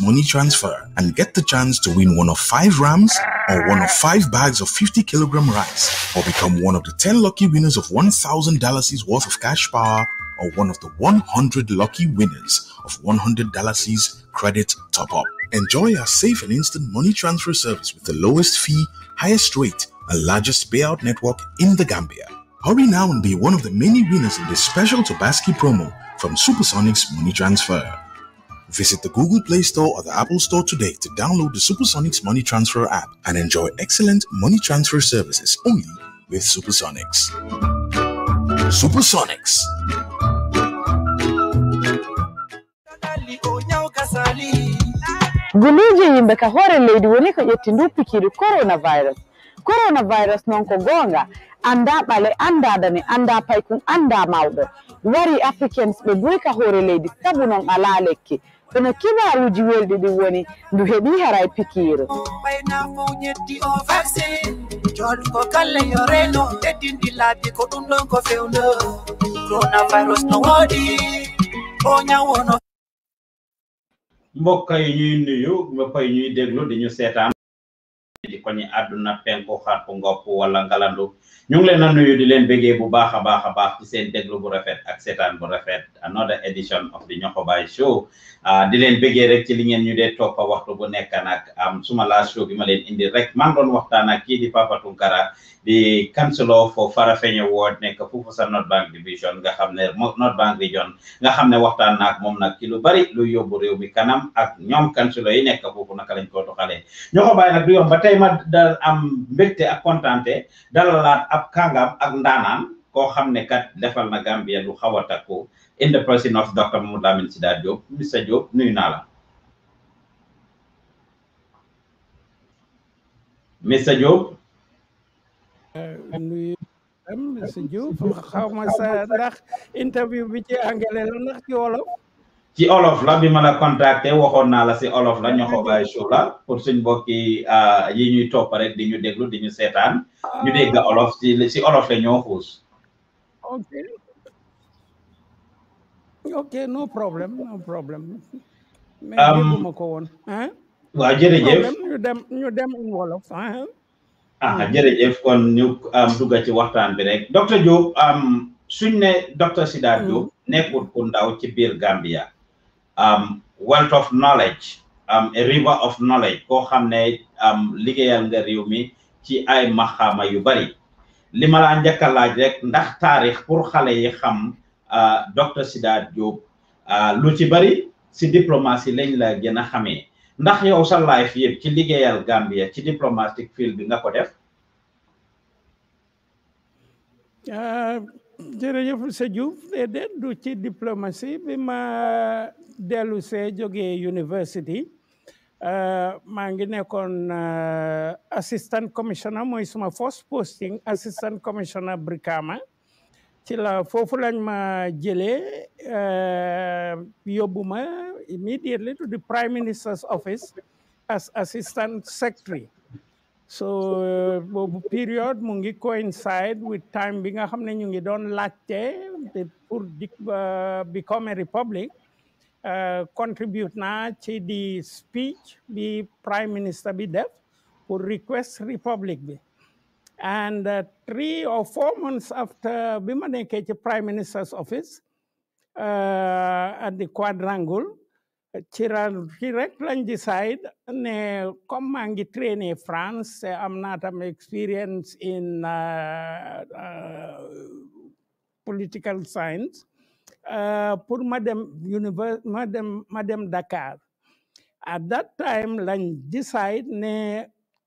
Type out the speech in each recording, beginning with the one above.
money transfer and get the chance to win one of five rams or one of five bags of 50 kilogram rice, or become one of the 10 lucky winners of $1,000 worth of cash power or one of the 100 lucky winners of $100 credit top up. Enjoy our safe and instant money transfer service with the lowest fee, highest rate, and largest payout network in the Gambia. Hurry now and be one of the many winners in this special Tobaski promo from Supersonics Money Transfer. Visit the Google Play Store or the Apple Store today to download the Supersonics Money Transfer app and enjoy excellent money transfer services only with Supersonics. Supersonics. guluje yimɓe ka hoore leydi woni ko ƴetti ndu pikiiɗi coronavirus coronavirus noon ko goonga anda ɓale anda dane annda paykun annda mawɗo wari Africans ɓe boyi ka hoore sabu noon alaa lekki ene kibaruji welɗi ɗin woni ndu heeɓi haray pikiru ɓaynafo ñetti o vaccin jonko galle yo reno teddindi laabi ko ɗum ɗon ko fewndo coronavirus no woodi o ñawono mbokka e ñuy nuyu mbokka e ñuy déglu di ñu seetaan ci koñi àdduna penku xaat bu ngopp wala ngalandu ñu ngi leen a nuyu di leen béggee bu baax a baax a baax ci seen déglu bu rafet ak seetaan bu rafet another edition of the Ñoxo Baay show ah, di leen béggee rek ci li ngeen ñu dee toppa waxtu bu nekk nag am suma laa show bi ma leen indi rek maa ngi doon waxtaan ak di Papa Tunkara the councillor for Farafenni ward nekk foofu sa North Bank division nga xam ne North region nga xam ne waxtaan na ak moom nag ki lu bari lu yóbbu réew mi kanam ak ñoom councillor yi nekk foofu naka lañ ko doxalee ñoo ko bàyyi nag du yomb ba tey ma dal am mbégte ak kontaante dalalaat ab kàngam ak ndaanaan koo xam ne kat defal na Gambia lu xaw a takku in the person of Dr Mamadou Lamin Sidat Diop Mr Diop nuyu naa la Mr Diop Euh, nuyu am monsieur Diouf ndax interview bi ci anglais la ndax ci wolof ci olof la bi ma waxoon naa la si olof la ñoxo baay show la pour suñ mbokki euh, yi ñuy topp rek di ñu déglu di ñu seetaan ñu ah. dégg olof si olof la ñoo xuus ok no problème no problème um, waaw jërëjëf ñu dem ñu dem wolof ah hmm. jërëjëf kon ñu am um, dugga ci waxtaan bi rek docteur Diop um, suñ ne docteur Sidat hmm. Diop nekkut ku ndaw ci biir Gambia am um, wealth of knowledge am a river of knowledge koo xam ne am liggéeyal nga réew mi ci ay maxaama yu bari li ma laa rek ndax taarix pour xale yi xam uh, docteur Sidat Diop uh, lu ci bari si diplomatie lañ la gën a xamee ndax yow sa life yeb ci liggéeyal Gambia ci diplomatic field bi nga ko def ah, jërëjëf sa Diouf déedéet du ci diplomatie bi ma dellu see jógee university ah, maa ngi nekkoon ah, assistant commissioner mooy suma first posting assistant commissioner Brikama ci la fofu lañ ma jëlé euh yobuma immediately to the prime minister's office as assistant secretary so uh, period mu ngi coincide with time bi nga xam ñu ngi doon laccé pour uh, become a republic uh, contribute na ci di speech bi prime minister bi def pour request republic bi And uh, three or four months after Bimadekeke Prime Minister's office uh, at the Quadrangle, cira ci rek lañ decide ne comme maa ngi traîner France am uh, not tam experienced in uh, uh, political science pour Madame, univers Madame Madame Dakar at that time lañ decide ne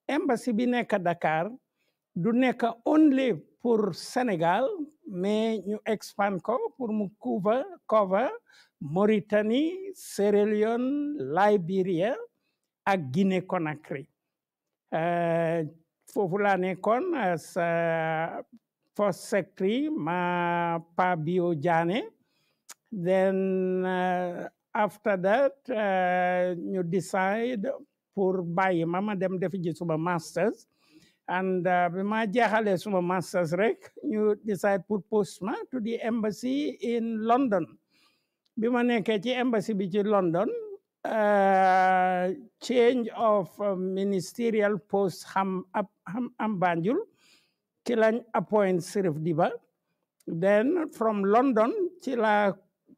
embassy bi nekk Dakar du nekk only pour Sénégal mais ñu expand ko pour mu cover cover Mauritanie Sierra Leone Liberia ak Guinée Conakry euh, foofu laa nekkoon as euh, first secretary ma Pa Bio Jaane then uh, after that euh, ñu uh, decide pour bàyyi mama dem defi ji suma masters And uh, bi ma jeexalee suma masters rek ñu decide pour post ma to the embassy in London bima ma ci embassy bi London uh, change of uh, ministerial post ham ab ham am Banjul ci lañ appoint Sirif Diba then from London ci la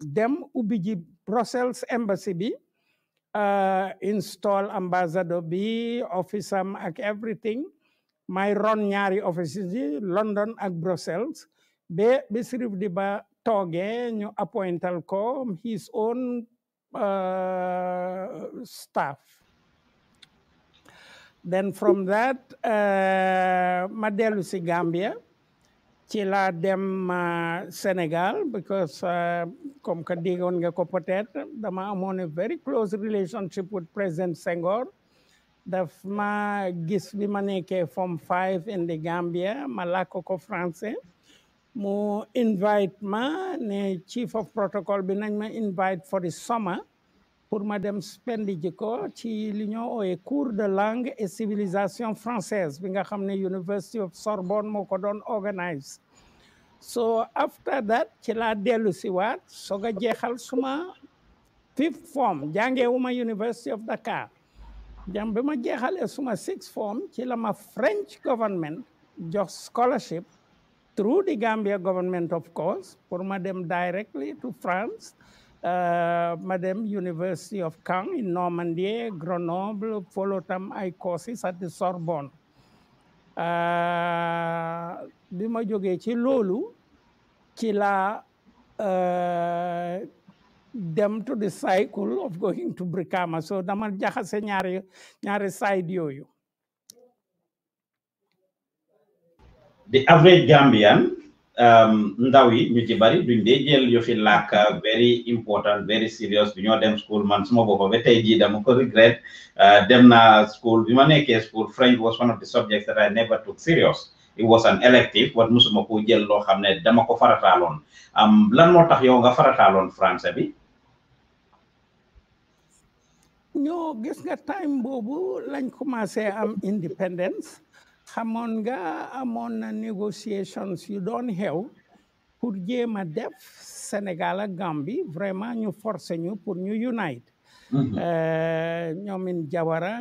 dem ubbi ji Brussels embassy bi uh, install ambassador bi office am ak everything may ron ñaari offices yi London ak Brussels be bi Cherif Diba toogee ñu appointal ko his own uh, staff then from that uh, ma si Gambia ci dem uh, Sénégal because comme que déggoon nga ko peut-être dama a very close relationship with President Senghor daf ma gis bi ma nekkee form five in the Gambia ma làkk ko français mu invite ma ne chief of protocol bi nañ ma invite for the summer pour ma dem spendi ji ci li ñoo ooyee cours de langue e civilisation française bi nga xam ne University of Sorbonne moo ko doon organise so after that ci laa dellu waat soog a jeexal suma fifth form jàngeewuma University of Dakar dem ma jeexalee suma six form ci la ma French government jox scholarship through the Gambia government of course pour ma dem directly to France euh, ma dem University of Caen in Normandie Grenoble follow tam ay courses at the Sorbonne euh, bi ma jógee ci loolu ci la euh, dem to the cycle of going to Brikama so dama jaxase ñaari ñaari side yooyu. the average Gambian um, ndaw yi ñu ci bari duñ dee jël yu fi very important very serious du ñoo dem school man suma boppa ba tey jii dama ko regret uh, dem na school bi ma nekkee school French was one of the subjects that I never took serious it was an elective wat musuma ko jël loo xam ne dama ko farataaloon um, lan moo tax yow nga farataaloon français bi ñoo gis nga time boobu lañ commencé am independence xamoon nga amoon na négociations yu doon xew pour jéem a def Sénégal ak Gambie vraiment ñu forcé ñu pour ñu unite mm-hmm. euh, ñoomin Jawara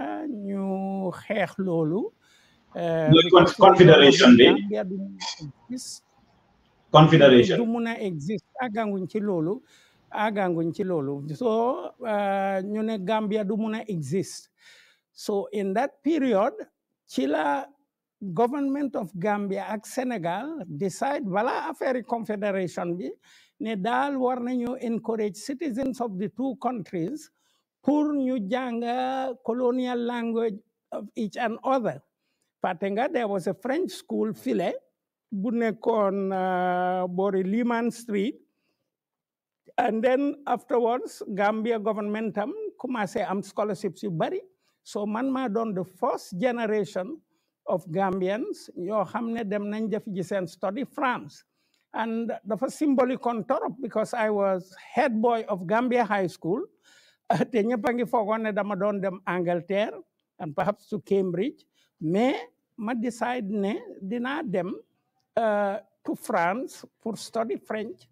ñu xeex loolu euh, confédération du mun a existe àgganguñ ci loolu àgganguñ ci loolu so uh, ñu ne Gambia du mun a exist so in that period ci la government of Gambia ak senegal decide wala affaire confédération bi ne daal war nañu encourage citizens of the two countries pour ñu jàng colonial language of each and other Patenga there was a French school file bu nekkoon uh, boori Liman Street and then afterwards Gambia government tam commencé am scholarships you bari so man maa the first generation of Gambians You xam ne dem nañ def study France and first symbolic on torop because I was head boy of Gambia High School te ñëpp a ngi foogoon ne dama doon dem Angleterre and perhaps to Cambridge Me ma decide ne deny dem euh, to France for study French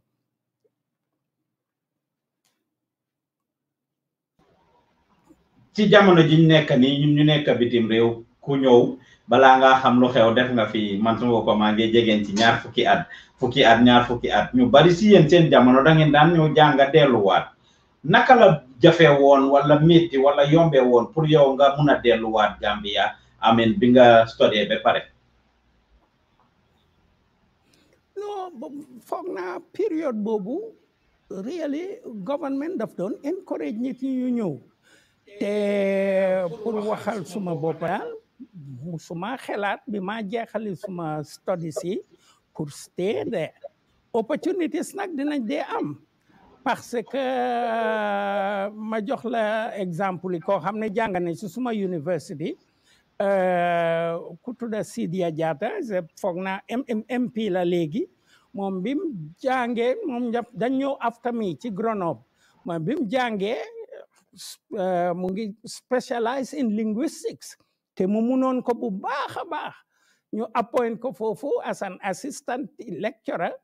ci jamono jiñ nekk ni ñun ñu nekk bitim rew ku ñew bala nga xam lu xew def nga fi man sama ko ma ngi jégen ci ñaar fukki at fukki at ñaar fukki at ñu bari ci yeen seen jamono da ngeen daan ñëw jànga waat naka la jafe woon wala metti wala yombé woon pour yow nga mëna delu waat Gambia amen bi nga be pare no foog période bobu really government daf doon encourage nit ñi ñu te pour waxal suma bopp daal suma xelat bi ma jexali suma studies yi pour stay there opportunities nak dinañ dé am parce que euh, ma jox la exemple ko koo xam na ci suma university euh, ku tudda Sidia jata je fogna MMP la légui mom bim jangé mom dañ after me, ci Grenoble mom bim jangé Eh, mungkin specialize in linguistics te mumunon ko bu baakha baax ñu appoint ko Fofu as an assistant lecturer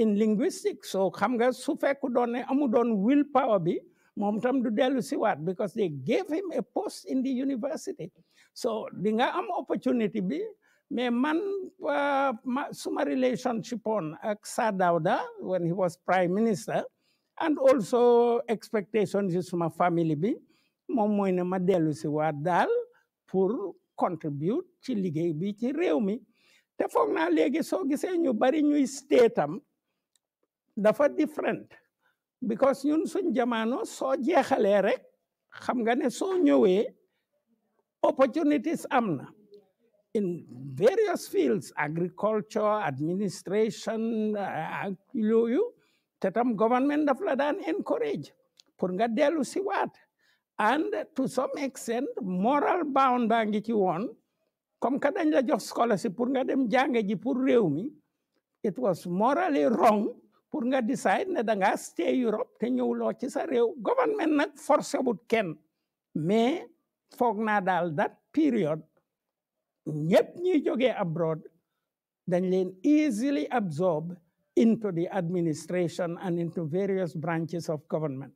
in linguistics so xam nga su fekk doone eh, amu doon will power bi mom tam du delu ci wat because they gave him a post in the university so di nga am opportunity bi mais man eh, suma relationship on ak sa Dawda when he was prime minister and also expectation si suma family bi moom mooy ne ma dellu si waat daal pour contribute ci liggéey bi ci réew mi te foog naa léegi soo gisee ñu bari ñuy statam dafa different because ñun suñ jamono soo jeexalee rek xam nga ne soo ñëwee opportunities am na in various fields agriculture administration ak yooyu te tam government daf la daan encourage pour nga dellu si waat and to some extent moral bound baa ngi ci woon comme que dañ la jox scholarship pour nga dem jànge ji pour réew mi it was morally wrong pour nga decide ne da nga stay Europe te ñëwloo ci sa réew government nag forcé wut kenn mais foog naa daal that period ñëpp ñi jógee abroad dañ leen easily absorb into the administration and into various branches of government.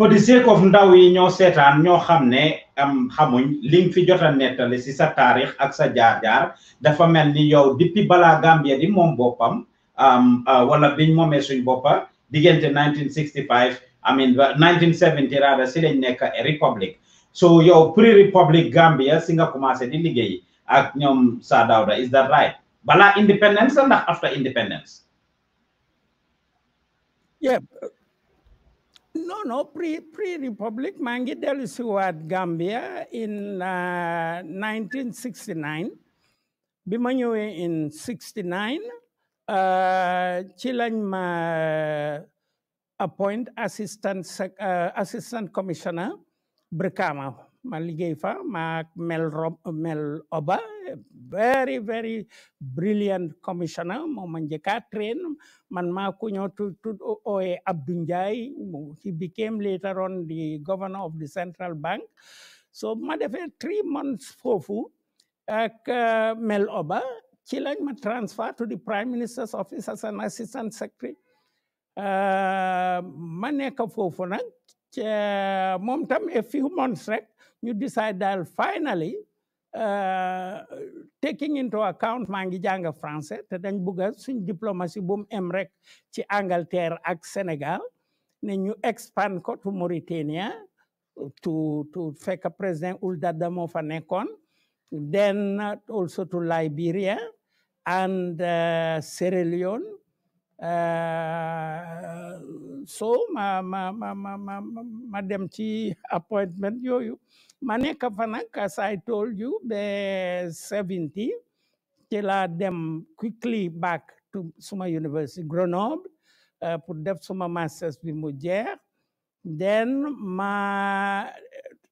for the sake ndaw yi ñoo seetaan ñoo xam ne am xamuñ lim fi jot nettali si sa taarix ak sa jaar-jaar dafa mel ni yow depuis balaa Gambia di moom boppam euh, wala biñ moomee suñ boppa diggante 1965 I mean 1970 rather si lañ nekk république so yow pré république Gambia si nga commencé di liggéey ak ñoom Sir Dawda is that right. Bala independence la ndax after independence. yeah No, no. pre pre republic Mangi ngi dellu si Gambia in 1969 uh, bi in 69 uh, ci lañ ma appoint assistant uh, assistant commissioner Brikama ma liggéey Mel Rob Mel Oba very very brilliant commissioner moom ma njëkka train man maa he became later on the governor of the central bank so ma three months fofu, ak uh, Mel Oba ci ma transfer to the prime minister's office as an assistant secretary uh, Maneka nekk foofu Mom tam a few months rek You decide that finally uh, taking into account maa ngi jàng français te dañ bugg suñ diplomatie bu mu em rek ci Angleterre ak Sénégal ne ñu expand ko to Mauritania to to fekk président Ould moo fa nekkoon then also to Liberia and uh, Sierra Leone uh, so ma ma ma ma ma ma dem ci appointment yooyu ma nekk as I told you the 70 ci dem quickly back to suma university Grenoble uh, pour def suma masters bi mu jeex then ma uh,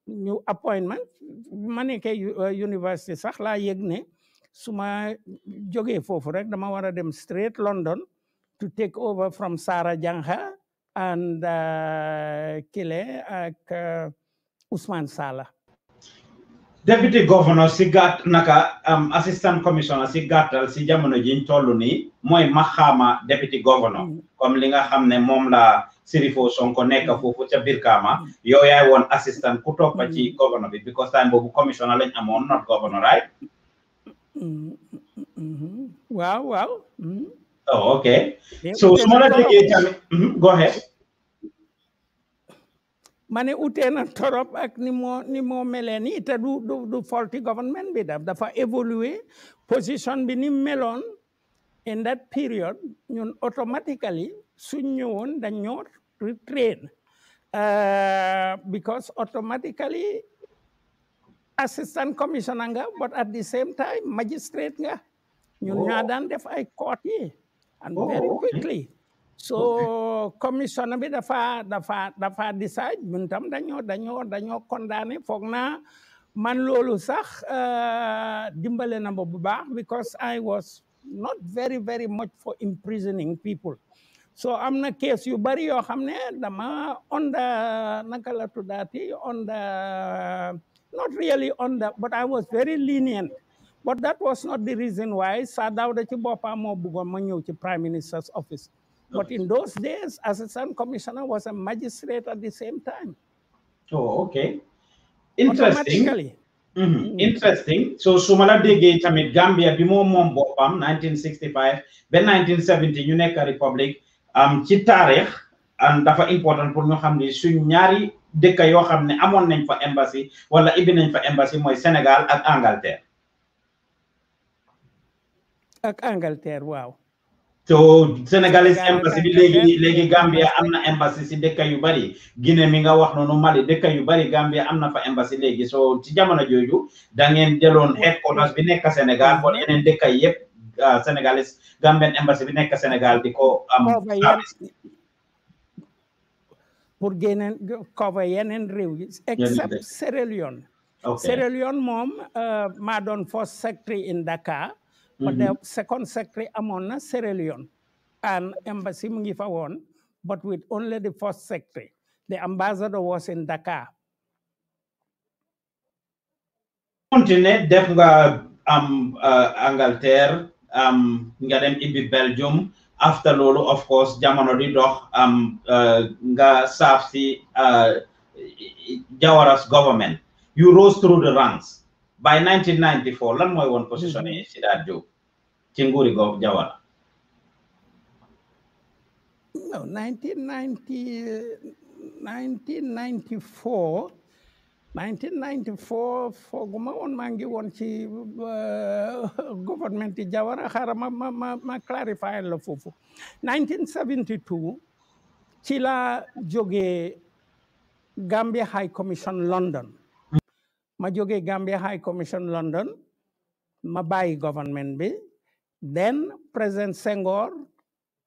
new appointment ma nekkee uh, university sax la yëg suma jógee fofu rek dama wara dem straight London to take over from Sara Jangha and Kile ak Usman Sala deputy governor si gàtt naka am assistant commissioner si gàttal si jamono jiñ toll nii mooy maxaama deputy governor mm. comme li nga xam ne moom la Sirifo Sonko nekk foofu ca biir Birkama mm. yow yaay woon assistant ku toppa mm. ci governor bi because time boobu commissioner lañ amoon not governor right waaw waaw oh, ok so su ma la déggee tamit mm-hmm, go mane utena torop ak ni mo ni mo meleni ta du du du faulty government bi daf dafa évoluer position bi ni melon in that period ñun automatically suñ ñewon dañ ñoo retrain euh, because automatically assistant commissioner nga but at the same time magistrate nga ñun ñaa oh. daan def ay court yi and very oh, quickly so commission bi dafa dafa dafa disaaj ñun tam dañoo dañoo dañoo condamné foog naa man loolu sax euh, dimbale na ma bu baax because I was not very very much for imprisoning people so am na kees yu bari yoo xam ne dama onda naka la tuddaati onda not really onda but I was very lenient but that was not the reason why Saa Dawda ci boppam moo bëggoon ma ñëw ci prime minister's office But in those days, Assistant Commissioner was a magistrate at the same time. Oh, okay. Interesting. Mm -hmm. Mm -hmm. Interesting. So Sumala Dege tamit Gambia bi moom 1965 then 1970 ñu republic um am and that's important for ñu xam ne suñ ñaari dëkk yoo ne amoon nañ fa embassy wala even name fa embassy my Sénégal at Angleterre. At Angleterre wow. so sénégalais embassy bi léegi léegi Gambia am na embassy si dëkk yu bari Guinée mi nga wax noonu Mali dëkk yu bari Gambia am na fa embassy léegi so ci jamono jooju da ngeen jëloon headquarters bi nekk Sénégal bon yeneen dëkk yëpp ah, sénégalais Gambian embassy bi nekk Sénégal di ko am pour géneen cover yeneen réew yi except Sierra Leone Sierra Leone moom euh, maa doon first secretary in Dakar but mm-hmm. the second secretary amoon na Sierra Leone and embassy mu ngi fa woon but with only the first secretary the ambassador was in Dakar def nga am uh, Angleterre am nga dem ibbi Belgium after loolu of course jamono di dox am uh, nga saaf si uh, Jawara's government you rose through the ranks by 1994 lan mooy woon position yi mm-hmm. Sidat Diop ci nguuri go Jawara no 1994 1994 fooguma woon maa ngi woon ci uh, gouvernement yi Jawara xaaral ma clarify la foofu 1972 ci la jógee Gambia High Commission London ma jógee Gambia High Commission London ma bàyyi government bi then President Senghor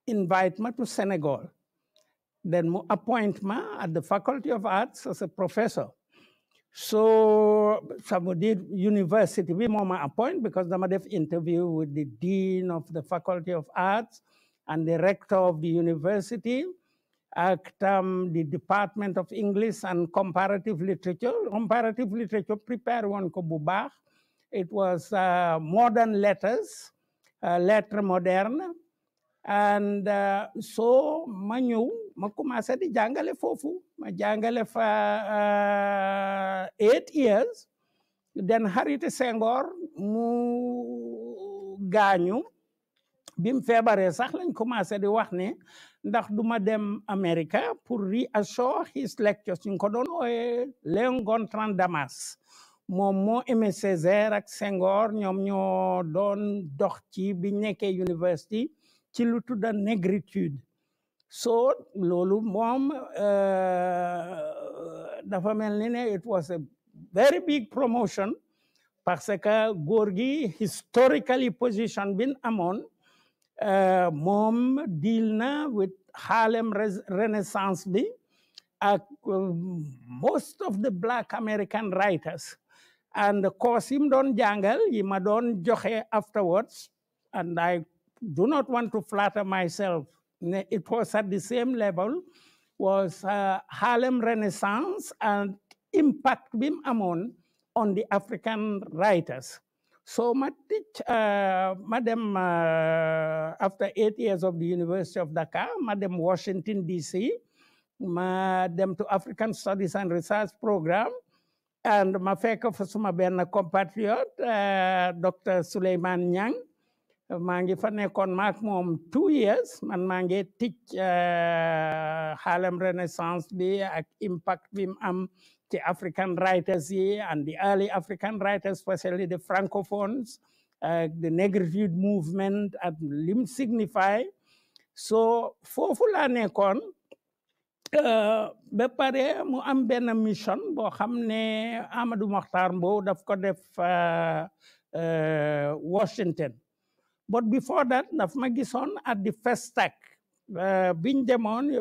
invite ma to Senegal then mu appoint ma at the Faculty of Arts as a professor so sama di university bi moo ma appoint because dama def interview with the dean of the Faculty of Arts and the rector of the university aktam um, di department of english and comparative literature comparative literature prepare one ko bu baax it was uh, modern letters uh, lettre moderne and uh, so ma ñëw ma commencé di jàngale fofu. ma jàngale fa uh, eight years then harite Senghor mu ganyu, bim mu feebaree sax lañ commencé di wax ne ndax duma dem America pour reassure his lectures ñu ko doon ooye Léon Damas moom moo Aimé ak Senghor ñoom ñoo doon dox ci bi nekkee university ci lu tudda négritude so loolu moom euh, dafa mel ni ne it was a very big promotion parce que góor gi historically position bin amoon Uh, Mom deal na with Harlem Renaissance bi ak um, most of the black American writers and course him don doon jàngal yi ma joxe afterwards and I do not want to flatter myself it was at the same level was uh, Harlem Renaissance and impact bim amon on the African writers So my teach, uh, Madam, uh, after eight years of the University of Dhaka, Madam Washington, D.C., Madam to African Studies and Research Program, and my faculty, suma benn compatriot, uh, Dr. Suleiman Nyang, mangi fane kon mark moom two years man mangi teach uh, Harlem Renaissance bi ak impact bi am the African writers here and the early African writers, especially the Francophones, uh, the Negritude movement at Lim Signify. So foofu laa nekkoon uh, ba pare mu am benn mission boo xam Amadou Mokhtar Mbow daf ko def uh, uh, Washington but before that daf ma at the first biñ demoon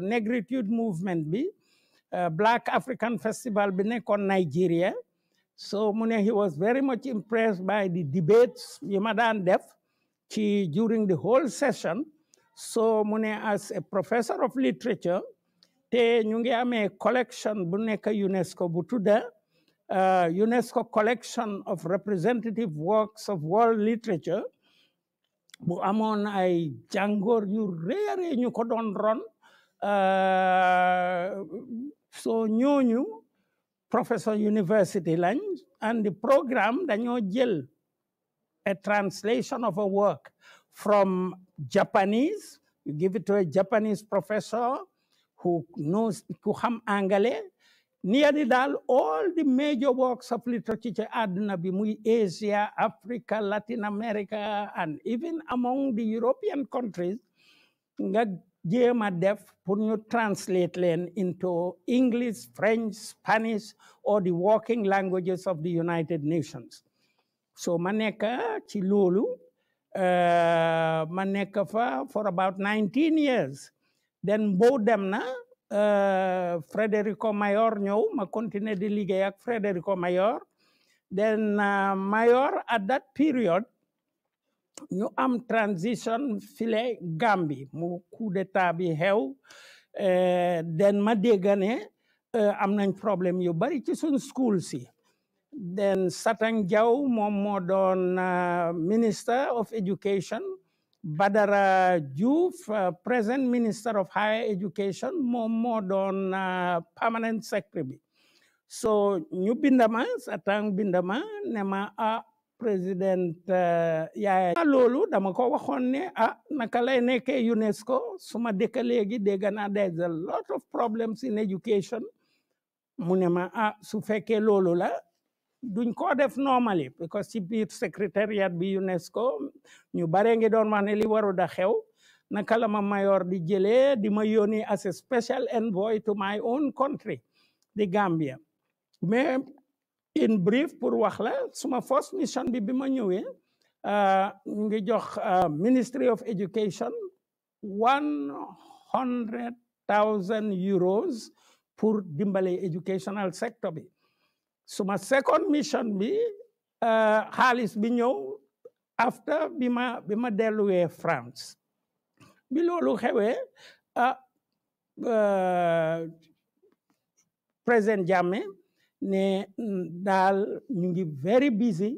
Negritude movement bi uh, Black African Festival bi in Nigeria so mu he was very much impressed by the debates yu def during the whole session so mu as a professor of literature te ñu ngi collection bu UNESCO Butuda, tudda uh, UNESCO collection of representative works of world literature bu amoon ay jàngoor yu rare ñu ko ron uh, so ñooñu Professor university lañ and the programme dañoo jël a translation of a work from Japanese you give it to a Japanese professor who knows ku xam anglais nearly dal, all the major works of literature ci àdduna bi muy Asia Africa Latin America and even among the European countries nga jéem a def pour translate len into English French Spanish or the working languages of the United Nations so maneke, chilulu, ci loolu eh, fa for about 19 years then boo dem na eh, Frederico Mayor ñëw ma continue di ligayak ak Mayor then eh, Mayor at that period ñu am transition file Gambie mu coup d'état bi xew eh, den ma dégg eh, am nañ problème yu bari ci suñ school si den Satan Jaw moom moo doon eh, minister of education Badara Diouf present minister of higher education moom moo doon permanent secretary bi so ñu bindama Satan bindama ne ma ah président euh, yaaya loolu dama ko waxoon ne ah naka lay nekkee UNESCO suma dëkk léegi dégg naa there's a lot of problems in education mu ne ma ah su fekkee loolu la duñ ko def normally because ci biir secrétariat bi UNESCO ñu bare ngi doon wax ne li waru da xew naka la ma mayor di jëlee di ma yónni as a special envoy to my own country di Gambia mais in brief pour wax la suma first mission bi bi ma ñëwee ñu euh, ngi jox euh, Ministry of Education one hundred thousand euros pour dimbale educational sector bi suma second mission bi euh, xaalis bi ñëw after bi ma bi ma delluwee France bi loolu xewee ah président Jammeh ne mm, daal ñu ngi very busy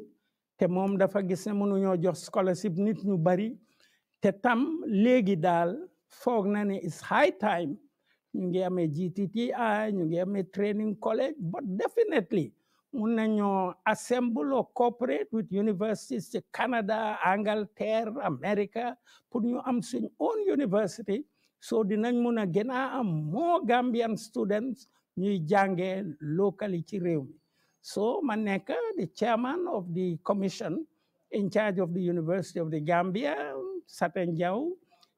te moom dafa gis ne mënuñoo jox scholarship nit ñu bari te tam léegi daal foog na ne is high time ñu ngi amee GTTI ñu ngi amee training college but definitely mun nañoo assemble or cooperate with universities ci Canada Angleterre America pour ñu am suñ own university so dinañ mun a gën a am more Gambian students ñuy jàngé locally ci réew mi so ma nekk the chairman of the commission in charge of the University of the Gambia Saten Jaw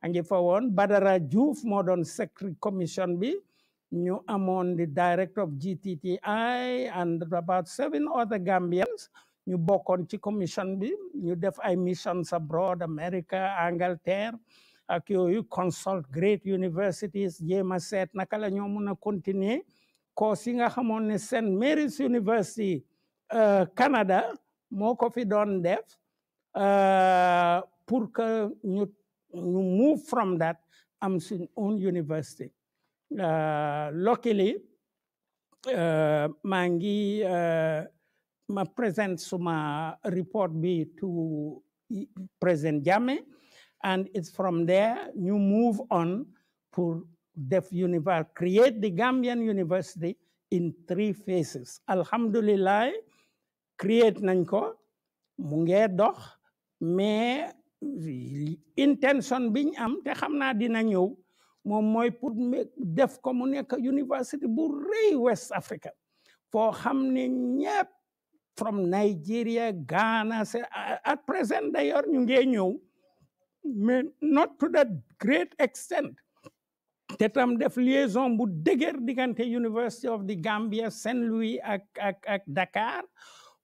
a ngi fa woon Badara Diouf moo doon secret commission bi ñu amoon the director of GTTI and about seven other Gambians ñu bokkoon ci commission bi ñu def ay missions abroad America Angleterre ak yooyu consult great universities jéem a seet naka la ñoo mun a continuer course yi nga xamoon ne St Mary's University uh, Canada moo ko fi doon def uh, pour que ñu ñu move from that am suñ own university uh, luckily maa ngi ma present suma report bi to President Jammeh and it's from there ñu move on pour def univers create the Gambian University in three phases alhamdulilah create nañ ko mu nge dox mais intention biñ am te xam naa dina ñëw moom mooy pour def ko mu nekk university bu rëy West Africa foo xam ne ñëpp from Nigeria Ghana at present d'ailleurs ñu ngee ñëw mais not to that great extent te tam def liaison bu dëgër diggante University of the Gambia Saint-Louis ak ak ak Dakar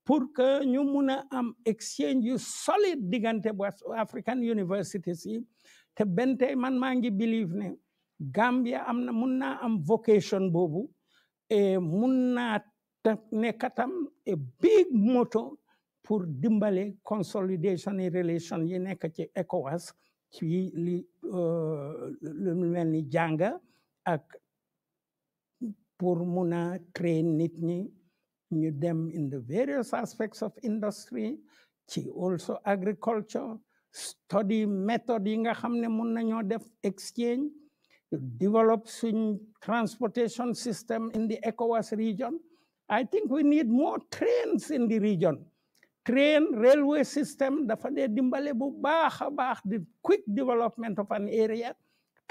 pour que ñu mun a am exchange yu solide diggante West African universities yi te bente man maa ngi believe ne Gambia am na mun naa am vocation boobu et mun naa nekkatam a big moto pour dimbale consolidation et relation yi nekk ci ECOWAS ci li euh, lu mel ni jàng ak pour mun a créer nit ñi ñu dem in the various aspects of industry ci also agriculture study method yi nga xam ne mun nañoo def exchange to develop suñ transportation system in the ECOWAS region I think we need more trains in the region train railway system dafa dee dimbale bu baax a baax the quick development of an area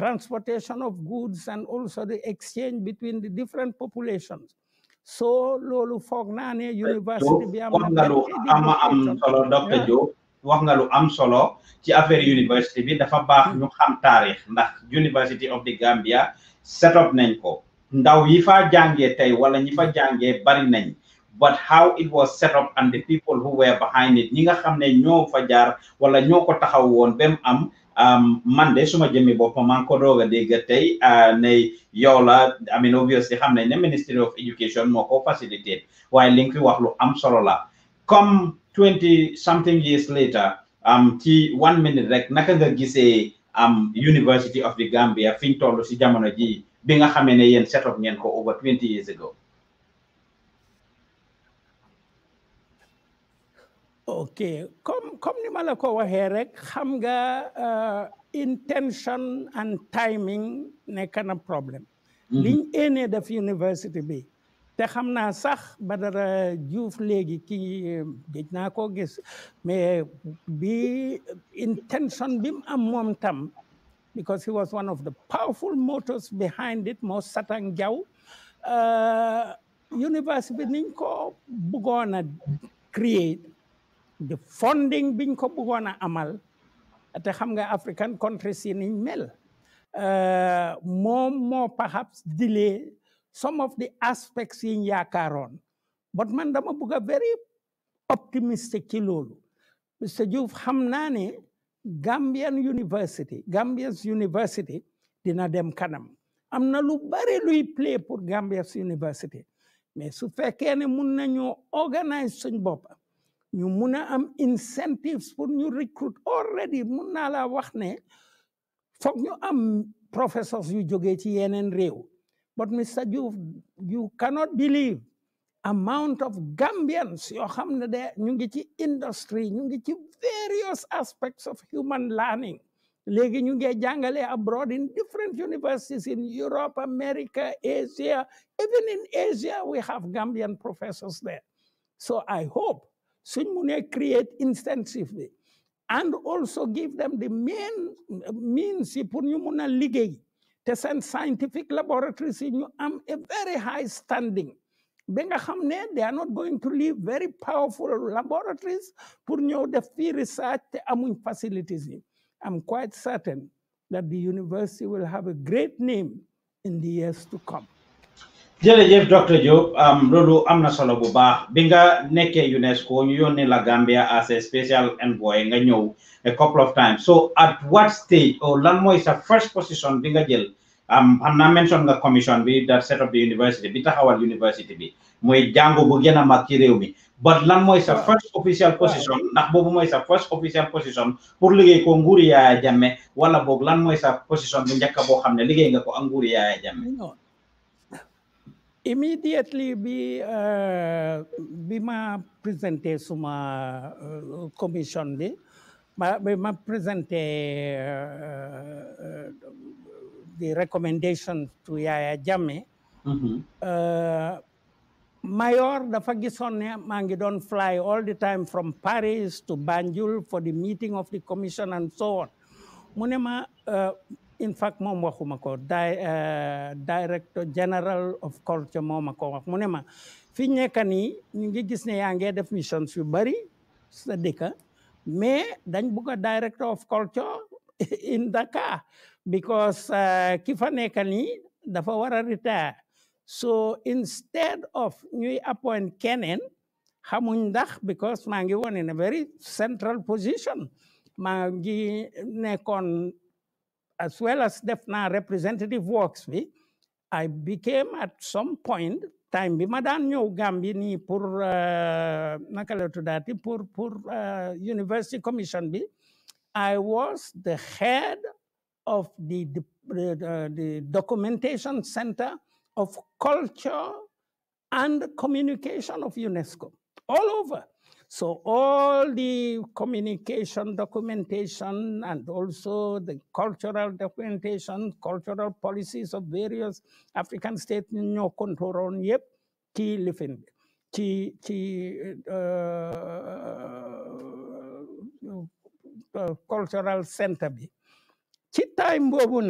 transportation of goods and also the exchange between the different populations so loolu foog naa ne university bi am na am solo docteur Diop wax nga lu am solo ci affaire university bi dafa baax ñu xam taarix ndax University of the Gambia set up nañ ko ndaw yi fa jàngee tey wala ñi fa jàngee bari nañ but how it was set up and the people who were behind it ñi nga xam ne ñoo fa jaar wala ñoo ko taxaw woon ba mu am um, man su ma jëmmi bopp maa ngi ko doog a dégg tey uh, ne yow la I mean obviously xam nañ ne ministry of education moo ko facilitate waaye li nga fi wax lu am solo la comme twenty something years later um, ci one minute rek naka nga gisee am um, University of the Gambia fi ñu toll si jamono ji bi nga xamee ne yéen set up ngeen ko over twenty years ago. ok comme comme ni ma la ko rek xam nga eh, intention and timing nekk na problème mm-hmm. liñ éenee def university bi te xam naa sax Badara Juuf léegi kii géej naa gis mais bi intention bim mu am moom tam because he was one of the powerful motors behind it moo Satang Jaw eh, university bi niñ ko bëggoon create the funding biñ ko bëggona amal té xam nga African countries yi niñ mel more eh, mo perhaps delay some of the aspects ya karon, but man dama bëgg very optimistic ci loolu Mr Diouf xam Gambia Gambian University Gambia's University dina dem kanam am lu bari luy play pour Gambia's University mais su fekkee mun nañu organize suñ bopp ñu mun a am incentives pour ñu recruit already mun naa la wax ne foog ñu am professors yu jógee ci yeneen réew but Mr Diouf you cannot believe amount of Gambians yoo xam ne de ñu ngi ci industry ñu ngi ci various aspects of human learning léegi ñu ngi jàngale abroad in different universities in Europe America Asia even in Asia we have Gambian professors there so I hope Sinmune create intensively, and also give them the main means pour ñu mun a liggéey te seen scientific laboratories yi ñu am a very high standing ba nga xam ne they are not going to leave very powerful laboratories pour ñëw def fii research te amuñ facilities yi I'm quite certain that the university will have a great name in the years to come. jërëjëf docteur Diop loolu am na solo bu baax bi nga nekkee UNESCO ñu yónnee la Gambia as a special envoy nga ñëw a couple of times so at what stage or lan mooy sa first position bi nga jël am naa mention nga commission bi that set up the university bi taxawal university bi mooy jàngu bu gën a mag ci réew mi but lan mooy sa first official position ndax boobu mooy sa first official position pour liggéey ko nguuri Yaya Jammeh wala boog lan mooy sa position bu njëkk boo xam ne liggéey nga ko ak nguuri Yaya immediately we uh, bima presenté suma uh, commission bi ma bima présenté uh, the recommendation to Yaya Jammeh mm -hmm. mayor dafa gisoon ne maa fly all the time from Paris to Banjul for the meeting of the commission and so on mu ma uh, in fact moom waxuma ko di eh, director general of culture moo ma ko wax mu ne ma fi nekk nii ñu ngi gis ne yaa ngi def missions yu bari sa dëkka mais dañ bugg a director of culture in Dakar because eh, ki fa nekk nii dafa wara a retire so instead of ñuy appoint keneen xamuñ ndax because maa ngi woon in a very central position maa ngi nekkoon as well as DEFNA representative works me, I became at some point time bi ma daan ñëw Gambie pour uh, naka la pour pour uh, university commission bi I was the head of the the documentation center of culture and communication of UNESCO all over so all the communication documentation and also the cultural documentation, cultural policies of various African states in your control on yep, key living, key, key uh, uh, cultural center Be. Ci time boobu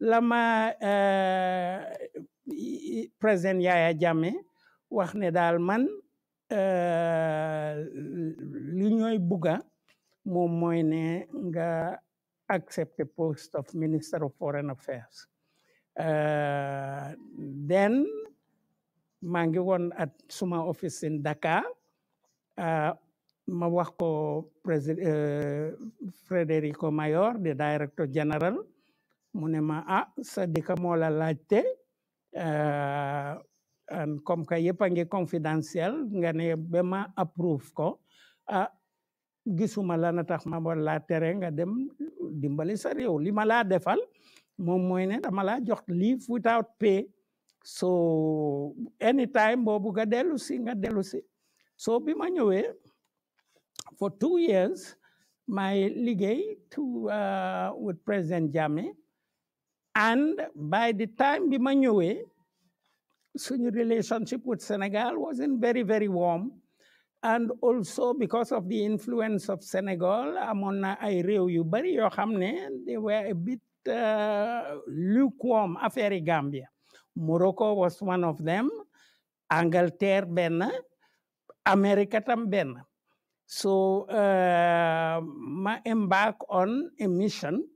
lama la uh, président Yaya Jammeh wax ne man li ñooy bugga moom mooy ne nga accepté post of Minister of Foreign Affairs then maa ngi at suma office in Dakar ma wax ko président Federico Mayor the Director General, mu ne ma ah sa dika moo la laajte Euh, comme que yëpp a ngi confidentiel nga ne ba ma approuve ko ah gisuma la na tax ma war laa tere nga dem dimbali sa réew li ma laa defal moom mooy ne dama jox leave without pay so anytime boo bugg a dellu si nga dellu si so bi ma ñëwee for two years may liggéey to uh, with President Jammeh and by the time bi ma ñëwee relationship with Senegal wasn't very, very warm. and also because of the influence of Sénégal among na Yubari, they were a bit uh, lukewarm affaire yi Gambia Morocco was one of them Angleterre Ben, America tam so uh, ma embark on a mission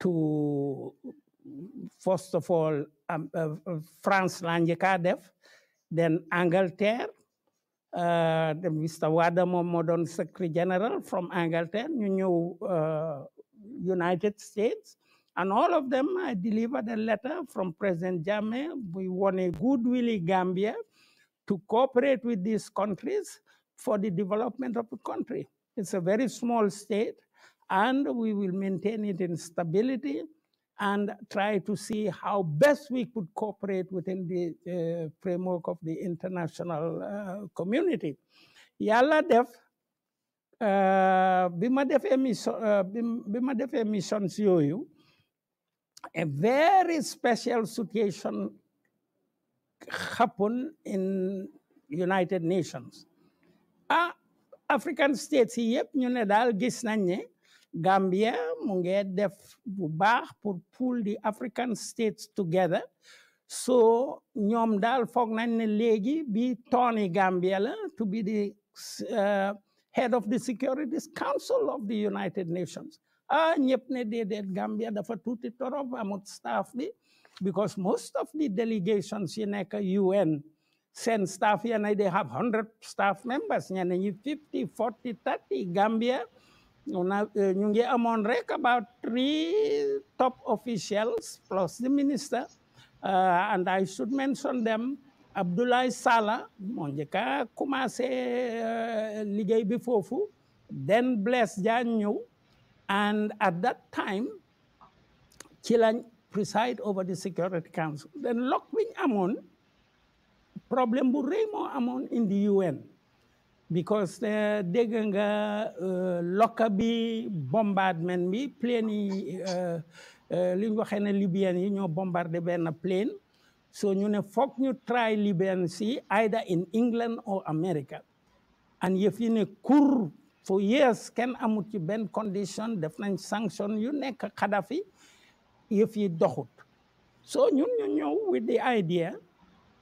to first of all um, uh, France laa then Angleterre Mr Wade moom secretary general from Angleterre ñëw uh, United States and all of them I delivered a letter from President Jammeh want a goodwill Gambia to cooperate with these countries for the development of the country. It's a very small state and we will maintain it in stability and try to see how best we could cooperate within the uh, framework of the international uh, community. Yalla def uh, uh, bima def emissions yoyu a very special situation happened in United Nations. Ah, African states yep ñu ne dal gis nañ Gambia mu ngee def bu baax pour pull the African states together so ñoom daal foog nañ ne léegi bi Tony Gambia la to be the uh, head of the Security Council of the United Nations ah ñëpp ne déedéet Gambia dafa tuuti torop amut staff bi because most of the delegations yi nekk UN send staff ya they have hundred staff members ñeneen ñi fifty forty thirty Gambia Una, uh, rek about three top officials plus the minister uh, and I should mention them Abdoulaye Sala monjeka njëkk a uh, eh, ligay bi then Bless Janu, and at that time ci preside over the Security Council then lock amon problem problème bu rëy in the UN because uh, dégg nga uh, lokka bi bombardement bi plane yi uh, uh, li ñu waxee ne plane so you know, fuck you try Libyan sea either in England or America and if you know, kur for years can amut ci condition different sanction You nekk Kadhafi you do doxut so you know, with the idea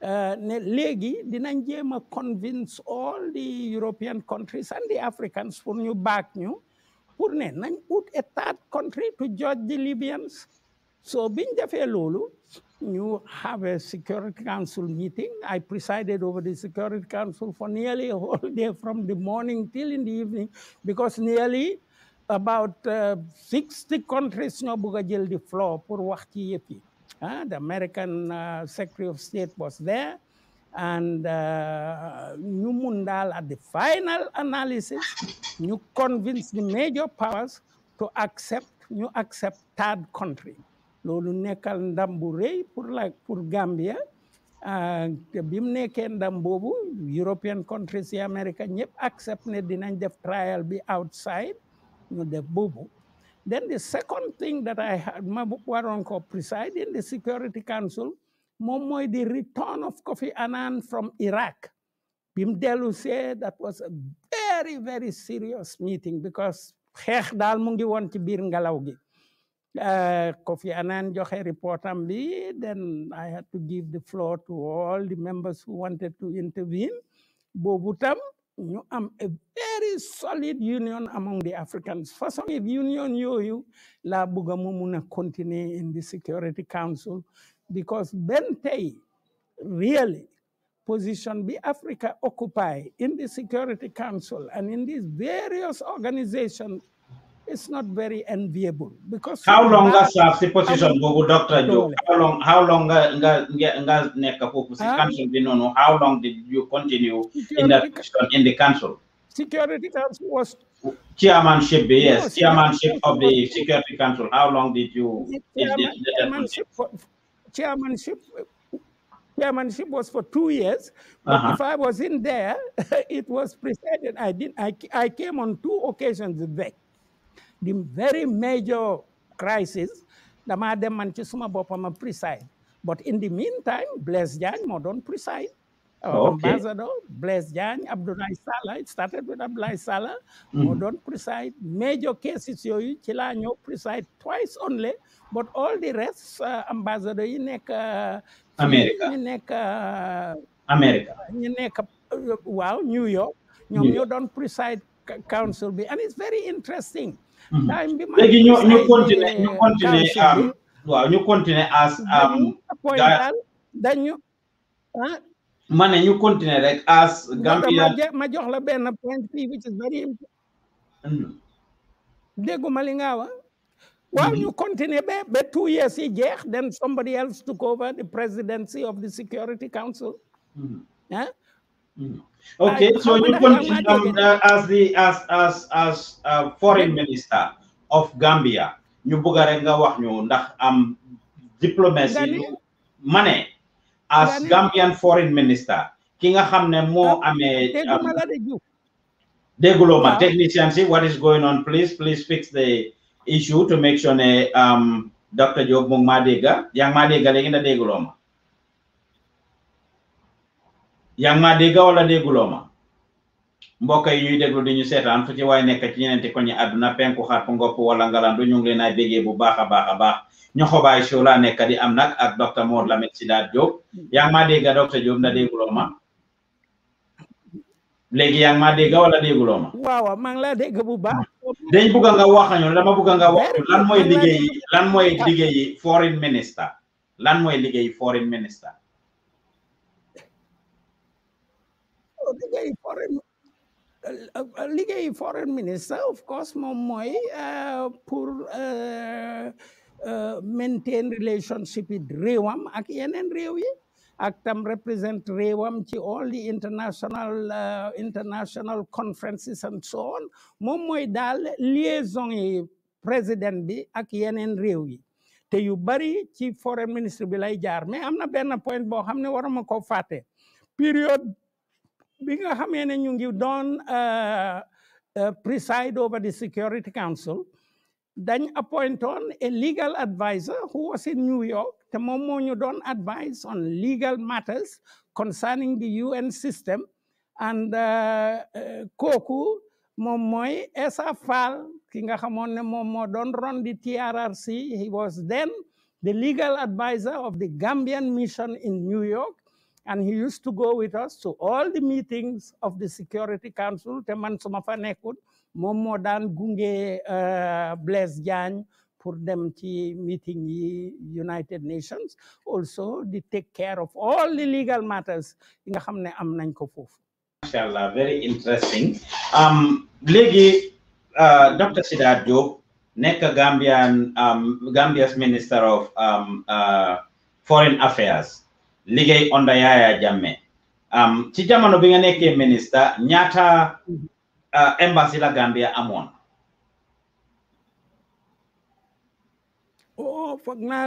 uh, ne léegi dinañ jéem convince all the European countries and the Africans pour ñu baak ñu pour ne nañ a third country to judge the Libyans so biñ defee loolu ñu have a Security Council meeting I presided over the Security Council for nearly a whole day from the morning till in the evening because nearly about uh, sixty countries ñoo bëgg a jël di floor pour wax ci yëpp uh, the American uh, Secretary of State was there, and uh, New Mundal, at the final analysis, you convinced the major powers to accept, you accept third country. loolu nekkal ndam pour pour Gambia te bi mu European countries yi America ñëpp accept ne dinañ def trial be outside the def then the second thing that I had, Mabukwaronko presiding the Security Council, Momoy, the return of Kofi Annan from Iraq. Bimdelu said that was a very, very serious meeting because xeex daal mu ngi woon ci biir eh, Kofi Annan joxe report am bi then I had to give the floor to all the members who wanted to intervene Bobutam i am a very solid union among the Africans façon union yooyu union you you, mun a continue in the Security Council because Bentei really position be Africa occupy in the Security Council and in these various organizations it's not very enviable because how long nga serve position doctor Jobe how long how long uh, nga nga nga how long did you continue in that position in the council security council was chairmanship yes chairmanship of the security council how long did you chairmanship chairmanship chairmanship was for two years. But uh -huh. if I was in there, it was presided. I did. I, I came on two occasions there. the very major crisis damaa dem man ci suma boppam a preside but in the meantime Blaise Diagne moo doon preside our oh, uh, ambassador Blaise Diagne Abdoulaye Sala it started with Abdoulaye Sala moo mm. doon preside major cases yooyu ci laa ñëw preside twice only but all the rest uh, ambassador yi nekk uh, America ñu nekk America ñu nekk waaw New York ñoom ñoo doon preside council bi and it's very interesting time bi. léegi ñu ñu continuer ñu continuer waaw ñu continuer as. dañu um, ma ne ñu continuer rek as. Gambia major jox la benn point which is very important. Hmm. dégguma li nga wax. Hmm. Well, you continue, but two years a year then somebody else took over the presidency of the Security Council. Mm -hmm. yeah? Mm. Okay, so you continue um, uh, as the as as as uh, foreign minister of Gambia you bugarenga a rek Um, diplomacy lu ma ne as Gambian foreign minister ki hamne mo ame. moo ah, amee. Um, ah. technician see what is going on please please fix the issue to make sure ne um docteur Diop mu Madega, maa dégga yaa na Yang ma maa dégg wala dégguloo ma mbokk ñuy deglu di ñu seetaan fu ci way nek ci ñenté ko ñi aduna penku xaar ko ngop wala du ñu ngi lay a bu baaxa baaxa baax ñu xobaay show la nek di am nak ak docteur Mor Lamin Sidat Jobe yaa ngi maa dégg docteur job na ma léegi yaa ngi wala ma waaw ma ngi laa dégg bu baax dañ bugg nga wax ñu dama bugg nga wax lan moy liggéey lan moy liggéey foreign minister lan moy liggéey foreign minister liggéey foreign liggéey foreign minister of course moom mooy euh, pour euh, euh, maintain relationship it réewam ak yeneen réew yi ak tam represent réewam ci all the international conferences and so on moom mooy daal liaison yi président bi ak yeneen réew yi te yu bari ci foreign ministre bi lay jaar mais am na benn point boo xam ne waruma ko fàtte période bi nga xamee ne ñu ngi euh, euh, preside over the Security Council then appoint on a legal advisor who was in New York te moom moo ñu doon advise on legal matters concerning the UN system and euh, Koku momoy mooy Essa Fall ki nga xamoon ne moom TRRC he was then the legal advisor of the Gambian mission in New York and he used to go with us to all the meetings of the Security Council Taman sumafa su momodan fa gunge uh, bless Diagne for dem ci meeting the United Nations also they take care of all the legal matters yi nga xam ne am nañ very interesting um, uh, Dr Sidat Diop nekk Gambian um, Gambia's Minister of um, uh, Foreign Affairs. liggéey onda Yaya Jammeh ci jamono bi nga nekkee ministre ñaata uh, embassy la Gambia amoon. oh foog naa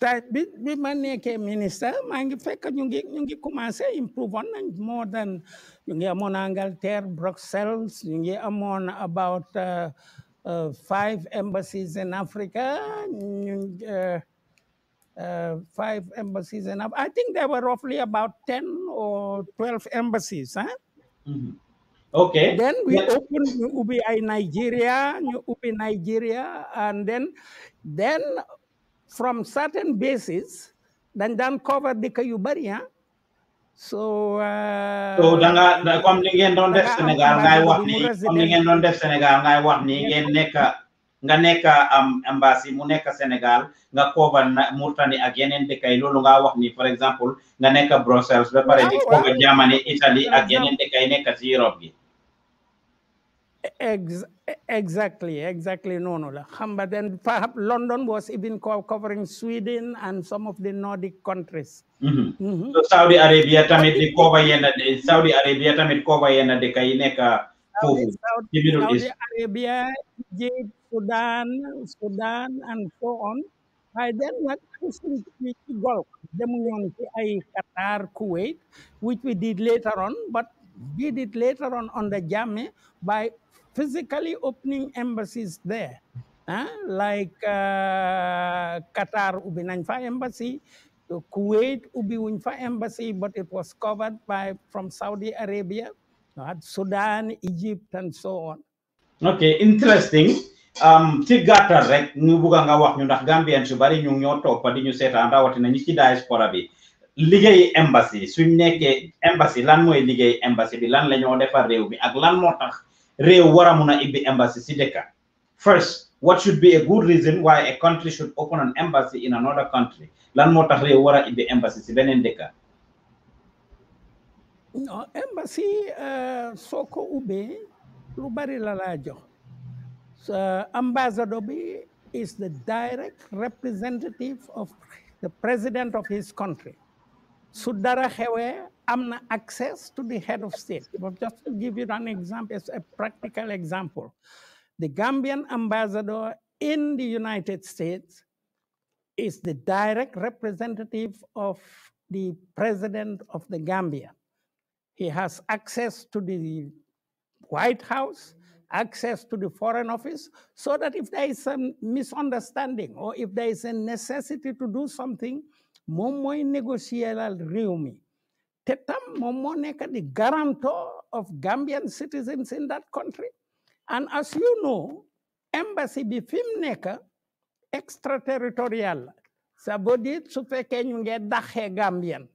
ta bi bi ma nekkee ministre maa ngi fekk ñu ngi ñu ngi commencé improve on nañ more than ñu ngi amoon Angleterre Bruxelles ñu ngi amoon about uh, uh, five embassies in Africa Uh, five embassies and I think there were roughly about 10 or 12 embassies. Huh? Mm -hmm. Okay. Then we opened New UBI Nigeria, New UBI Nigeria, and then then from certain bases, then dan cover the Kayubari, So uh, so da nga comme ni don't def Sénégal ngay wax ni comme ni ngeen doon def Sénégal ngay wax ni ngeen nga nekk am embassy mu nekka Sénégal nga kooba Mauritanie ak yeneen dëkk loolu nga wax ni par exemple nga nekk Brussels ba pare di kooba Germany Italie ak yeneen dëkk yi nekk ci Europe exactly exactly noonu la xam nga then London was even covering Sweden and some of the Nordic countries mm-hmm. Mm-hmm. Saudi Arabia tamit di kooba yenn Saudi Arabia Saudi, Middle Saudi East. Arabia, Egypt, Sudan, Sudan, and so on. By then what we suñ Qatar Kuwait which we did later on but did it later on on the Jammeh by physically opening embassies there ah like uh, Qatar ubbi nañ embassy Kuwait ubbi wuñ embassy but it was covered by from Saudi Arabia not Sudan, Egypt, and so on. Okay, interesting. Um, ci gàttal rek ñu bugg nga wax ñu ndax Gambien su bari ñu ñoo toppa di ñu seetaan rawatina ñu ci diaspora bi liggéey embassy suñ nekkee embassy lan mooy liggéey embassy bi lan la ñoo defar mi ak lan moo tax réew war a mun a ibbi embassy si dëkka first what should be a good reason why a country should open an embassy in another country lan moo tax réew war a ibbi embassy si beneen dëkka non embassy uh, soko ko ubbee lu bari la laa jox ambassador bi is the direct representative of the president of his country su dara amna access to the head of state but just to give you an example a practical example the Gambian ambassador in the United States is the direct representative of the president of the Gambia he has access to the White House, access to the Foreign Office, so that if there is a misunderstanding or if there is a necessity to do something, moom mooy riumi. Tetam réew mi di guarantor of Gambian citizens in that country and as you know embassy be fi extraterritorial la c'est-à-dire su Gambian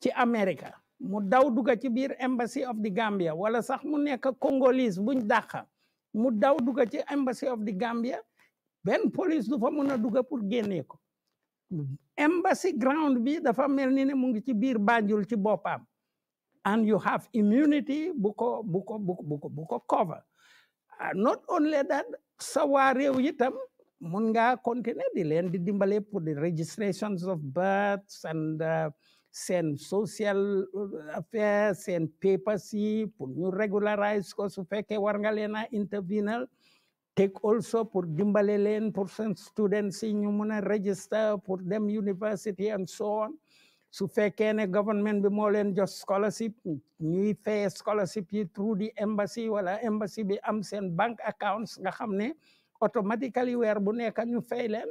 ci America. mu daw cibir ci bir embassy of the Gambia wala sax mu nek congolais buñ daxa mu daw dugga ci embassy of the Gambia Ben police du fa mën a pour ko embassy ground bi dafa melni ne mu ngi ci bir Banjul ci bopam and you have immunity buko buko buko buko buko cover ah, not only that sa wa rew yitam mun nga continuer di len di dimbalé pour the registrations of births and uh, seen social uh, affaire seen papers yi pour ñu régulariser ko su fekkee war nga leen a intervenir take also pour dimbale leen pour seen students si ñu mun a register pour dem university and so on su fekkee ne government bi moo leen jox scholarship ñuy fay scholarship yi through the embassy wala embassy bi am seen bank accounts nga xam ne automatically weer bu nekk ñu fay leen.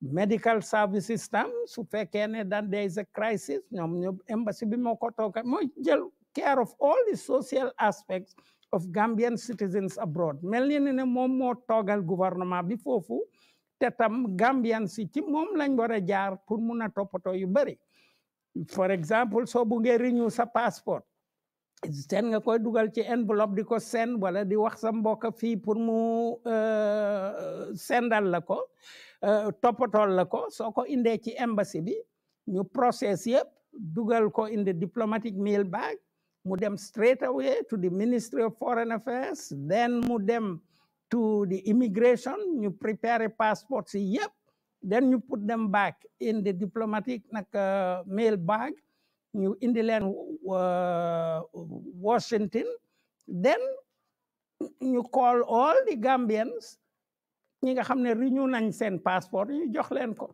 medical service system su fekkee dan there is a crisis ñom ñu embassy bi moko tokal moy jël care of all the social aspects of Gambian citizens abroad melni ne mom mo togal gouvernement bi fofu te Gambian si ci mom lañ wara jaar pour mëna topato yu bari for example so ngey renew sa passport. ten nga koy dugal ci envelope di ko send wala di wax sa mbokk fi pour mu euh, sendal la ko toppatool la ko so. ko indee ci embassy bi ñu process yëpp dugal ko in the diplomatic mail bag mu dem straight away to the ministry of foreign affairs then mu dem to the immigration ñu prepare passports yi yëpp then you put them back in the diplomatic nag uh, mail bag ñu indi leen uh, Washington then ñu call all the Gambians ñi nga xam ne riñu nañ seen passeport ñu jox leen ko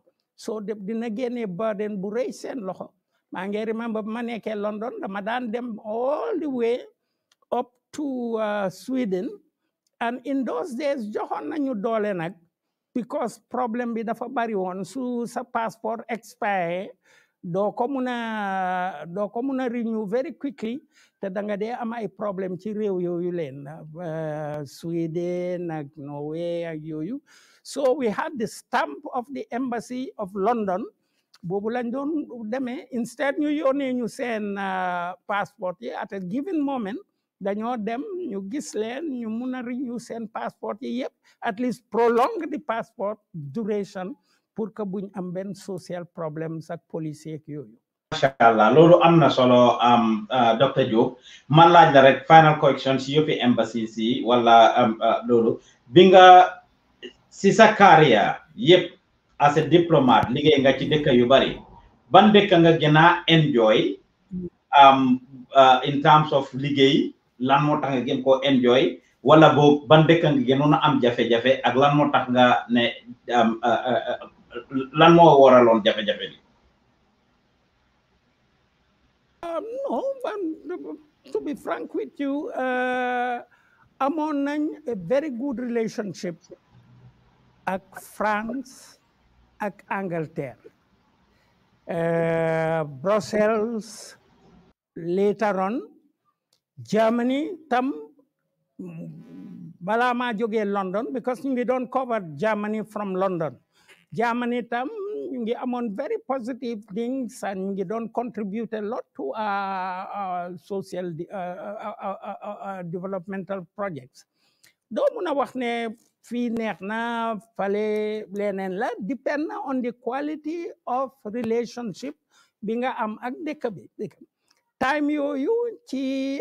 soo def dina génnee burden bu rëy seen loxo maa ngi remember ma nekkee London dama daan dem all the way up to uh, Sweden and in those days joxoon nañu doole nag because problème bi dafa bari woon su sa passeport expire doo ko mun a doo ko mun a renew very quickly te da nga dee am ay problème ci réew yooyu leen euh, Sweden ak Norway ak yooyu so we had the stamp of the embassy of London boobu lañ doon demee instead ñu yónnee ñu seen euh, passeport yi at a given moment dañoo dem ñu gis leen ñu mun a renew seen passeport yi yëpp at least prolong the passport duration pour que buñ am benn social problems ak policier yooyu macha allah loolu am na solo ah, docteur Diop man laaj la rek final correction si yëppi embassy si wala ah, loolu bi nga si sa carrière yëpp as a diplomate liggéey nga ci dëkk yu bari ban dëkk nga gën a enjoy ah, in terms of liggéey lan moo tax nga gën koo enjoy wala boog ban dëkk nga gënoon a am jafe-jafe ak lan moo tax nga ne lan moo waraloon jafe-jafe bi Um, non to be frank with you uh, amoon nañ a very good relationship ak France ak Angleterre uh, Brussels later on Germany tam balaa maa jógee London because ñu ngi doon cover Germany from London Germany tam ñu ngi amoon very positive things and ngi doon contribute a lot to uh, uh, social uh, developmental projects doo mun a wax ne fii neex na fale leneen la depend on the quality of relationship bi nga am ak dëkk bi time yooyu ci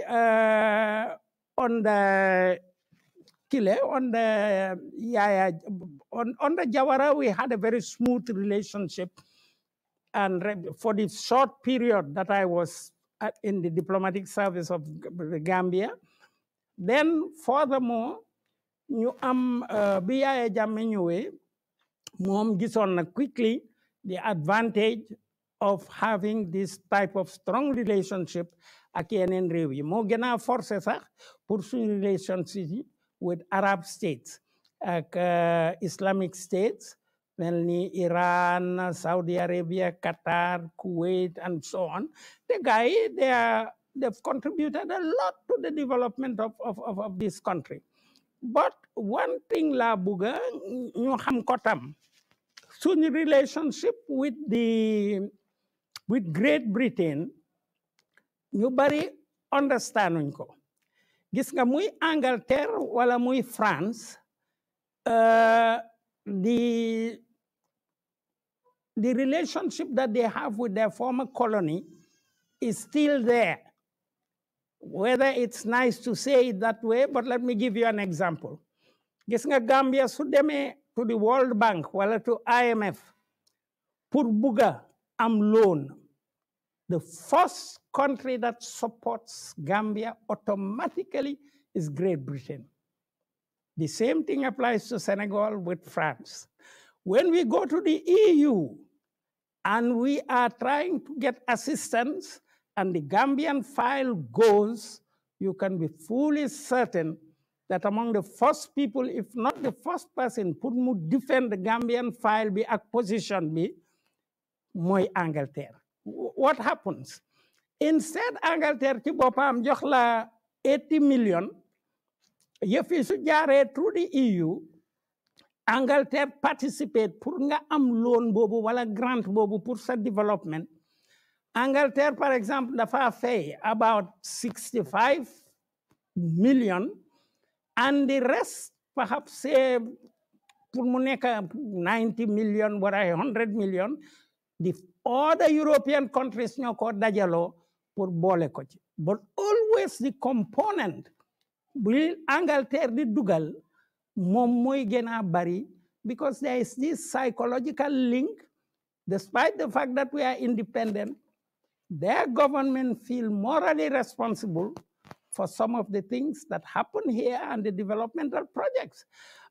on the Kile, eh, on the yeah, on, on the Jawara, we had a very smooth relationship. And for the short period that I was in the diplomatic service of the Gambia, then furthermore, you am uh, bi Yaya Jammeh ñëwee moom quickly the advantage of having this type of strong relationship ak yeneen réew yi moo gën a forcé sax pour suñu relationship with Arab states, like uh, Islamic states, mainly Iran, Saudi Arabia, Qatar, Kuwait, and so on. The guy, they are, they've contributed a lot to the development of, of, of, of this country. But one thing la buga you xam ko relationship with the with Great Britain you bari understand ko gis nga Angleterre wala France eh, the the relationship that they have with their former colony is still there. Whether it's nice to say it that way, but let me give you an example. Gis nga Gambia sudeme to the World Bank wala to IMF purbuga bugg am loan the first country that supports Gambia automatically is Great Britain. The same thing applies to Senegal with France. When we go to the EU and we are trying to get assistance and the Gambian file goes, you can be fully certain that among the first people, if not the first person, put would defend the Gambian file be ak be bi, mooy Angleterre what happens? Instead Angleterre ci boppam jox la 80 If yi su jaaree through the EU Angleterre participate pour nga am loan boobu wala grant boobu pour sa development. Angleterre par exemple dafa fay about 65 million and the rest perhaps say pour mu 90 million wala 100 million the all the European countries ñoo ko dajaloo pour boole ko ci but always the component bu Angleterre di dugal moom mooy gën a bari because there is this psychological link despite the fact that we are independent their government feel morally responsible for some of the things that happen here and the developmental projects.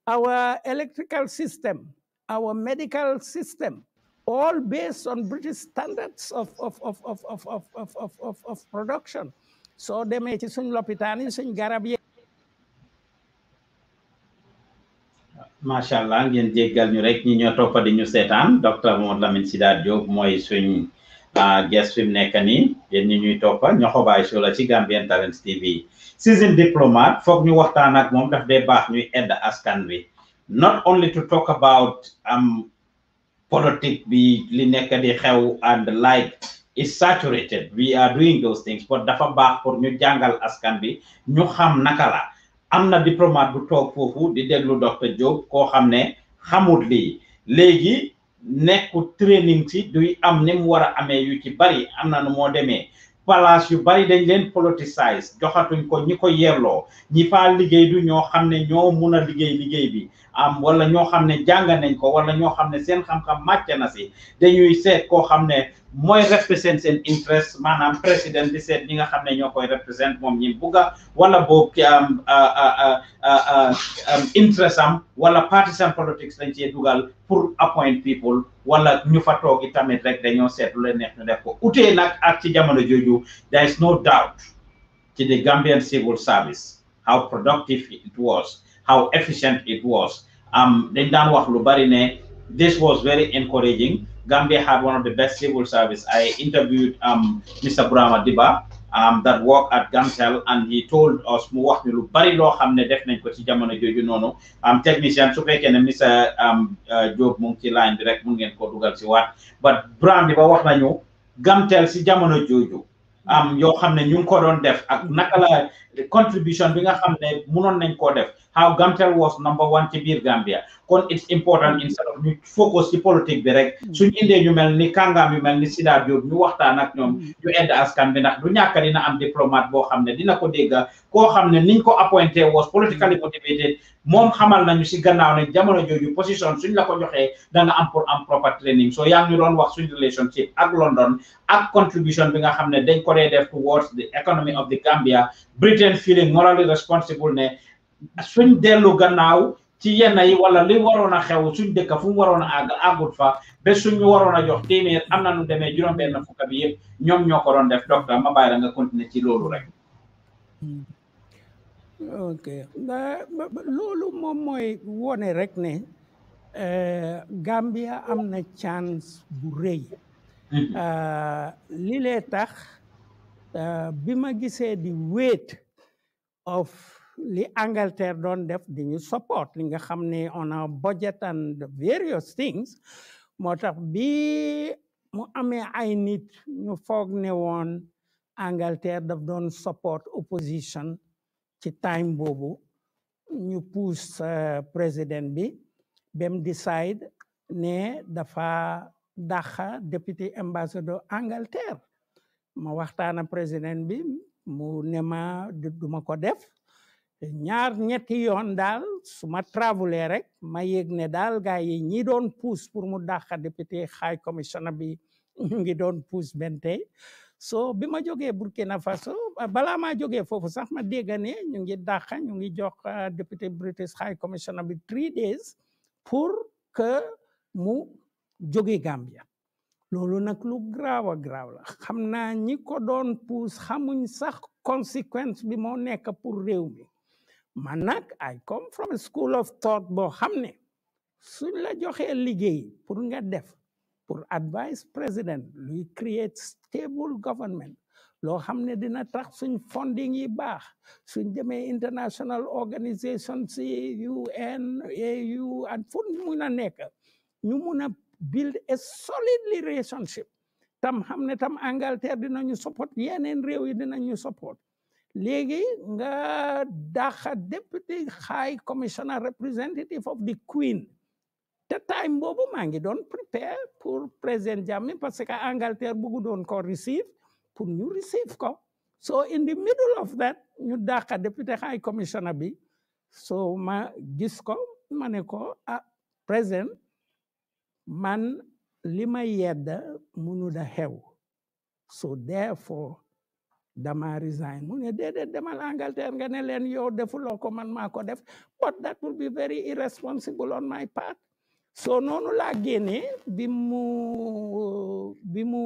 Our electrical system, our medical system, all based on British standards of of of of of of of of of production soo demee ci suñ lopitaan yi suñ garab yi. macha allah ngeen jéggal ñu rek ñi ñoo toppa di ñu seetaan docteur Mamadou Lamine Sidat Diop mooy suñ ah, guest fi mu nekk nii yéen ñi ñuy toppa Niokhobaay Show la ci Gambian Talents TV seasoned diplomate foog ñu waxtaan ak moom daf dee baax ñuy aide askan wi not only to talk about am. Um, politic bi li nekk di xew and like is saturated we are doing those things but dafa baax pour ñu jàngal askan bi ñu xam naka la am na diplomate bu toog foofu di déglu docteur Diop koo xam ne xamut lii léegi nekku training si duy am ni mu war a amee yu ci bari am na nu moo demee palaas yu bari dañ leen politicize joxatuñ ko ñi ko yelloo ñi faa liggéey du ñoo xam ne ñoo mun a liggéey liggéey bi am wala ñoo xam ne jàng nañ ko wala ñoo xam ne seen xam-xam màcc na si dañuy seet koo xam ne mooy represent seen interest maanaam président di seet ñi nga xam ne ñoo koy represent moom ñi bugga wala boobu ci am interest am wala partisan politics dañ cee dugal pour appoint people wala ñu fa toogi tamit rek dañoo seet lu leen neex ñu def ko utee nag ak ci jamono jooju there is no doubt ci the Gambian civil service how productive it was how efficient it was am dañ daan wax lu bari ne this was very encouraging Gambia had one of the best civil service. I interviewed um, Mr. Burama Diba um, that worked at Gamtel, and he told us mu wax ni lu bari loo xam ne def nañ ko ci jamono jooju noonu am um, technicien su fekkee ne Mr. um, uh, Diop mu ngi line bi rek mun ngeen ko dugal si waat but Burama Diba wax nañu Gamtel si jamono jooju am um, yoo xam ne ñu ngi ko doon def ak naka la contribution bi nga xam ne munoon nañ koo def how Gamtel was number one ci biir Gambia kon it's important instead of ñu focus ci politique bi rek mm. suñ indee ñu mel ni kàngaam yu mel ni Sida Diop ñu waxtaan ak ñoom mm. ñu edd askan bi ndax du ñàkk dina am diplomate boo xam ne dina ko dégga koo xam ne niñ ko appointé was politically motivated moom xamal nañu si gannaaw ne jamono jooju position suñ la ko joxee da nga am pour am proper training so yaa ngi doon wax suñ relationship ak London ak contribution bi nga xam ne dañ ko def towards the economy of the Gambia Britain feeling morally suñ dellu gannaaw ci yenn yi wala li waroon xew suñ dëkk fu mu waroon a àgg àggut fa ba suñu waroon a jox téeméer am na nu demee juróom-benn fukk bi yëpp ñoom ñoo ko doon def docteur ma bàyyi la nga continuer ci loolu rek. Hmm. ok ne eh, Gambia am na chance bu rëy. Hmm. Eh, li lee tax eh, bi ma gisee di weight of li Angleterre doon def di ñu support li nga xam ne on a budget and various things moo tax bi mu amee ay nit ñu foog ne woon Angleterre daf doon support opposition ci time boobu ñu pousse euh, président bi bem decide ne dafa daxa député ambassadeur Angleterre ma waxtaana président bi mu ne ma ko def ñaar ñetti yoon daal su ma travelé rek ma yëg ne daal gaa yi ñii doon puus pour mu dàqa député high commissioner bi ñu ngi doon puus benn tey so bi ma jógee Burkina Faso balaa maa jógee foofu sax ma dégg ne ñu ngi dàqa ñu ngi jox euh, député British high commissioner bi three days pour que mu jóge Gambia loolu nag lu graaw a graaw la xam naa ñi ko doon puus xamuñ sax conséquence bi moo nekk pour réew mi man nag ay come from a school of thought boo xam ne suñ la joxee liggéey pour nga def pour advice président luy create stable government loo xam ne dina tax suñ funding yi baax suñ demee international organisation si UN AU ak fu mun a nekk ñu mun a build a solid relationship tam xam ne tam Angleterre dinañu support yeneen réew yi dinañu support léegi nga daxa deputy high commissioner representative of the queen te time boobu maa ngi doon prepare pour président Jammeh parce que Angleterre bëggu doon ko receive pour ñu receive ko so in the middle of that ñu daxa deputy high commissioner bi so ma gis ko ma ne ko ah président man li ma yedda mënu da xew so therefore dama resign mu ne déedéet demal Angleterre nga ne leen yow defuloo ko man maa def but that will be very irresponsible on my part so noonu laa génnee bimu bimu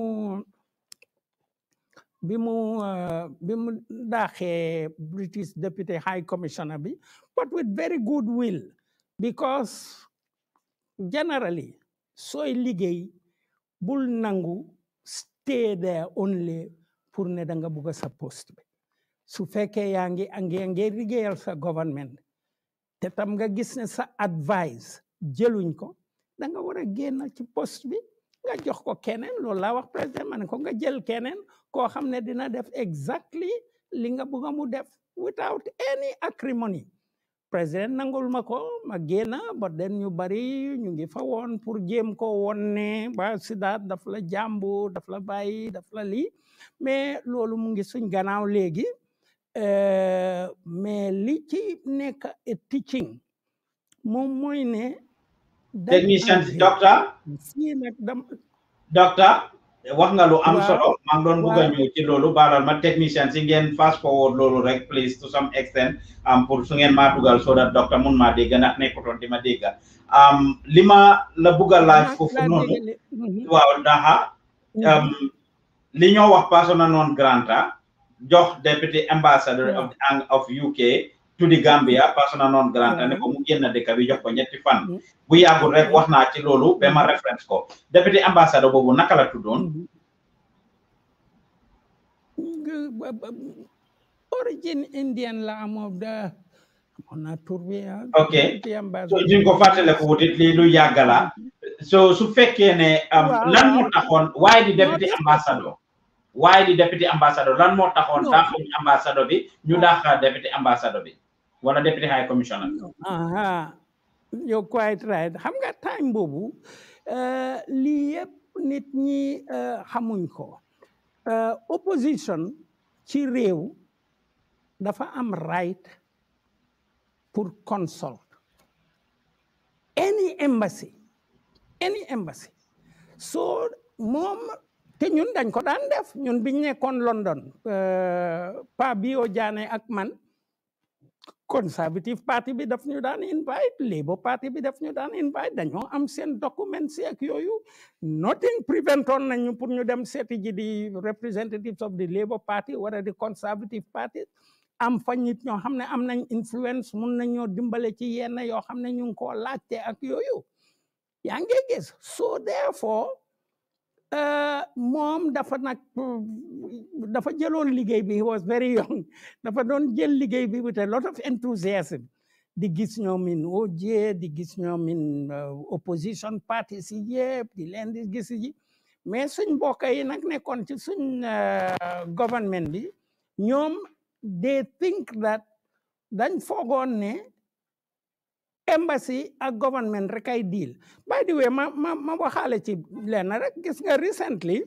bimu mu bi mu uh, British Deputy High Commissioner bi but with very good will because generally sooy liggéey bul nangu stay there only pour danga buga sa poste su so feke yangi ange ange liggéeyal sa government te tam nga gis ne sa advice jëluñ ko da nga war a génn ci poste bi nga jox ko keneen loolu laa wax président ma ko nga jël keneen koo xam dina def exactly li nga bëgg mu def without any acrimony président nangul ma ko ma génn ba den ñu bari ñu ngi fa woon pour jéem ko wonne ba sidaat daf la jàmbu daf la bàyyi daf la lii mais loolu mu ngi suñ gannaaw léegi eh, mais li ci nekk teaching mu mooy ne. technicien docteur. si nag dam docteur wax nga lu am solo. waaw maa ngi ci loolu baalal ma technicien si ngeen fast forward loolu rek please to some extent am pour su ngeen maa dugal so that docteur mun maa dégg na nekkutoon di ma dégg li ma la bugg a laaj foofu noonu. Mhm. waaw ndaxa. Mhm. li ñoo wax persona non grata jox deputy ambassador mm. of of UK to the Gambia persona non grata mm. ne ko mu génn dëkk bi jox ko ñetti fan. Mm. bu yàggul rek wax naa ci loolu ba ma référence ko deputy ambassador boobu naka la tuddoon. Mm-hmm. origine indienne la amoon da amoon naa tur bi ah. ok so ko fàttale ko wutit lu yàgg la mm-hmm. so su fekkee ne um, lan moo taxoon waaye di député ambassadeur waaye di député ambassadeur lan moo taxoon daaxuñ ambassadeur bi ñu daax député ambassadeur bi wala député high commissioner aha yow quite right xam nga time boobu uh, lii yëpp nit ñi uh, xamuñ ko uh, opposition ci réew dafa am right pour consult any embassy any embassy so moom te ñun dañ ko daan def ñun biñ nekkoon London euh, pa bio jaane ak man conservative party bi daf ñu daan invite labour party bi daf ñu daan invite dañoo am seen documents si ak yooyu nothing preventoon nañu pour ñu dem seeti ji di representatives of the labour party wala di conservative party am fa nit ñoo xam ne am nañ influence mun nañoo dimbale ci yenn yoo xam ne ñu ngi koo laajte ak yooyu yaa so therefore uh, Mom dafa nag dafa jëloon liggéey bi he was very young dafa doon jël liggéey bi with a lot of enthusiasm di gis ñoom in OJ di gis ñoom in uh, opposition parties, si yëpp di leen di gis ji mais suñ mbokk yi nag ci suñ uh, government bi ñoom they think that dañ foogoon ne embassy ak government rekk ay deal by the way ma ma waxaale ci lenn rek gis nga recently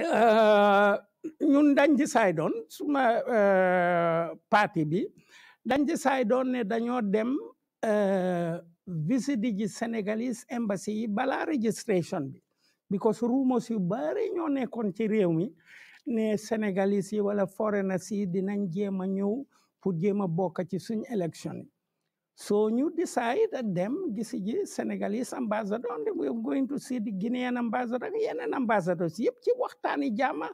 uh, ñun dañ decide doon suma uh, parti bi dañ decide doon ne dañoo dem uh, visite ji Senegalese embassy yi balaa registration bi because rumors yu bari ñoo nekkoon ci réew mi ne senegalis yi wala foreigners yi dinañ jéem a ñëw pour jéem a bokk ci suñ élection yi So you decide dem them, this is Senegalese ambassador, and we're going to see the Guinean ambassador, Guinean ambassadors. Yep, ci waxtani jama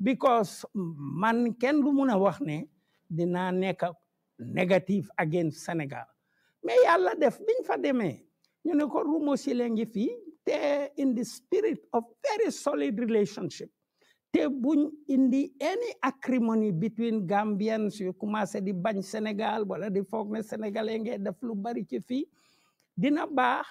because man ken lu muna wax ne dina nek negative against Senegal. Mais yalla def biñ fa démé ñu ne ko rumo ci lengi fi te in the spirit of very solid relationship te buñ indi any acrimony between Gambians yu commencé di bañ Sénégal wala di foog ne sénégalais ngay def lu bari ci fii dina baax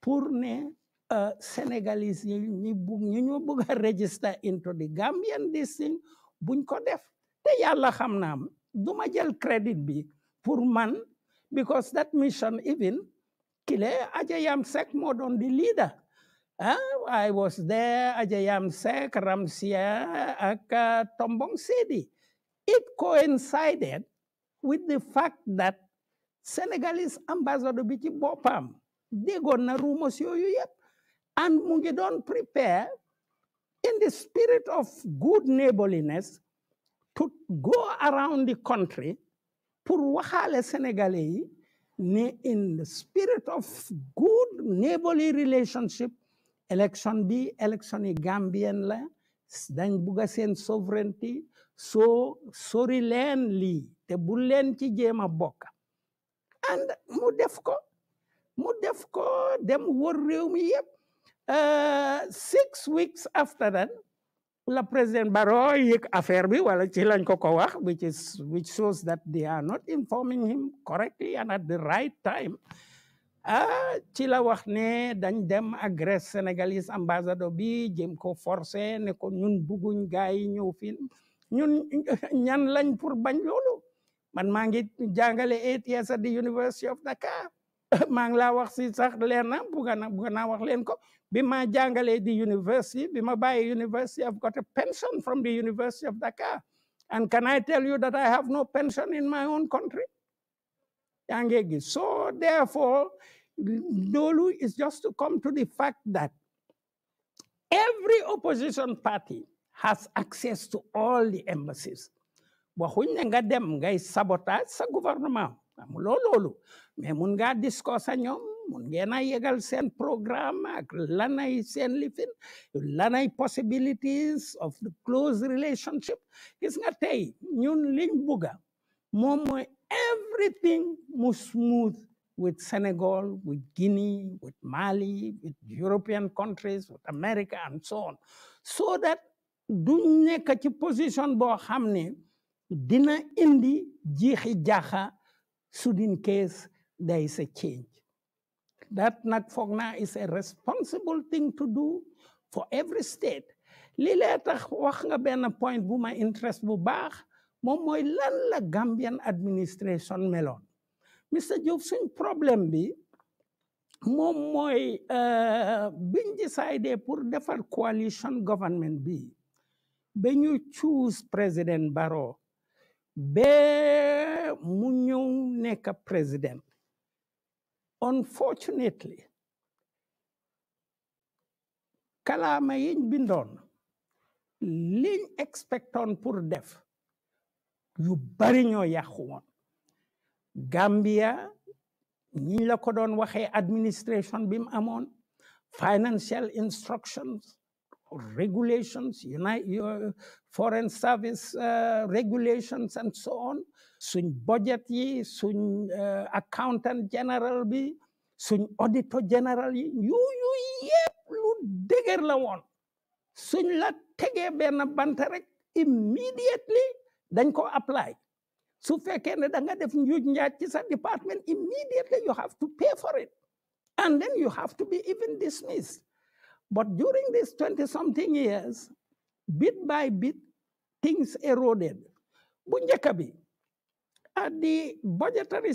pour ne euh, sénégalais yi ñu ñu ñu bugg a register into the Gambian this thing buñ ko def te yàlla xam naa du ma jël crédit bi pour man because that mission even kile Ajay sek moo doon di leader Oh, I was there Ajayam Sek, Ramsia ak Tombong City. It coincided with the fact that Senegalese ambassador bi ci they déggoon na rumors yooyu yep. and Mungedon ngi prepare in the spirit of good neighborliness to go around the country pour wahale Senegalese ne in the spirit of good neighborly relationship election B, election in Gambia, la dañ bugg a seen souveraineté soo sori leen lii te bu and mu mudefko, mu def dem wër eh, six weeks after that the président Barrow yëg affaire bi wala ci lañ ko ko wax which is which shows that they are not informing him correctly and at the right time ah ci la wax ne dañ dem ak Grèce sénégalais ambassado bi jëm ko forcé ne ko ñun bugguñ gars yi ñëw fii ñun ñan lañ pour bañ loolu man maa ngi jàngale eight years at University of Dakar maa ngi laa wax si sax leer na bugga na bugga naa wax leen ko bi ma jàngalee di university bi ma bàyyi university i got a pension from the University of Dakar and can I tell you that I have no pension in my own country yaa ngi gis so therefore Dolu is just to come to the fact that every opposition party has access to all the embassies. waxuñ nga dem ngay sabotage sa gouvernement amuloo loolu mais mun ngaa discuter sa ñoom mun ngeen a yegal seen programme ak lanay seen lifin lanay possibilities of the close relationship is nga tay. ñun liñ bugga moom everything mu smooth with Senegal, with Guinea, with Mali, with European countries, with America, and so on. So that duñ nekk ci position boo xam ne dina indi jiixi jaaxa sudden case there is a change. That nag foog naa is a responsible thing to do for every state. li tax wax nga benn point bu ma interest bu baax moom mooy lan la Gambian administration meloon Mr Diouf suñ be, bi moom mooy euh, biñ décidé pour defar coalition government bi when ñu choose président Barrow be mu ñëw nekk président unfortunately kalaama yiñ bindoon liñ expectoon pour def yu bari ñoo yàqu woon Gambia ñi la ko doon waxee administration bi mu amoon financial instructions regulations united foreign service uh, regulations and so on suñ budget yi suñ uh, accountant general bi suñ auditor general yi yooyu yëpp lu dëgër la woon suñ la tegee benn bant rek immediately dañ ko apply su fekkee ne da nga def njuuj njaaj ci sa department immediately you have to pay for it and then you have to be even dismissed but during these 20 something years bit by bit things eroded bu njëkk bi at the budgetary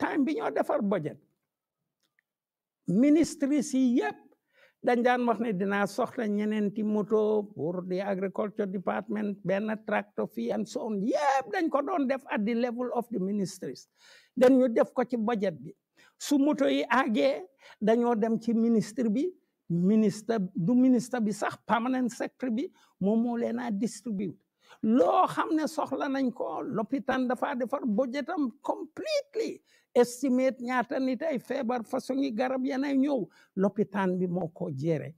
time bi ñoo defar budget ministries yi dañ daan wax ne dinaa soxla ñeneenti moto pour di agriculture department benn tractor fii and so on yëpp dañ ko doon def at the level of the ministries dañ ñu def ko ci budget bi su moto yi àggee dañoo dem ci ministre bi ministre du ministre bi sax permanent secretary bi moom moo leen a distribute loo xam ne soxla nañ ko lopitaan dafa defar budgetam completely estimate ñaata nit ay feebar façon yi garab yanay ñëw lopitaan bi moo ko jere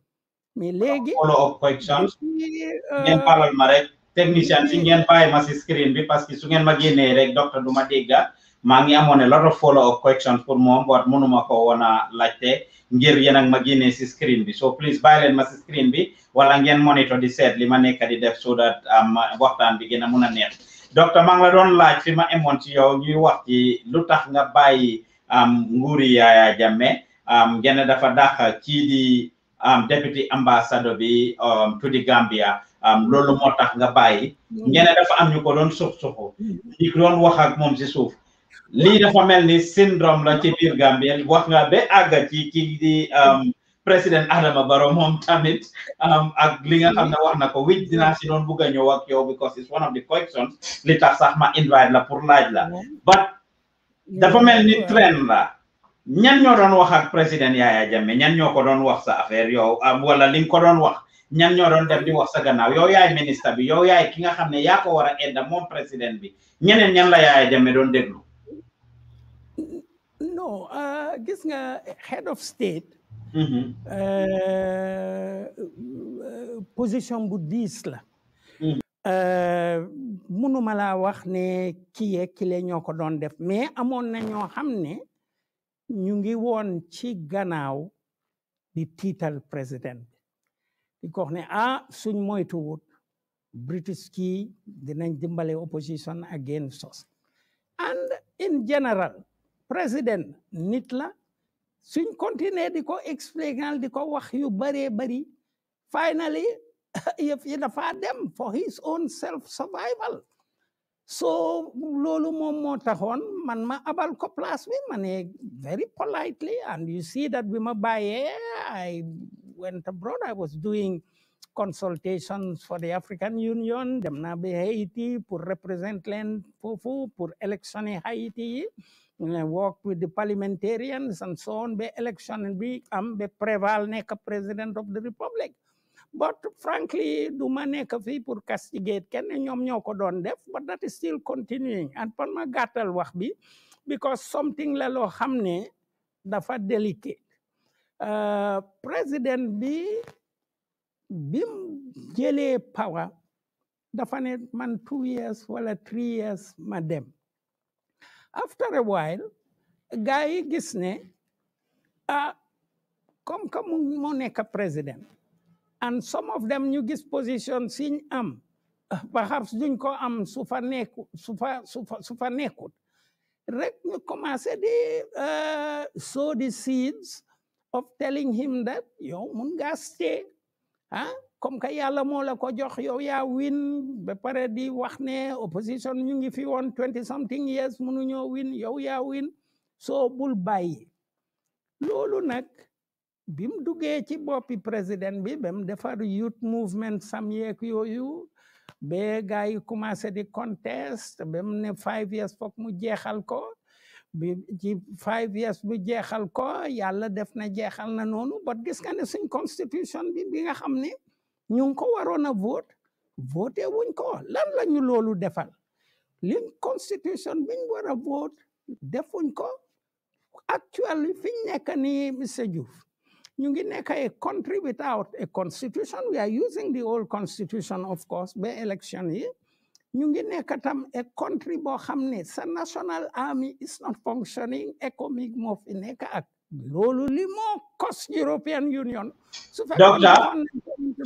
mais léegi follow up questions euh, ngeen palal ma rek technicien si ngeen bàyyi ma si bi parce que su ngeen ma génnee rek docteur du ma dégga Mangiamon, amone a lot of follow up questions for mom, but mënuma ko woon lajte ngir yen ak ma si screen bi so please bay len ma ci screen bi wala ngeen monitor di set li ma nek di def so that um, waxtan bi gene muna mun Doctor neex docteur mang la don laaj fi ma emon ci yow ñuy wax ci nga bayyi am um, nguri yaaya jamme am um, gene dafa dakh ci di deputy ambassador bi to the Gambia um lolu motax nga bayyi mm. ngene dafa am ñu ko doon suuf suufu ñu mm. wax ak mom si suuf lii dafa mel ni syndrome la ci biir Gambien wax nga ba àgga ci kii di um, président Adama Barrow moom tamit um, ak li nga xam ne wax na ko which dinaa si doon bugg a ñëw ak yow because it's one of the questions li tax sax ma invite la pour laaj la but dafa mel ni trend la ñan ñoo doon wax ak président Yaya Jammeh ñan ñoo ko doon wax sa affaire yow um, wala li nga ko doon wax ñan ñoo doon def di wax sa gannaaw yow yaay ministre bi yow yaay ki nga xam ne yaa ko war a edda moom président bi ñeneen ñan la Yaya Jammeh doon déglu non uh, gis nga head of state. Mm-hmm. Uh, position bu diis la. mënuma mm-hmm. uh, laa wax ne kii yee kile ñoo ko doon def mais amoon na ñoo xam ne ñu ngi woon ci gannaaw di tiital président bi di ko ne ah suñ moytuwut British ki dinañ dimbale opposition against us and in general président nitla la suñ continuer di ko expliquer di ko wax yu bëree bëri finally yëf yi dafa dem for his own self survival so loolu Momo moo taxoon man ma abal ko place bi ma very politely and you see that bi buy air. I went abroad I was doing consultations for the African Union, Demnabe Haiti, pour FUFU for pour in Haiti, worked with the parliamentarians and so on, be election and be, um, be preval neka president of the republic. But frankly, duma nekk fii pour castigate kenn ñoom ñoo ko def but that is still continuing and pan ma gàttal wax because something la hamne, xam ne dafa delicate euh, president B Bim mu power dafa ne man two years wala three years ma dem after a while guy gisne gis ne ah comme que président and some of them ñu gis position siñ am perhaps duñ ko am su fa nekku su fa su fa rek ñu commencé di eh, sow the seeds of telling him that yo mun ngaa stay ah comme que yàlla moo la ko jox yow yaa win ba pare di wax ne opposition ñu ngi fi woon twenty something years mënuñoo win yow yaa win soo bul bàyyi loolu nag bi mu duggee ci boppi président bi ba mu defar youth movement sam yeeg yooyu ba gars yi commencé di contest ba ne five years foog mu jeexal ko bi ci five years bi jeexal ko yàlla def na jeexal na noonu ba gis nga ne suñ constitution bi bi nga xam ne ñu ngi ko waroon a vote voté wuñ ko lan la ñu loolu defal liñ constitution biñ war a def wuñ ko actually fiñ nekk nii monsieur Diouf ñu ngi nekk a country without a constitution we are using the old constitution of course ba election yi ñu ngi nekk tam e country xam ne sa national army is not functioning économique moo fi nekk ak loolu li moo cos European Union su fekkoon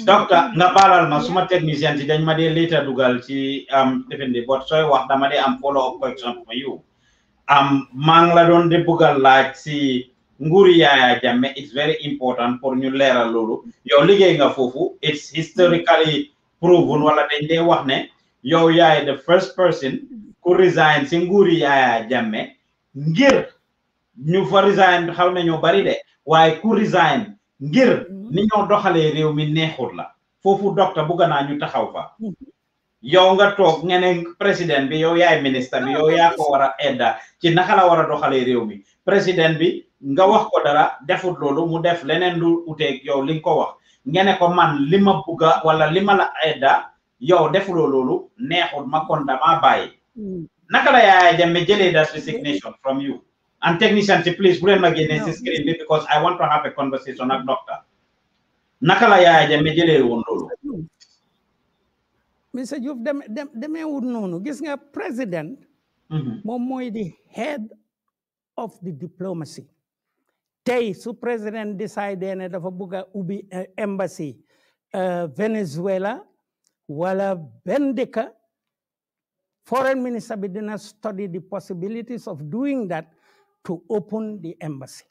docteur nga baalal ma suma technicien si dañ ma dee liita dugal ci am bot sooy wax dama dee am follow up question am maa ngi la doon de bugal laaj si nguuri Yaya Jammeh it's very important pour ñu leeral loolu yow liggéey nga foofu it's historically proven wala dañ dee wax ne yow yaay the first person ku resign si nguuri Yaya Jammeh ngir ñu fa resign xaw nañoo bari de waaye ku resign ngir ni ñoo doxalee réew mi neexul la foofu docteur bugga naa ñu taxaw fa yow nga toog nga ne bi yow yaay ministre bi yow yaa ko war a edda ci naka la war a doxalee réew mi président bi nga wax ko dara defut loolu mu def leneen lu uteeg yow li nga ko wax nga ko man lima ma bugga wala li ma la edda yow defuloo loolu neexul ma kon damaa bàyyi hmm. naka la Yaya Jammeh jëlee that resignation from and technician si please bu leen ma génnee screen bi because I want to have a conversation ak docteur naka la Yaya Jammeh jëlee woon loolu monsieur Diouf deme demeewul noonu gis nga président mm-hmm. moom di head of the diplomacy tey su président décidé ne dafa bugg a ubbi eh, embassy eh, Venezuela wala bendika foreign minister bi dina study the possibilities of doing that to open the embassy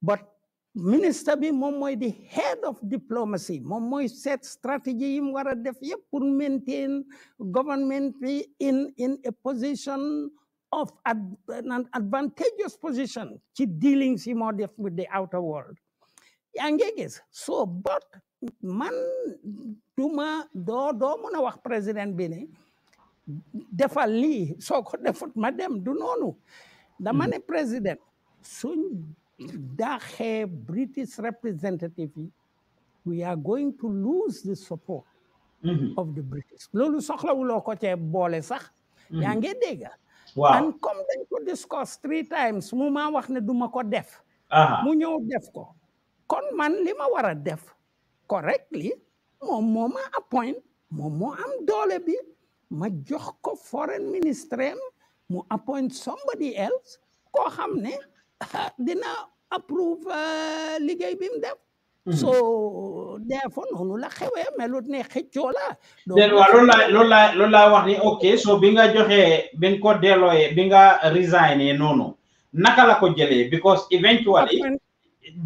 but minister bi moom the head of diplomacy moom set strategy in mu to def pour maintain government bi in in a position of an advantageous position ci dealings yi def with the outer world yaa ngi gis soo bot man duma doo doo mën a wax président bi defal lii soo ko defut ma dem du noonu dama hmm. ne président suñ daaxee British representative yi we are going to lose the support hmm. of the British loolu soxlawuloo ko cee boole sax hmm. yaa ngi dégg waaw and comme dañ ko discuss three times mu ma wax ne duma ko def mu ñëw def ko kon man li ma war a def correctly moom moo ma appoint moom moo am doole bi ma jox ko foreign ministre mu appoint somebody else koo xam ne dina approve euh, liggéey bi mu def mhm. so therefore noonu la xewee melut ne xëccoo la den waaw loolu laa loolu wax ni ok so bi nga joxee bi nga ko dellooyee bi nga resigné noonu naka lako ko jëlee because eventually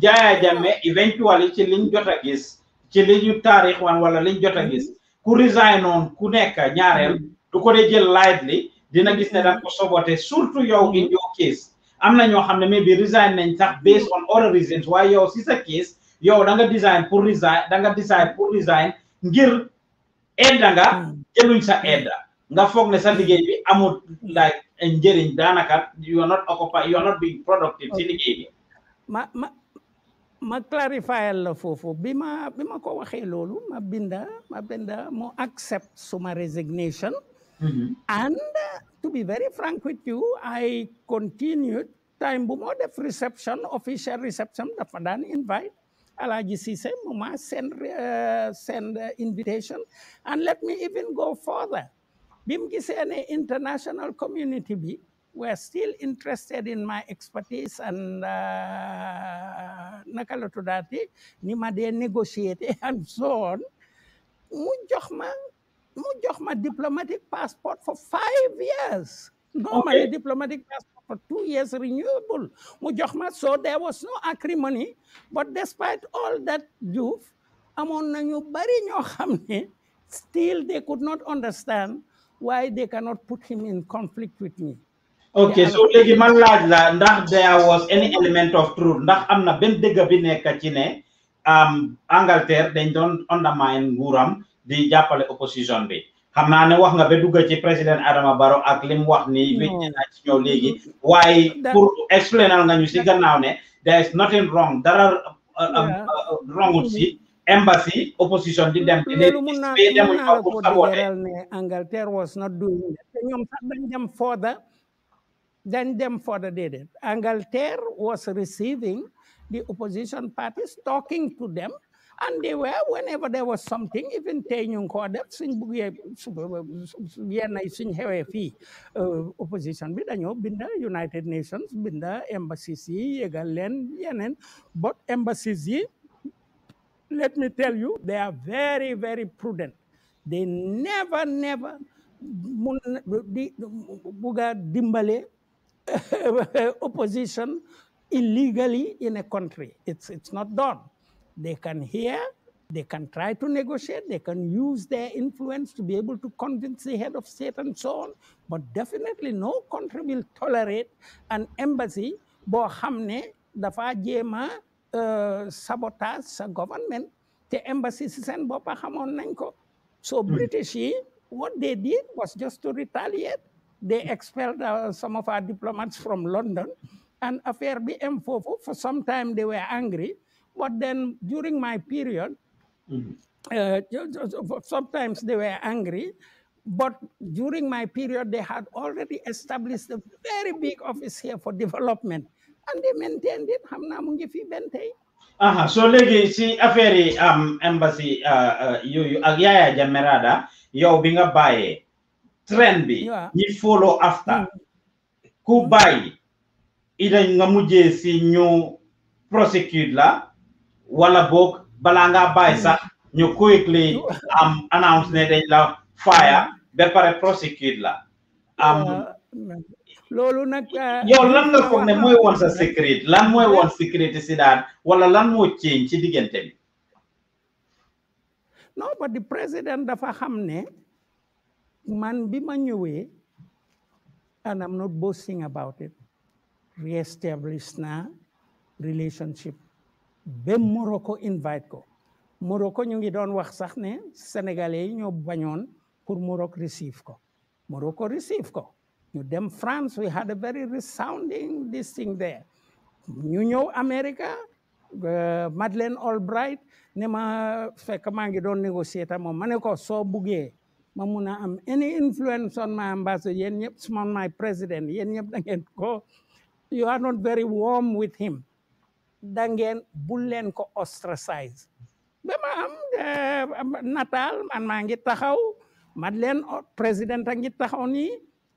Yahya Jammeh eventually ci liñ jot a gis ci li ñu taarix wan wala liñ jot a mhm. gis ku resign noonu ku nekk ñaareel du ko dee jël lightly dina gis ne da ko mhm. sobote surtout yow in mhm. your case am na ñoo xam ne mais bi resign nañ sax based on other reasons waaye yow si sa case yow da nga design pour resign da nga decide pour resign ngir edda nga jëluñ sa edda nga foog ne sa liggéey bi amul like njëriñ daanaka you are not occupy you not being productive si liggéey bi ma clarifier la fofu bima bima ko waxe lolou ma binda ma binda mo accept suma resignation mm -hmm. and uh, to be very frank with you I continued time bu mo def reception official reception fa dan invite si Cissé mo ma send uh, send uh, invitation and let me even go further bim mu gisee international community bi were still interested in my expertise and uh, naka la tuddaati ni ma dee and so on mu jox ma mu jox ma diplomatic passport for five years. Normally, diplomatic passport for two years renewable. Mu jox ma so there was no acrimony but despite all that juuf amon nañu bari ñoo xam still they could not understand why they cannot put him in conflict with me. ok so léegi man laaj la ndax there was any element of truth ndax am na benn dëgg bi nekk ci ne Angleterre dañ doon undermine nguuram di jàppale opposition bi xam naa ne wax nga ba dugg ci président Adama Barrow ak li mu wax ni hmm. wécc naa ci léegi waaye pour explainal nga ñu si gannaaw ne there is nothing wrong dara wrongut uh, um, uh, si embassy opposition di dem di dem di dem di dem di dem di dem di dem di dem di dem di dem Then them further did it. Angleterre was receiving the opposition parties, talking to them, and they were, whenever there was something, even Tenyung Kodak, Vienna in Hewefi, uh, opposition, Bidanyo, United Nations, the embassies, Yegalen, Yenen, but embassies, let me tell you, they are very, very prudent. They never, never, Buga Dimbale, opposition illegally in a country. It's, it's not done. They can hear, they can try to negotiate, they can use their influence to be able to convince the head of state and so on. But definitely no country will tolerate an embassy boo xam dafa jema uh, sabotage sa government te embassy si seen boppa xamoon so hmm. British yi what they did was just to retaliate they expelled uh, some of our diplomats from London. And affair BM M44. for some time they were angry. But then during my period, mm. uh, sometimes they were angry. But during my period, they had already established a very big office here for development. And they maintained it. Hamna mungi fi bentei. Aha, so legi si affairi um, embassy uh, uh, yu, yu, yaya jamerada yow trend bi ñi ya. follow after hmm. ku i dañ nga mujjé ci ñu prosecute la wala bok bala nga bay sax ñu hmm. quickly am um, announce né dañ la fire hmm. ba paré prosecute la am ya, um, lolu nak yow eh, lan nga foog ne mooy sa secret lan moy won secret ci daan wala lan mo change ci digënté bi non but the president dafa xamné man bi ma ñëwee and I'm not boasting about it re-establish na relationship ba Morocco invite ko Morocco ñu ngi doon wax sax ne sénégalais yi ñoo bañoon pour Morocco receive ko Morocco receive ko ñu dem France we had a very resounding this thing there ñu ñëw America uh, Madeleine Albright ne ma fekk maa ngi doon négocier ta ma ne ko soo buggee Mamuna, am any influence on my ambassador yéen ñëpp on my president yéen ñëpp da ko you are not very warm with him da Bullen bu leen ko ostracize ba ma am eh, nataal man maa ngi taxaw Madeleine oh, président a ngi taxaw nii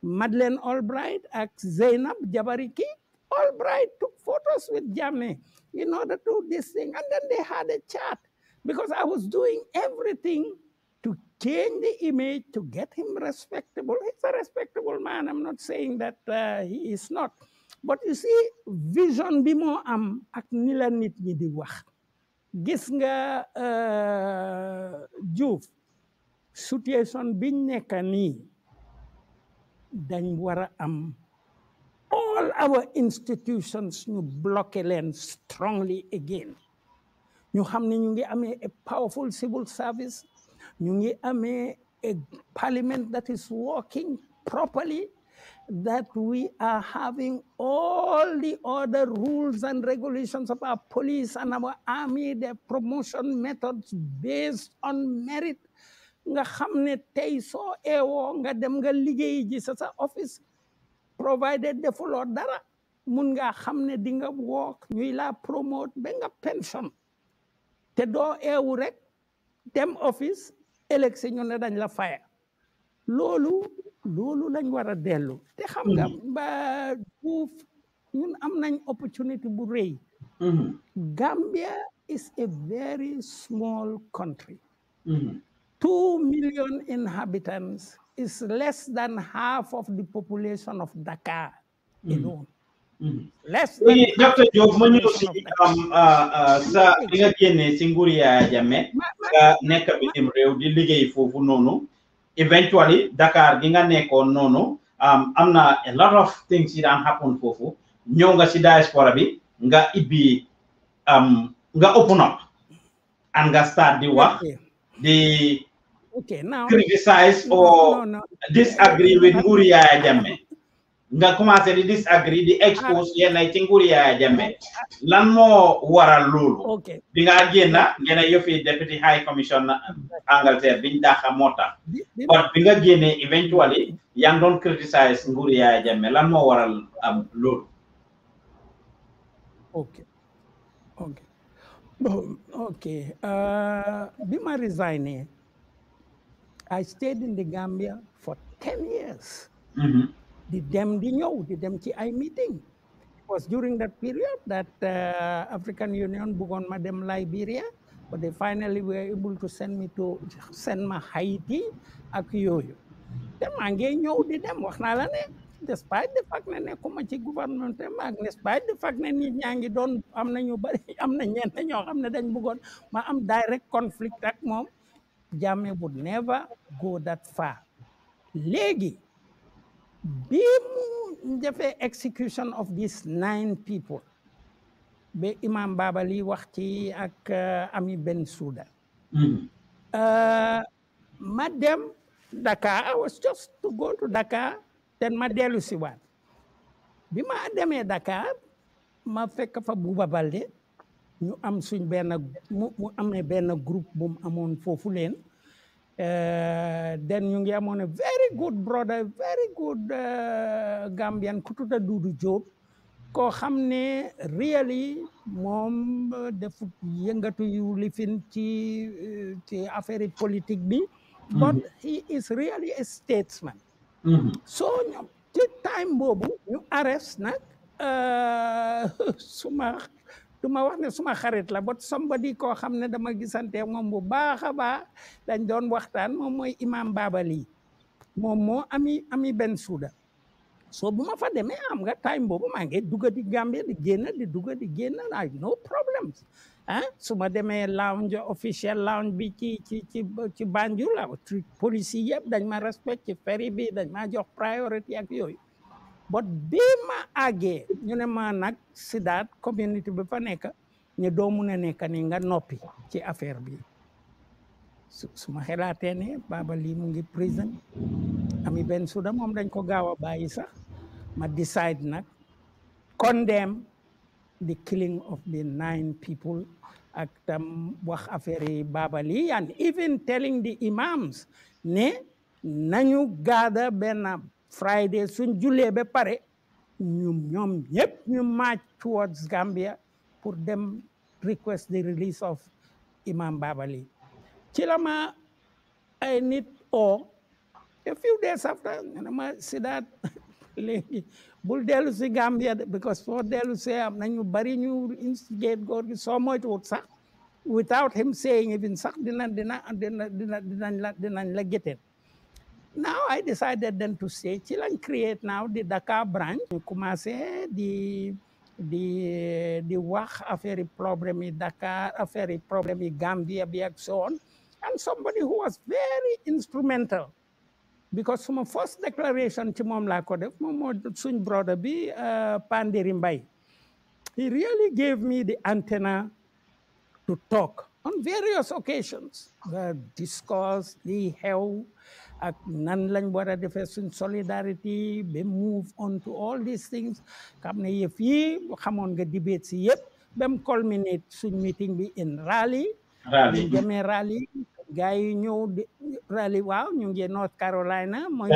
Madeleine Albright ak Zainab Jabariki. Albright took photos with Jamie in order to do this thing and then they had a chat because I was doing everything change the image to get him respectable. He's a respectable man. I'm not saying that uh, he is not. But you see vision bimo am ak ni nit ñi di wax gis nga uh, Diouf situation biñ nekk nii dañ war a am all our institutions ñu bloqué leen strongly again ñu xam ne ñu ngi amee a powerful civil service ñu ngi a parliament that is working properly that we are having all the other rules and regulations of our police and our army, their promotion methods based on merit. nga xam ne tey soo eewoo nga dem nga ji sa sa office provided the full mun nga xam ne di nga ñuy la promote benga nga pension te doo eewu rek dem office élection ñu ne dañ la faya loolu loolu lañ war a dellu te xam nga mm-hmm. ba duuf ñu am nañ opportunity bu rëy mm-hmm. Gambia is a very small country mm-hmm. two million inhabitants is less than half of the population of Dakar Mm-hmm. less léegi docteur Diop ma ñëw si um, uh, uh, sa li mm-hmm. nga génnee si nguur Yaya Jammeh nga nekk bitim réew di liggéey foofu noonu eventually Dakar gi nga nekkoon noonu um, am na a lot of things yi daan happen foofu ñëw nga si diaspora bi nga ibbi um, nga open up and nga start di wax di criticize or disagree with nguur Yaya Jammeh nga commencé di disagree di expose ah. yenn ci nguur Yaya Jammeh lan moo waral loolu bi nga génna ngeen yëfi deputy high commission Angleterre biñ moo tax bi nga génnee eventually yaa ngi doon criticize nguur Yaya lan moo waral am loolu ok ok ok euh, bi ma resigné I stayed in the Gambia for ten years mm-hmm. di dem di ñëw di dem ci ay meeting it was during that period that uh, African Union bëggoon ma dem Liberia but they finally were able to send me to send ma Haiti ak yooyu te maa ngi ñëw di dem wax naa la ne despite the fact ne nekkuma ci gouvernement te maag despite the fact ne nit ñaa ngi doon am na ñu bari am na ñenn ñoo xam ne dañ bëggoon ma am direct conflict ak moom Jammeh would never go that far léegi bi mu defee execution of these nine people ba imam Babali wax ci ak uh, Ami Bensouda hmm. uh, ma dem Dakar I was just to go to Dakar then ma dellu si bi ma demee Dakar ma fekk fa Buuba Balde ñu am suñ benn mu amee benn groupe bu mu amoon foofu leen den eh, ñu ngi amoon a very good brother very good eh, Gambian ku tudd Duudu Jóob koo xam ne really moom eh, defut yëngatu yu lifin ci ci affaire politique bi mm-hmm. but he is really a statesman mm-hmm. so ñoom ci time boobu ñu arrest nag suma du ma wax ne suma xarit la bot somebody koo xam ne dama gisante moom bu baax a baax dañ doon waxtaan moom mooy imam Babali moom moo ami ami benn suuda so bu ma fa demee am nga time boobu maa ngi dugg di Gambie di génn di dugg di génn ay no problems ah su ma demee lounge official lounge bi ci ci ci ci Banjul la police yëpp dañ ma respect ci ferry bi dañ ma jox priorité ak yooyu bot bima ma àggee ñu ne ma nak sidat community bi fa nek ñu do mu a nekk ni nga nopi ci affaire bi suma xelaté Baba li mu ngi prison Ami ben souda mom dañ ko gawa bayyi bàyyi sax ma decide nak condemn the killing of the nine people ak tam wax affaire yi Baba li and even telling the imams ne nañu gada benn Friday suñ jullee ba pare ñu ñoom ñëpp march towards Gambia pour dem request the release of Imam Babali ci la ma ay nit o a few days after ne ma Sidat léegi bul dellu si Gambia because soo dellu see am nañu bari ñu instigate góor gi soo moytuwut sax without him saying even sax dina dina dina dina dinañ la dinañ la géteen Now I decided then to "Chill and create now the Dakar branch. ñu commencé the the di wax affaire problem in Dakar affaire yi problem yi Gambia Biakson, and somebody who was very instrumental because from a first declaration ci moom laa ko suñ brother bi uh, Pandiri Mbaye he really gave me the antenna to talk on various occasions discourse the xew ak nan lañ wara defé defee suñ solidarity be move on to all these things xam ne yëf yi xamone nga debate ci yëpp ba culminate suñ meeting bi in rally, rally ñu rally Raleigh gars yi ñëw di waaw ñu ngi North Carolina. moy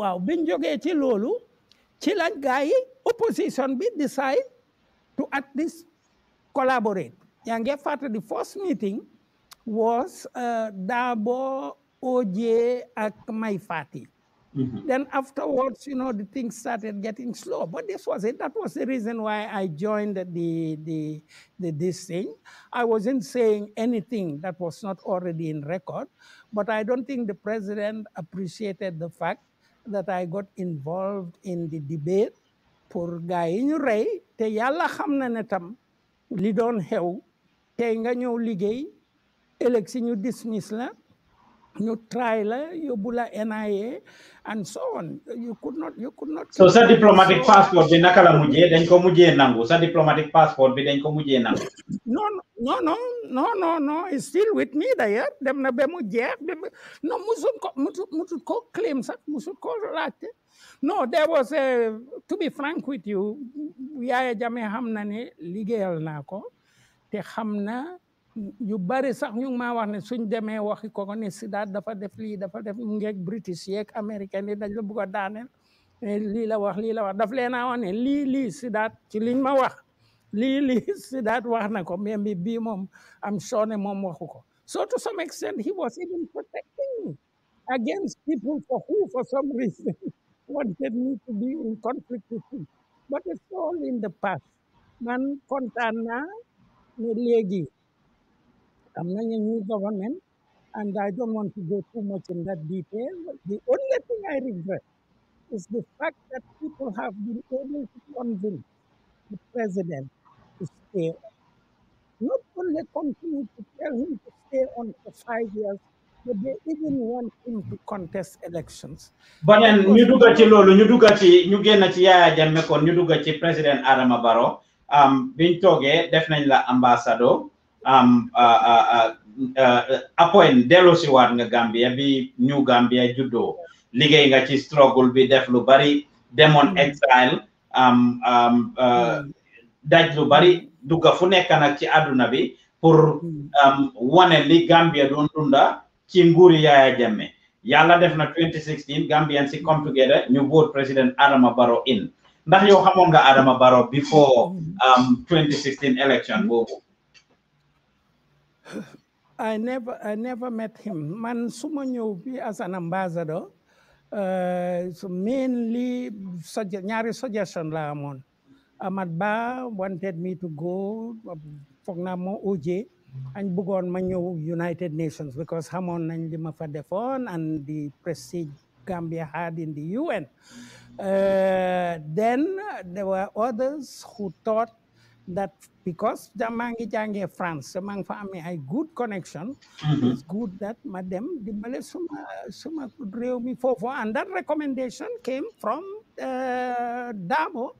waaw biñ joggé ci lolu ci la gars opposition bi decide to at least collaborate Yang ngi fàttali di first meeting. was uh, Dabo, OJ, Akmai Fati. Mm -hmm. Then afterwards, you know, the things started getting slow. But this was it. That was the reason why I joined the, the, the this thing. I wasn't saying anything that was not already in record, but I don't think the president appreciated the fact that I got involved in the debate. pour gars yi ñu rey te yàlla xam na ne tam li doon xew tey nga ñëw liggéey ëllëg si ñu dismiss la ñu try la yóbbu la NIA and so on you could not you could not. so sa diplomatic passport bi naka la mujjee dañ ko mujjee nangu sa diplomatic passport bi dañ ko mujjee nangu. non non non non still with me d'ailleurs dem na ba mu jeex non musul ko ko claim sax musul ko laajte no there was to be frank with you Yaya Jammeh xam na ne liggéeyal naa ko te xam na. yu bari sax ñu ma wax ne suñ demee waxi ko ne sida dafa def lii dafa def mu ngeeg british yeeg américaine yi dañ la bugg a daaneel eh, lii la wax lii la wax daf leen a wax ne lii lii sidaat ci liñ ma wax lii lii sidaat wax na ko mais bi bii moom am soone moom waxu ko so to some extent he was even protecting me against people for who for some reason wanted me to be in conflict with but it's all in the past man kontaan ne léegi I'm not Kamlanyan new government, and I don't want to go too much in that detail. The only thing I regret is the fact that people have been able to convince the president to stay on. Not only continue to tell him to stay on for five years, but they even want him to contest elections. But then ñu dugga ci loolu ñu dugga ci ñu You ci Yaya Jammeh kon ñu dugga You président Adama Barrow um biñ toogee def nañ la ambassador apoen dellusiwaat nga Gambia bi New Gambia juddoo liggéey nga ci struggle bi def lu bari demoon mm. exile mm. daj lu bari dugga fu nekk nag ci àdduna bi pour mm. wane li Gambia doon dunda ci nguuri Yaya Jammeh yàlla def na 2016 Gambian si come together ñu vote président Adama Barrow in ndax yow xamoon nga Adama Barrow before 2016 election boobu I never, I never met him. man su bi as an ambassador uh, mainly sugge ñaari suggestion la amoon Ahmad Ba wanted me to go um, for naa OJ and bëggoon ma United Nations because hamon nang li ma and the prestige Gambia had in the UN. Uh, then there were others who thought that because the mangi jàngee France the ngi family have good connection mm-hmm. it's good that madam the dimbale suma suma me for foofu and that recommendation came from eh, Dabo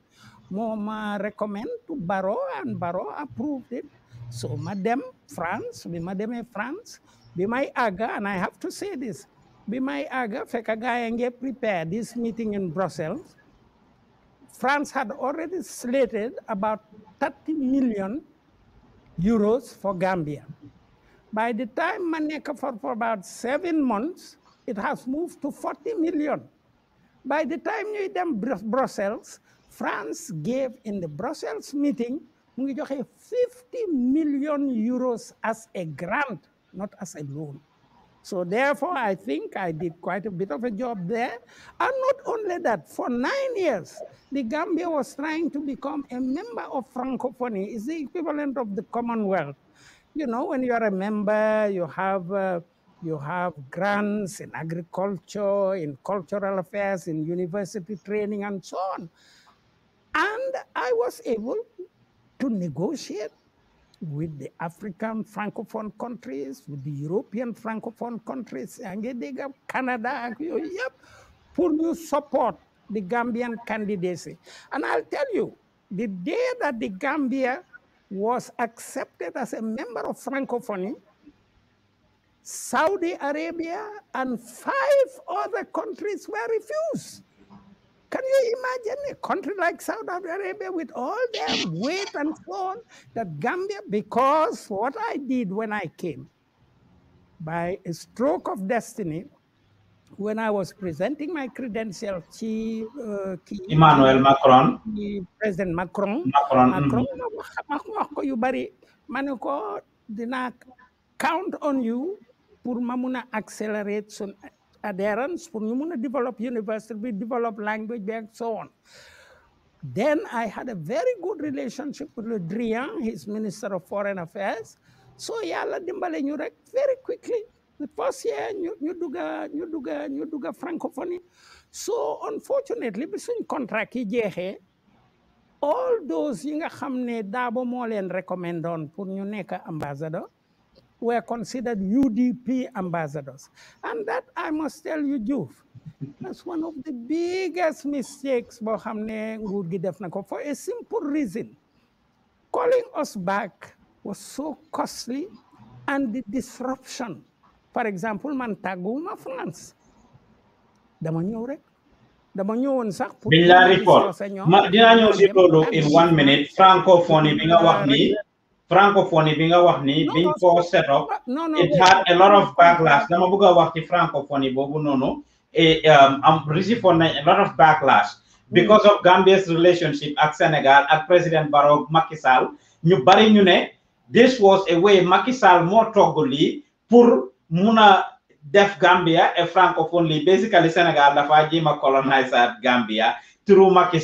moo ma recommend to Baro and Baro approved it so madam France be madam demee France be my aga. and I have to say this be my aga, fekk gaa yi prepare this meeting in Brussels France had already slated about 30 million euros for Gambia. By the time Maneka for, for about seven months, it has moved to 40 million. By the time ñuy them Brussels, France gave in the Brussels meeting 50 million euros as a grant, not as a loan. So therefore, I think I did quite a bit of a job there. And not only that, for nine years, the Gambia was trying to become a member of Francophonie. It's the equivalent of the Commonwealth. You know, when you are a member, you have... Uh, you have grants in agriculture, in cultural affairs, in university training, and so on. And I was able to negotiate with the African francophone countries, with the European francophone countries, Canada, yep, full you support the Gambian candidacy. And I'll tell you, the day that the Gambia was accepted as a member of Francophonie, Saudi Arabia and five other countries were refused. Can you imagine a country like Saudi Arabia with all their weight and so on? That Gambia, because what I did when I came, by a stroke of destiny, when I was presenting my credentials, she, uh, Emmanuel Macron, ki President Macron, Macron, mm-hmm. Macron Macron, yu bari mané ko dina count on you pour ma mëna accélérer son adherence pour ñu mun develop university bi develop language bi and so on then I had a very good relationship with Le Drian his minister of foreign affairs so yàlla dimbale ñu rek very quickly the first year ñu ñu dugga ñu dugga ñu dugga francophonie so unfortunately bi suñ contract yi all those yi nga xam ne Dabo moo leen recommandoon pour ñu nekk ambassador were considered UDP ambassadors. And that, I must tell you, Juve, that's one of the biggest mistakes for a simple reason calling us back was so costly and the disruption for example Mantaguma, France The ñëw rek dama biñ report ma ñëw in one minute francophone bi nga wax nii Francophone, bi nga wax ni biñ ko seto it had a lot of backlash dama bëgg a wax ci no boobu noonu um, am received nañ a lot of backlash hmm. because of Gambia's relationship ak Sénégal ak président Barrow Macky ñu bari ñu ne this was a way Macky Sall moo togg lii pour mun a def Gambia a francophone lii basically Sénégal dafa jéem a coloniser Gambia through Macky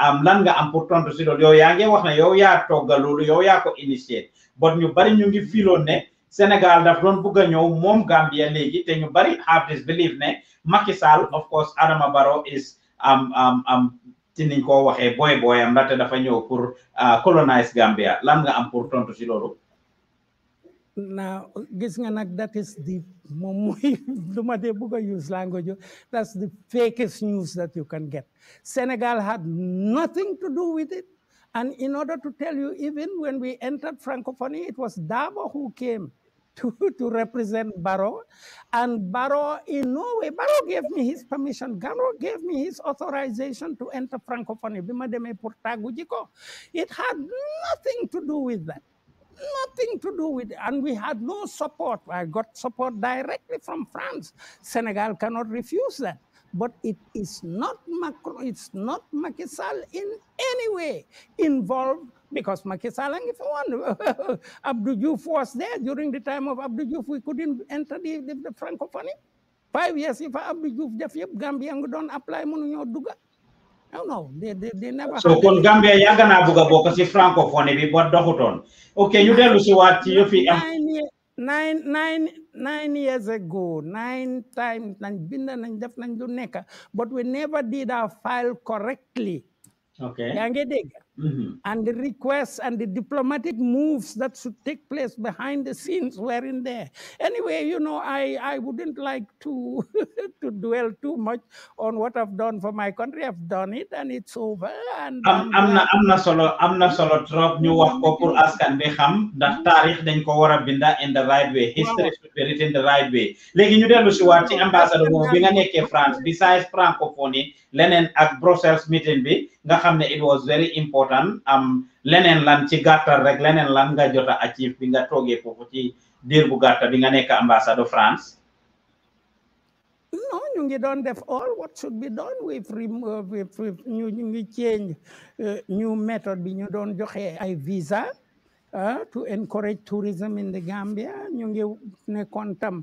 am lan nga am pour tontu si loolu yow yaa ngi wax ne yow yaa togga loolu yow yaa ko initié bon ñu bari ñu ngi filoon ne Sénégal daf doon bugg a ñëw moom Gambia léegi te ñu bari have this belief ne Macky Sall of course Adama Barrow is am am am ci niñ ko waxee boy boyam la te dafa ñëw pour uh, colonize Gambia lan nga am pour tontu si loolu. na gis nga nag that is the use language. That's the fakest news that you can get. Senegal had nothing to do with it. And in order to tell you, even when we entered Francophonie, it was Dabo who came to, to represent Barrow. And Barrow, in no way, Barrow gave me his permission. Barrow gave me his authorization to enter Francophonie. It had nothing to do with that nothing to do with it. And we had no support. I got support directly from France. Senegal cannot refuse that. But it is not Macron, it's not Macky Sall in any way involved because Macky Sall and if you want, Abdou Diouf was there during the time of Abdou Diouf. We couldn't enter the, the, the Francophonie. Five years, if Abdou Diouf the yëpp Gambie don't apply mënuñoo I don't know. They, they, they never. So kon Gambia yàgg naa bugg si francophone bi ba doxutoon. ok ñu dellu si waat ci yëf yi years ago nine times nañ binda, nañ def nañ lu nekk but we never did our file correctly. ok yaa ngi Mm -hmm. And the requests and the diplomatic moves that should take place behind the scenes were in there. Anyway, you know, I, I wouldn't like to, to dwell too much on what I've done for my country. I've done it and it's over. And, i am, am, i uh, am not i am na solo trop ñu wax ko pour mm-hmm. askan bi xam ndax taarix dañ ko war a binda in the right way history should be written the right way Like you dellu si waat ambassador ambassadeur boobu France besides francophone leneen at Brussels meeting bi nga xam ne it was very important am leneen lan ci gàttal rek leneen lan nga jota achieve bi nga toogee foofu ci diir bu gàtta bi nga nekk ambassade France non ñu ngi doon def all what should be done with uh, ñu ñu ngi change uh, new method bi ñu doon joxe ay visa uh, to encourage tourism in the Gambia ñu ngi nekkoon tam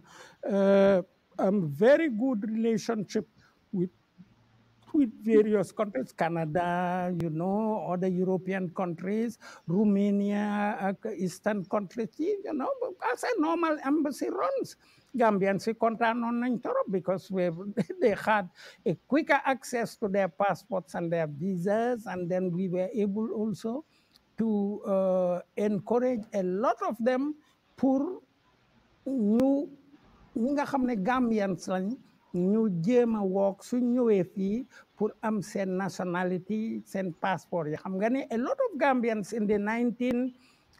am very good relationship with various countries, Canada, you know, other European countries, Romania, uh, Eastern countries, you know, as a normal embassy runs. Gambians contact on in Europe because we, they had a quicker access to their passports and their visas, and then we were able also to uh, encourage a lot of them poor, new, Gambians ñu jéem a woog suñ ñëwee fii pour am seen nationality seen passeport yi xam nga ne a lot of Gambians in the nineteen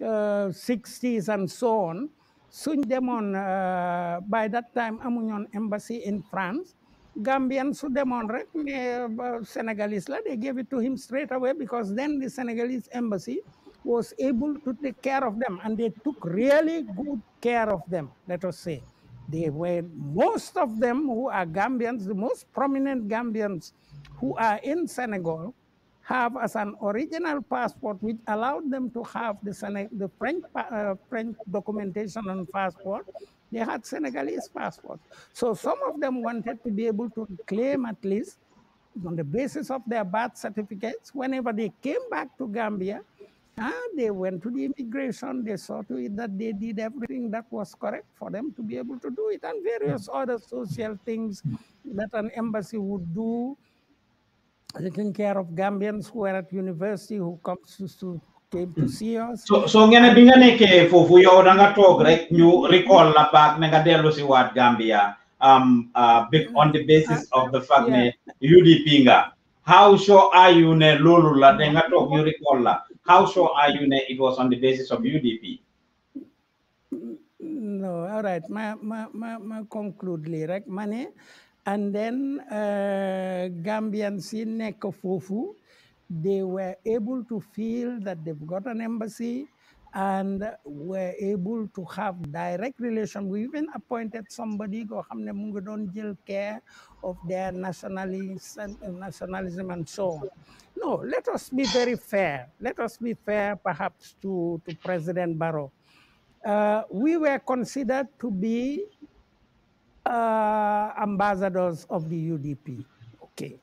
uh, sixties and so on suñ demoon uh, by that time amuñoon embassy in France Gambian su demoon rek mais uh, Senegalese la they gave it to him straight away because then the Senegalese embassy was able to take care of them and they took really good care of them let us say they were most of them who are Gambians, the most prominent Gambians who are in Senegal have as an original passport which allowed them to have the, Sen the French, uh, French documentation and passport. They had Senegalese passport. So some of them wanted to be able to claim at least on the basis of their birth certificates, whenever they came back to Gambia, Ah, they went to the immigration, they saw to it that they did everything that was correct for them to be able to do it, and various other social things that an embassy would do, taking care of Gambians who are at university, who comes to, to came to see us. So, so ngene bi nga nekkee foofu yow da nga toog rek ñu recall la back ne nga dellu si waat Gambia um, uh, on the basis of the fact yeah. ne UDP nga. How sure are you ne loolu la de nga toog ñu recall la how sure are you that it was on the basis of UDP? No, all right. My my my my conclude right? Money, and then uh, Gambians in nekk they were able to feel that they've got an embassy and were able to have direct relation we even appointed somebody koo xam care of their nationalism nationalism and so on no let us be very fair let us be fair perhaps to to President Barrow uh, we were considered to be uh, ambassadors of the UDP okay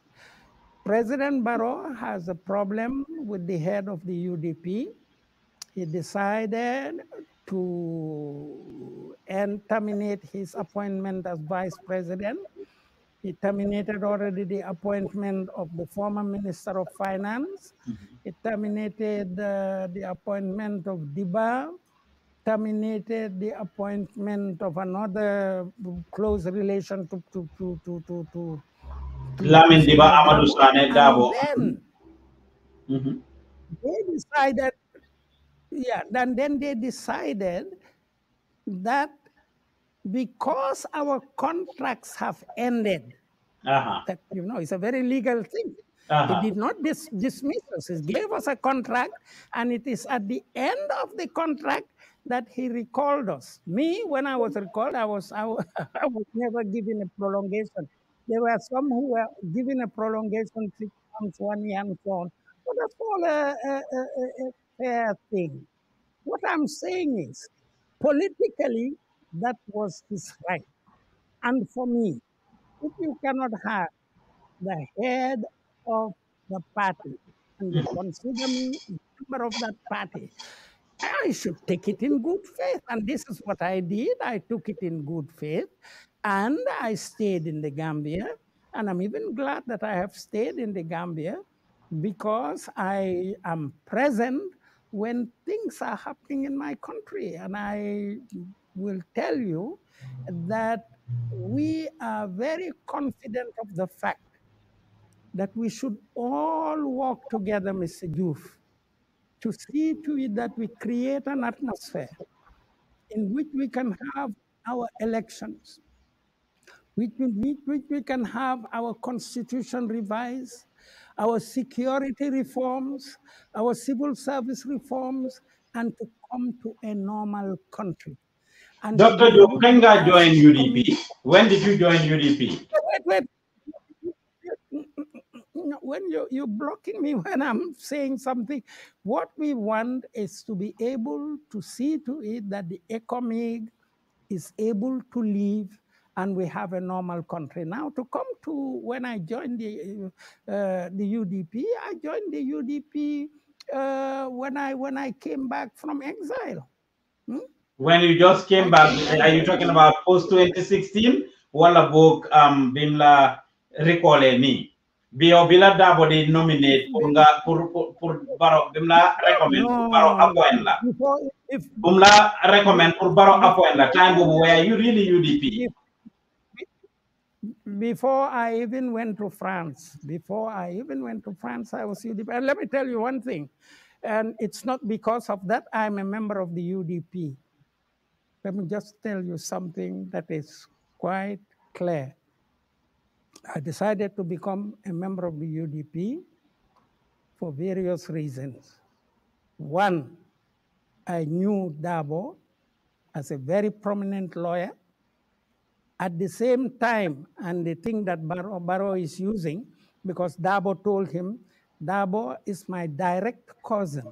President Barrow has a problem with the head of the UDP he decided to terminate his appointment as vice president. He terminated already the appointment of the former Minister of Finance. Mm -hmm. He terminated uh, the appointment of Diba, terminated the appointment of another mm, close relation to to to to to, to, to Lamin Diba Amadou Sane Dabo. Then mm -hmm. they decided yeah, and then they decided that because our contracts have ended, uh-huh. that you know, it's a very legal thing. Uh-huh. It did not dis- dismiss us. It gave us a contract, and it is at the end of the contract that he recalled us. Me, when I was recalled, I was I, was, I was never given a prolongation. There were some who were given a prolongation six months, one year, and so on. But that's all a, a, a, fair thing. What I'm saying is, politically, that was his right. And for me, if you cannot have the head of the party and you hmm. consider me a member of that party, I should take it in good faith. And this is what I did. I took it in good faith and I stayed in the Gambia. And I'm even glad that I have stayed in the Gambia because I am present when things are happening in my country. And I will tell you that we are very confident of the fact that we should all work together, Mr. Juf, to see to it that we create an atmosphere in which we can have our elections, which, which we can have our constitution revised, our security reforms, our civil service reforms, and to come to a normal country. And Dr. Dukenga joined UDP. When did you join UDP? Wait, wait. When you, you're blocking me when I'm saying something, what we want is to be able to see to it that the ECOMIG is able to live and we have a normal country. Now, to come to when I joined the, uh, the UDP, I joined the UDP uh, when, I, when I came back from exile. Hmm? When you just came back, are you talking about post 2016? Wala book um, bimla recall me. Bio bila dabo di nominate punga pur pur baro bimla recommend baro appoint la. Bimla recommend pur baro appoint la time where you really UDP before I even went to France, before I even went to France, I was UDP. And let me tell you one thing, and it's not because of that I'm a member of the UDP. Let me just tell you something that is quite clear. I decided to become a member of the UDP for various reasons. One, I knew Dabo as a very prominent lawyer at the same time, and the thing that Barrow, Barrow is using, because Dabo told him, Dabo is my direct cousin.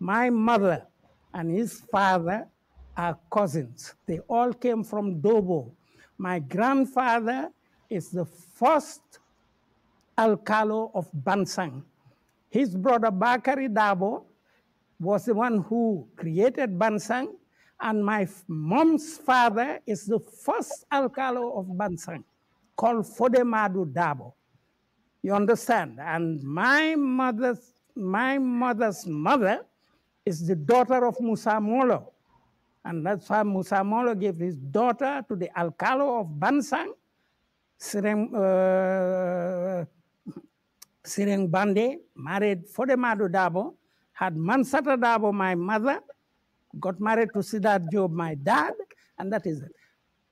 My mother and his father are cousins. They all came from Dobo. My grandfather is the first Alcalo of Bansang. His brother Bakari Dabo was the one who created Bansang and my mom's father is the first alcalo of Bansang, called Fodemadu Dabo. You understand? And my mother's, my mother's mother is the daughter of Musa Molo. And that's why Musa Molo gave his daughter to the alcalo of Bansang, Sireng, uh, Sireng Bande, married Fodemadu Dabo, had Mansata Dabo, my mother, got married to Siddharth Job, my dad, and that is it.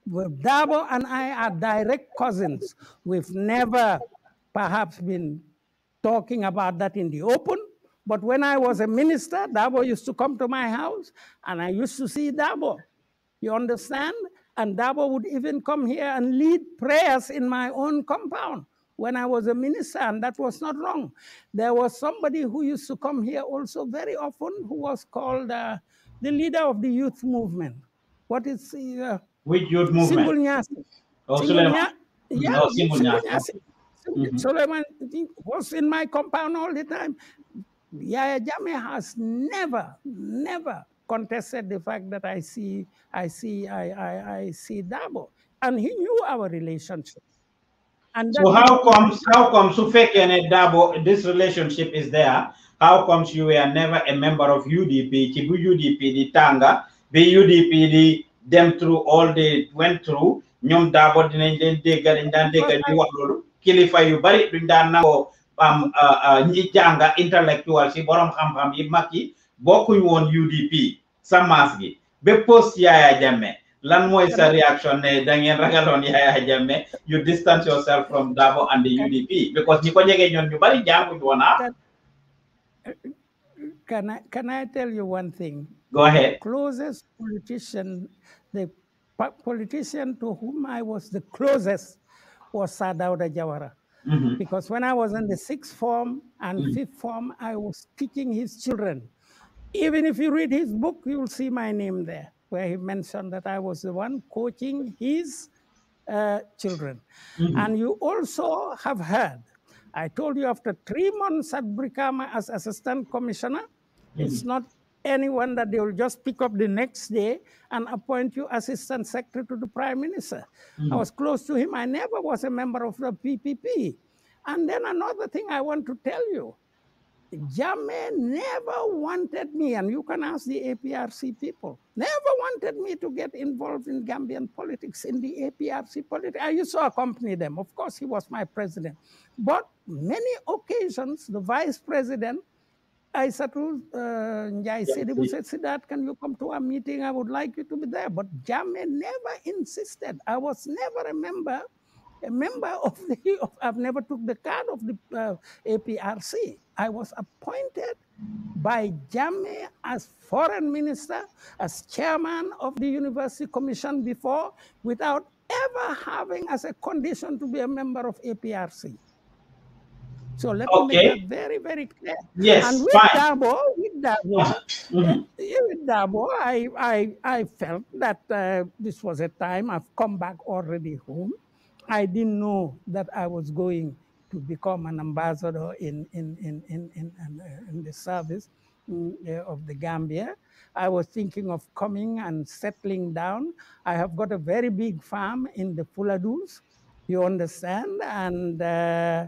Well, Dabo and I are direct cousins. We've never perhaps been talking about that in the open, but when I was a minister, Dabo used to come to my house and I used to see Dabo. You understand? And Dabo would even come here and lead prayers in my own compound when I was a minister, and that was not wrong. There was somebody who used to come here also very often who was called uh, the leader of the youth movement. What is uh, which youth movement? Simbul Nyasi. Oh, Suleiman. Mm-hmm. Yeah, oh, Simbul Nyasi. Mm -hmm. Suleiman was in my compound all the time. Yaya Jame has never, never contested the fact that I see, I see, I, I, I see Dabo, and he knew our relationship. And so how comes, how comes, Sufek and Dabo, this relationship is there, how comes you were never a member of UDP, Chibu UDP, the Tanga, the UDP, the them through all they went through, ñoom daabo dinañ leen dégga dañ daan dégga ñu wax kilifa yu bari duñ daan nangoo am um, ñi uh, uh, jànga intellectual si borom xam-xam yi boku yi on UDP sa be post Yaya jamme lan mooy sa réaction ne da ngeen ragaloon Yaya Jammeh you distance yourself from Dabo and the UDP because ñi ko jegee ñoon jamu bari jànguñ woon ah. Can I, can I tell you one thing? Go ahead. The closest politician, the politician to whom I was the closest was Sadauda Jawara. Mm -hmm. Because when I was in the sixth form and mm -hmm. fifth form, I was teaching his children. Even if you read his book, you will see my name there, where he mentioned that I was the one coaching his uh, children. Mm -hmm. And you also have heard I told you after three months at Brikama as assistant commissioner, mm. it's mm-hmm. not anyone that they will just pick up the next day and appoint you assistant secretary to the prime minister. Mm. I mm-hmm. was close to him. I never was a member of the PPP. And then another thing I want to tell you, Jammeh never wanted me, and you can ask the APRC people, never wanted me to get involved in Gambian politics, in the APRC politics. I used to accompany them. Of course, he was my president. But many occasions, the vice president, I said to uh, Njai Sidibu, said, can you come to a meeting? I would like you to be there. But Jammeh never insisted. I was never a member, a member of the, of, I've never took the card of the uh, APRC. I was appointed by Jamie as foreign minister, as chairman of the University Commission before, without ever having as a condition to be a member of APRC. So let okay. me make that very, very clear. Yes, and with fine. Dabo, with Dabo, mm-hmm. with Dabo, I, I, I felt that uh, this was a time I've come back already home. I didn't know that I was going to become an ambassador in, in, in, in, in, in, uh, in the service mm, uh, of the Gambia. I was thinking of coming and settling down. I have got a very big farm in the Fuladus, you understand? And uh,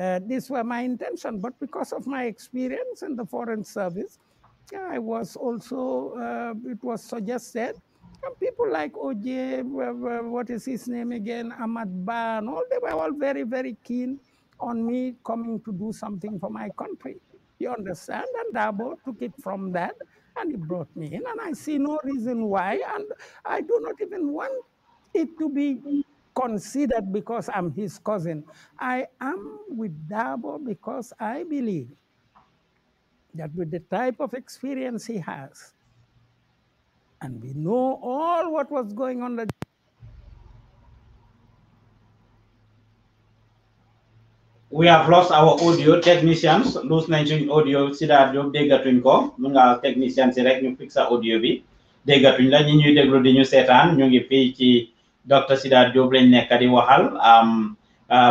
uh, were my intention. But because of my experience in the Foreign Service, I was also, uh, it was suggested, and people like OJ, what is his name again, Ahmad Ban, and all, they were all very, very keen on me coming to do something for my country. You understand? And Dabo took it from that and he brought me in. And I see no reason why. And I do not even want it to be considered because I'm his cousin. I am with Dabo because I believe that with the type of experience he has, and we know all what was going on. we have lost our audio technicians lose nañ suñ audio Sida déggatuñ ko mun nga technicians si rek ñu fix sa audio bi déggatuñ la ñi ñuy déglu di ñu seetaan ñu ngi fii ci docteur Sida Diop lañ nekk di waxal ah,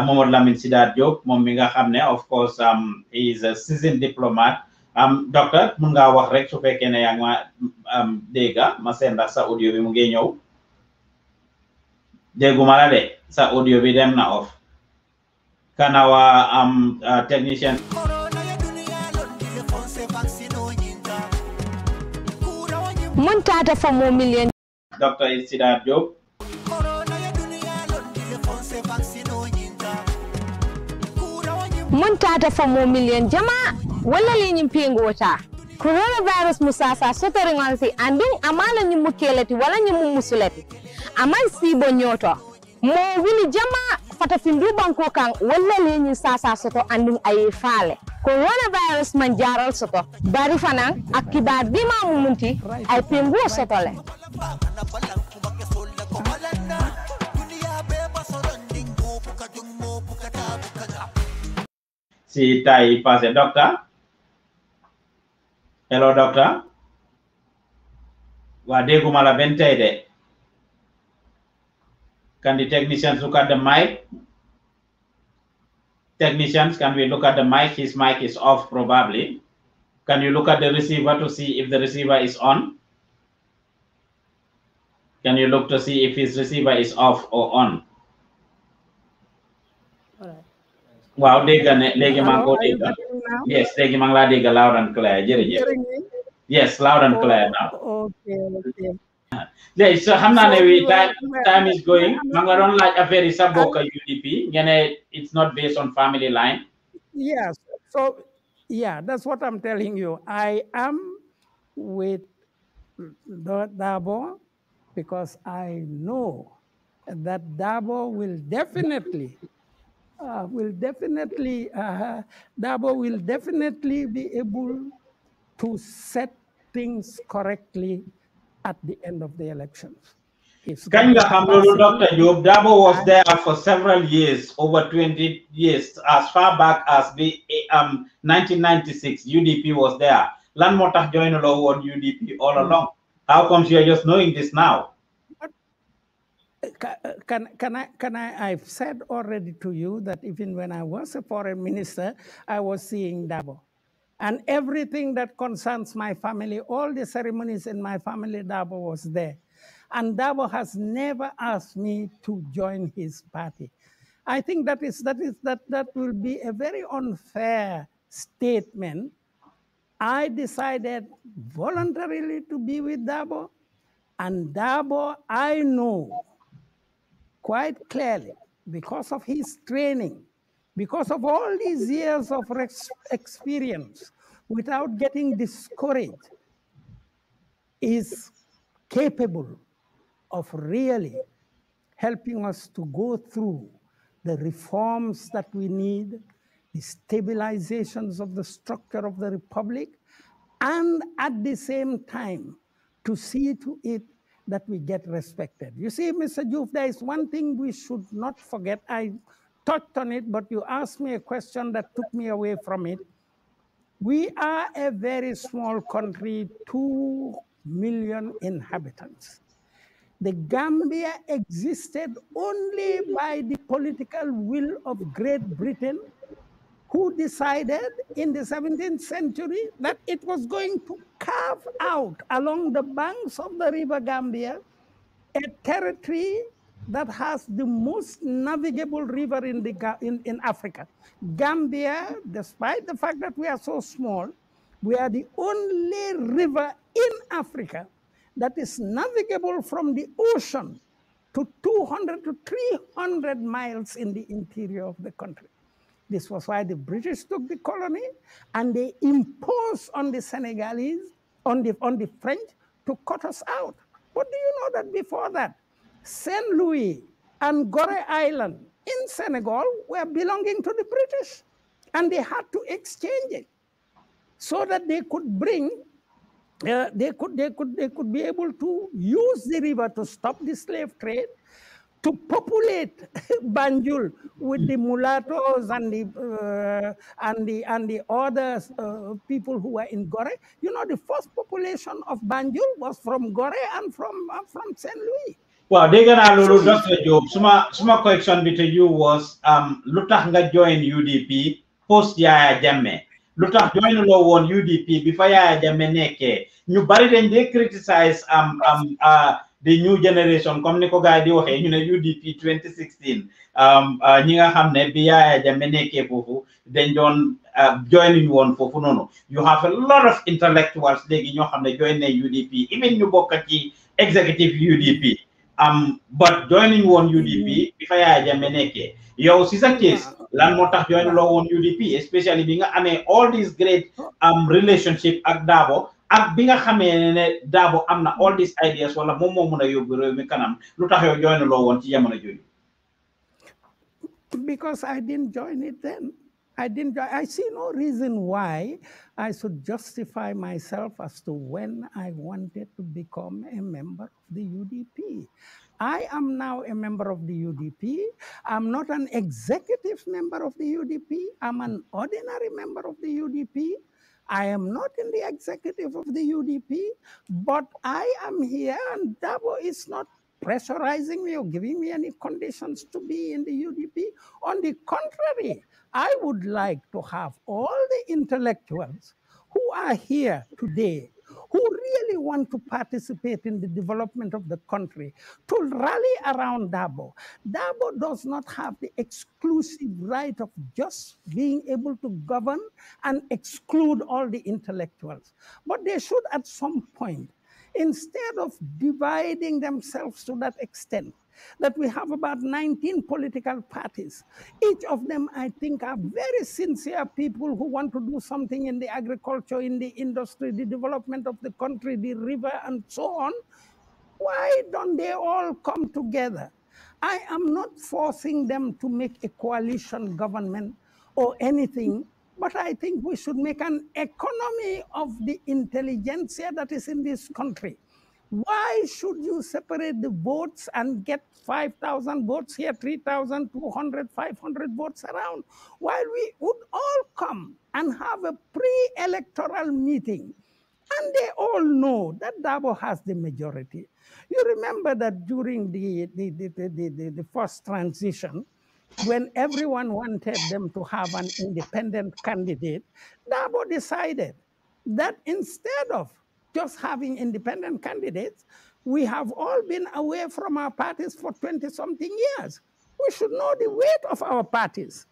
Momodou Lamine Sida Diop moom mi nga xam ne of course he is a seasoned diplomat docteur mun ngaa wax rek su fekkee ne yaa ngi ma dégga ma seen sa audio bi mu ngi ñëw dégguma la de sa audio bi dem na off kind of uh, um, uh, technician. Muntata for more million. Dr. Isidat Job. Muntata for more million. Jama, wala lenyin pingota. Coronavirus musasa sotere ngansi andung amala nyimukeleti wala nyimusuleti. Aman sibo nyoto. Mo wili jama fata findu banko kan wala ne sa sasa soto andin ay faale virus man jaral soto bari fanan ak kibar bi ma mumunti ay pengu soto le si tay passé ya, docteur hello docteur wa deguma la bentay de Can the technicians look at the mic? Technicians, can we look at the mic? His mic is off probably. Can you look at the receiver to see if the receiver is on? Can you look to see if his receiver is off or on? Wow, dégg ne yes loud and clear yes loud and clear oh, now yeah, so xam naa that wi time is going ma don't like a very sa um, UDP You know, it's not based on family line yes so yeah that's what I'm telling you I am with Dabo because I know that Dabo will definitely uh, will definitely uh, Dabo will definitely be able to set things correctly at the end of the elections. Kanga Hamlulu, Dr. Job Dabo was there for several years, over 20 years, as far back as the, um, 1996. UDP was there. Lan Motah joined law on UDP all mm. along. How comes you are just knowing this now? Uh, uh, can, can I can I I've said already to you that even when I was a foreign minister, I was seeing Dabo and everything that concerns my family, all the ceremonies in my family, Dabo was there. And Dabo has never asked me to join his party. I think that is that is that that will be a very unfair statement. I decided voluntarily to be with Dabo, and Dabo I know quite clearly because of his training because of all these years of experience without getting discouraged is capable of really helping us to go through the reforms that we need, the stabilizations of the structure of the republic, and at the same time to see to it that we get respected. You see, Mr. Juf, there is one thing we should not forget. I touched on it, but you asked me a question that took me away from it. We are a very small country, 2 million inhabitants. The Gambia existed only by the political will of Great Britain, who decided in the 17th century that it was going to carve out along the banks of the River Gambia a territory that has the most navigable river in, the, in, in Africa. Gambia, despite the fact that we are so small, we are the only river in Africa that is navigable from the ocean to 200 to 300 miles in the interior of the country. This was why the British took the colony and they imposed on the Senegalese, on the, on the French, to cut us out. But do you know that before that, St. Louis and Gore Island in Senegal were belonging to the British, and they had to exchange it so that they could bring, uh, they could they could they could be able to use the river to stop the slave trade, to populate Banjul with the mulattoes and the uh, and the and the other uh, people who were in Gore. You know, the first population of Banjul was from Gore and from uh, from Saint Louis. waaw dégg naa loolu docteur suma suma question bi to you was um, lu tax nga join UDP post Yaya Jammeh lu tax joinuloo woon UDP bi fa Yaya Jammeh ñu bari dañ dee criticize am um, am um, uh, the new generation comme ni ko gars yi di waxee ñu ne UDP 2016 uh, ñi nga xam ne bi Yaya Jammeh nekkee foofu dañ doon uh, join ñu woon foofu noonu you have a lot of intellectuals léegi ñoo xam ne join ne UDP even ñu bokk ci executive UDP am but joining one UDP mm-hmm. bi fa Yahya Jammeh nekkee yow si sa case ah. lan moo tax join loo woon UDP especially bi nga amee all these great oh. am relationship ak Darboe ak bi nga xamee ne am na all these ideas wala moom moo mun a yóbbu réew mi kanam lu tax yow join loo woon ci jamono jooju because I didn't join it then I didn't. I see no reason why I should justify myself as to when I wanted to become a member of the UDP. I am now a member of the UDP. I'm not an executive member of the UDP. I'm an ordinary member of the UDP. I am not in the executive of the UDP, but I am here, and Dabo is not pressurizing me or giving me any conditions to be in the UDP. On the contrary, I would like to have all the intellectuals who are here today who really want to participate in the development of the country to rally around Dabo. Dabo does not have the exclusive right of just being able to govern and exclude all the intellectuals. But they should, at some point, instead of dividing themselves to that extent, that we have about 19 political parties. Each of them, I think, are very sincere people who want to do something in the agriculture, in the industry, the development of the country, the river, and so on. Why don't they all come together? I am not forcing them to make a coalition government or anything, but I think we should make an economy of the intelligentsia that is in this country. Why should you separate the votes and get 5,000 votes here, 3,200, 500 votes around? While we would all come and have a pre electoral meeting. And they all know that Dabo has the majority. You remember that during the, the, the, the, the, the first transition, when everyone wanted them to have an independent candidate, Dabo decided that instead of just having independent candidates. We have all been away from our parties for 20 something years. We should know the weight of our parties.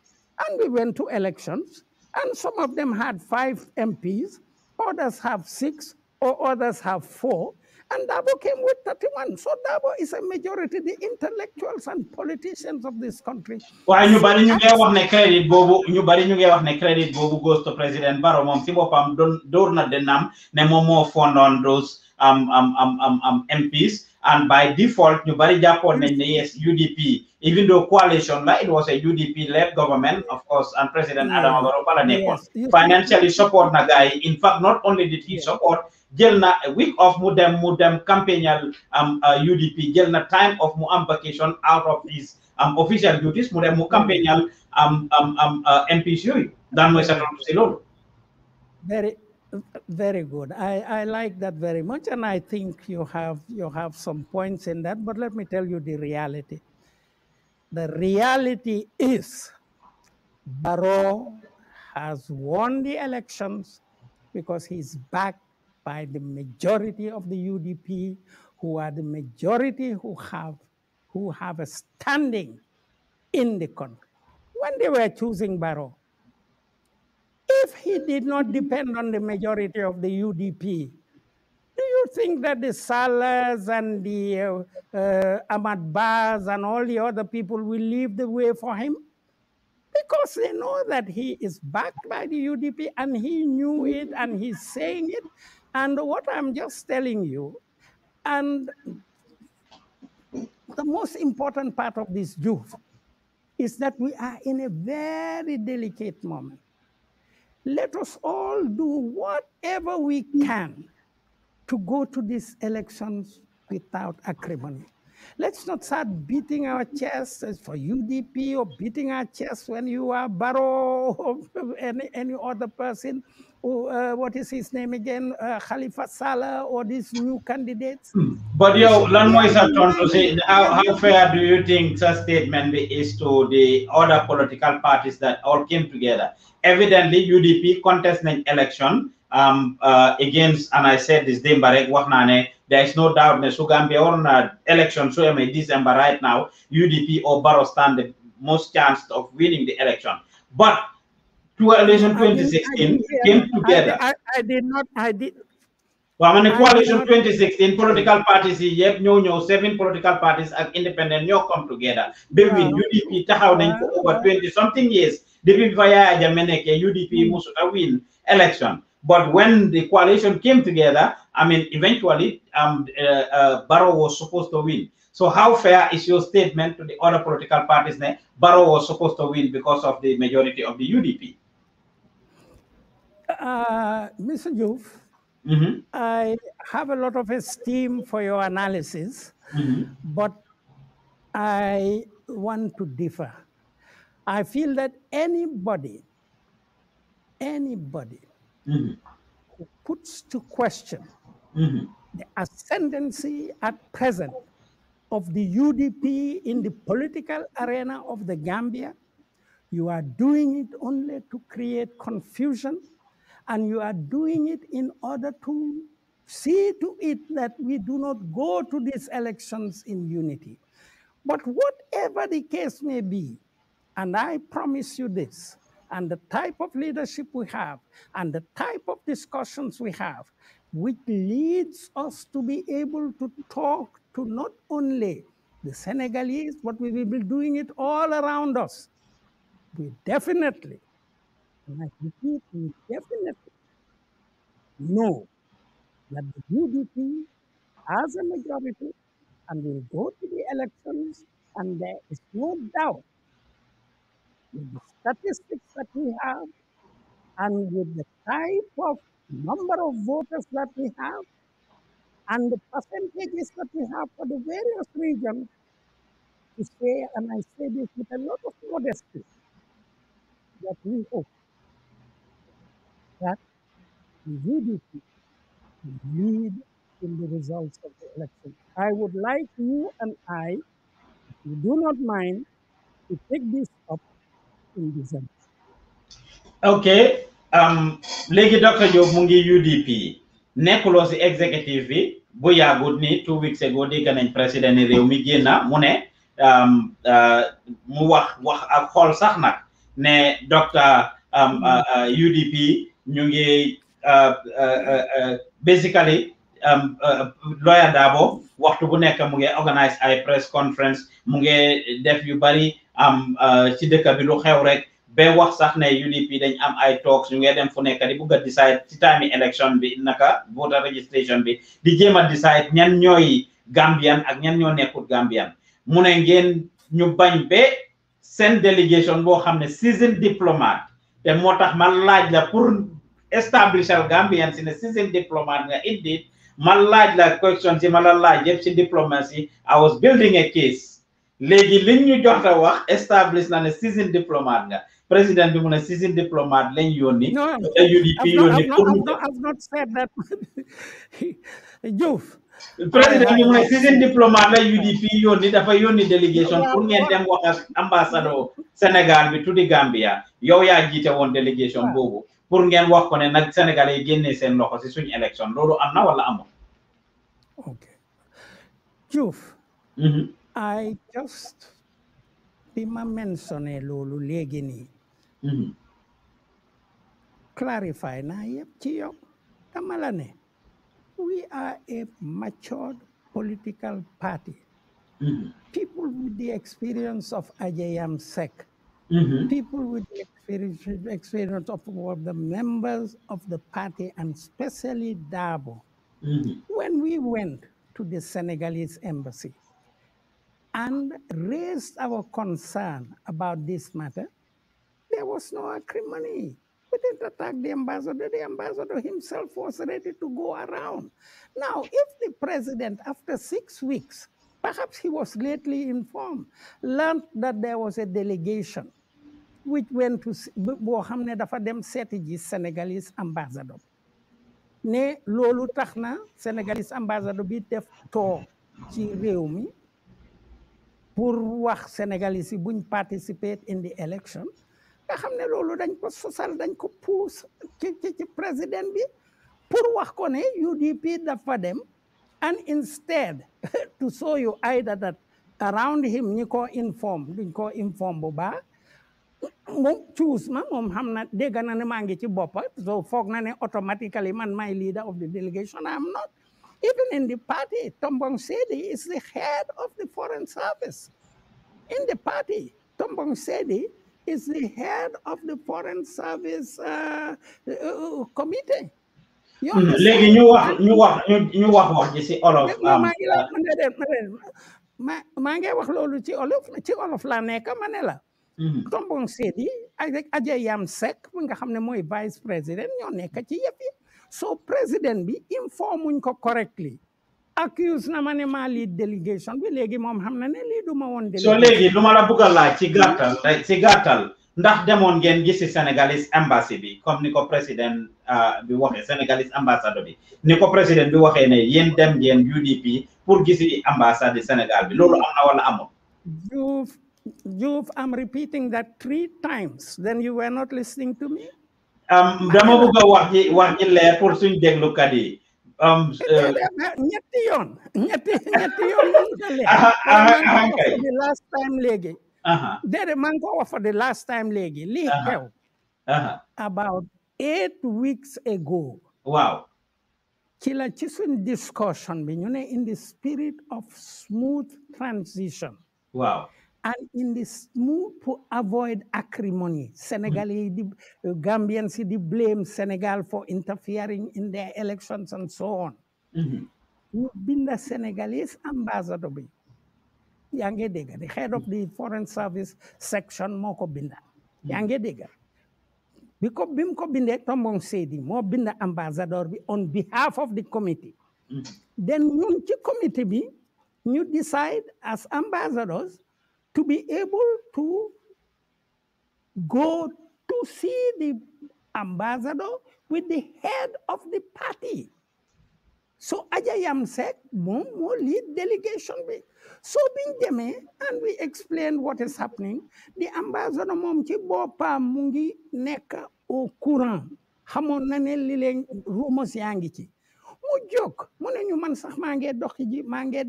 And we went to elections, and some of them had five MPs, others have six, or others have four. And Dabo came with 31. So Dabo is a majority, the intellectuals and politicians of this country. Why you bari ñu ngay wax ne credit bobu ñu bari ñu ngay wax ne credit bobu goes to President Barrow mom ci bopam door na denam ne mom mo fond on those um, um, um, um, MPs um, and by default ñu bari japon nañ ne yes UDP even though coalition la it was a UDP led government financially support na in fact not only did he support jël week of modem modem campaignal dem campagnal UDP um, uh, jël time of mu am vacation out of his am um, official duties modem dem mu campagnal um um am um, uh, MPs yooyu daan mooy sa tontu si loolu. very very good I I like that very much and I think you have you have some points in that but let me tell you the reality. The reality is Baro has won the elections because he's backed by the majority of the UDP, who are the majority who have, who have a standing in the country. When they were choosing Barrow, if he did not depend on the majority of the UDP, do you think that the Salas and the uh, uh, Ahmad Baz and all the other people will leave the way for him? Because they know that he is backed by the UDP and he knew it and he's saying it. And what I'm just telling you, and the most important part of this youth is that we are in a very delicate moment. Let us all do whatever we can to go to these elections without acrimony. Let's not start beating our chests for UDP or beating our chests when you are Barrow or any, any other person uh, what is his name again, uh, Khalifa Salah or these new candidates. Hmm. But yo, Lanmoisa Tondo, how, how fair do you think such statement is to the other political parties that all came together? Evidently, UDP contesting election um, uh, against, and I said this, Dembarek Wahnane, there is no doubt So, Sugambia on uh, election, so in December right now, UDP or Barrow the most chance of winning the election. But coalition 2016 came together. I, I, did not, I did. Well, I mean, coalition 2016, political parties, yep, no, no, seven political parties and independent, you come together. Between wow. UDP, taxaw nañ for over 20 something years. Depuis Vaya Jameneke, UDP hmm. must win election. But when the coalition came together, I mean, eventually, um, uh, uh, Barrow was supposed to win. So how fair is your statement to the other political parties that Barrow was supposed to win because of the majority of the UDP? uh, Mr. Youth, mm -hmm. I have a lot of esteem for your analysis, mm -hmm. but I want to differ. I feel that anybody, anybody mm -hmm. who puts to question mm-hmm. the ascendancy at present of the UDP in the political arena of the Gambia, you are doing it only to create confusion and you are doing it in order to see to it that we do not go to these elections in unity. But whatever the case may be, and I promise you this, and the type of leadership we have, and the type of discussions we have, which leads us to be able to talk to not only the Senegalese, but we will be doing it all around us. We definitely and I completely, definitely know that the UDP, has a majority, and will go to the elections, and there is no doubt with the statistics that we have and with the type of number of voters that we have and the percentages that we have for the various regions to say, and I say this with a lot of modesty, that we hope that the UDP lead in the results of the election. I would like you and I, if you do not mind, to take this up in December. Okay. Um, léegi Dr. Diop mu UDP nekkuloo si executive bi bu yàggut ni two weeks ago dégg nañ président réew mi génn mu ne um, uh, mu wax wax ak xool sax nag ne um, uh UDP uh, ñu ngi euh, euh, euh, basically lawyer Darboe waxtu bu nekk mu ngi organise ay press conference mu ngi def yu bari am ci dëkk bi lu xew rek ba wax sax ne UDP dañ am ay talks ñu ngi dem fu nekk di bugg a decide ci time election bi naka voter registration bi di jéem a decide ñan ñooy Gambian ak ñan ñoo nekkut Gambian mu ne ngeen ñu bañ ba seen délégation boo xam ne seasoned diplomate te moo tax ma laaj la pour establishal Gambien si ne si seen diplomate nga indi ma laaj la question si ma la laaj yëpp si diplomacy I was building a case léegi liñ ñu jox la wax establish na ne si seen diplomate nga président bi mu ne si seen diplomate lañ yónni. no UDP yónni pour. I've not said that président bi mooy seen diplomate la UDP yónni dafa yónni délégation pour ngeen dem wax ak ambassadeur bi tuddi Gambia yow yaa jiite woon délégation boobu pour ngeen wax ko ne nag Sénégalais yi génnee seen loxo si suñu élection loolu am na wala amul. ok mhm. I just bi ma mentionné loolu léegi nii. Mhm. clarify naa yëpp ci yow dama la ne. we are a matured political party. Mm-hmm. People with the experience of Ajayam Sek, mm-hmm. people with the experience, experience of, of the members of the party, and especially Dabo. Mm-hmm. When we went to the Senegalese embassy and raised our concern about this matter, there was no acrimony didn't attack the ambassador. The ambassador himself was ready to go around. Now, if the president, after six weeks, perhaps he was lately informed, learned that there was a delegation which went to Mohamed xam ne dafa dem Senegalese ambassador ne loolu tax Senegalese ambassador bi def to ci réew pour wax Senegalese buñ participer in the election nga xam ne loolu dañ ko sosal dañ ko puus ci ci ci président bi pour wax ko ne UDP dafa dem and instead to show you either that around him ñi ko inform duñ ko inform bu baax moom choose ma moom xam na dégg na ne maa ngi ci boppa so foog na ne automatically man may leader of the delegation I am not even in the party Tombong Sedi is the head of the foreign service in the party Tombong Sedi is the head of the Foreign Service uh, uh, uh, Committee. Hmm, léegi ñu wax ñu wax ñu wax wax ji si olof. Um, maa ngi la wax loolu ci olof ci olof laa nekk ma ne la. Tombong hmm. Sedi ak Ajayam Seck mi nga xam ne mooy vice président ñoo nekk ci yëpp yi soo président bi informuñ ko correctly accuse na ma ne maa lead délégation bi léegi moom xam na ne lii ma woon. so léegi lu ma la bëgg a laaj ci gàttal ci gàttal ndax demoon ngeen gisi Sénégalais embassy bi comme ni ko président ah, bi waxee Sénégalais ambassade bi ni ko président bi waxee ne yéen dem ngeen UDP pour gisi ambassade bi loolu am na wala amul. Joof Joof I'm repeating that three times then you were not listening to me. Um, dama bëgg a wax ji wax ji leer pour yi. Um, uh, nyati yon. Nyati, uh-huh, uh-huh, Okay. The last time lege. Uh-huh. There, man go for the last time lege. uh-huh. uh-huh. About eight weeks ago. Wow. Kila chisun discussion in the spirit of smooth transition. Wow and in this move to avoid acrimony, Senegalese, mm. the eh, blame Senegal for interfering in their elections and so on. Mm-hmm. You've been the Senegalese ambassador. Yange Dega, the head of the Foreign Service section, Moko Binda. Yange Dega. Because Bimko Binda Tombong Sedi, Mo Binda ambassador on behalf of the committee. Mm. Then, the committee, you decide as ambassadors to be able to go to see the ambassador with the head of the party. So Ajayam said, Mom will lead delegation. Be. So being deme, and we explained what is happening, the ambassador mom ci bopam mungi neka nek au courant. Xamone na ne li leen rumors yaangi ci. Mu jog,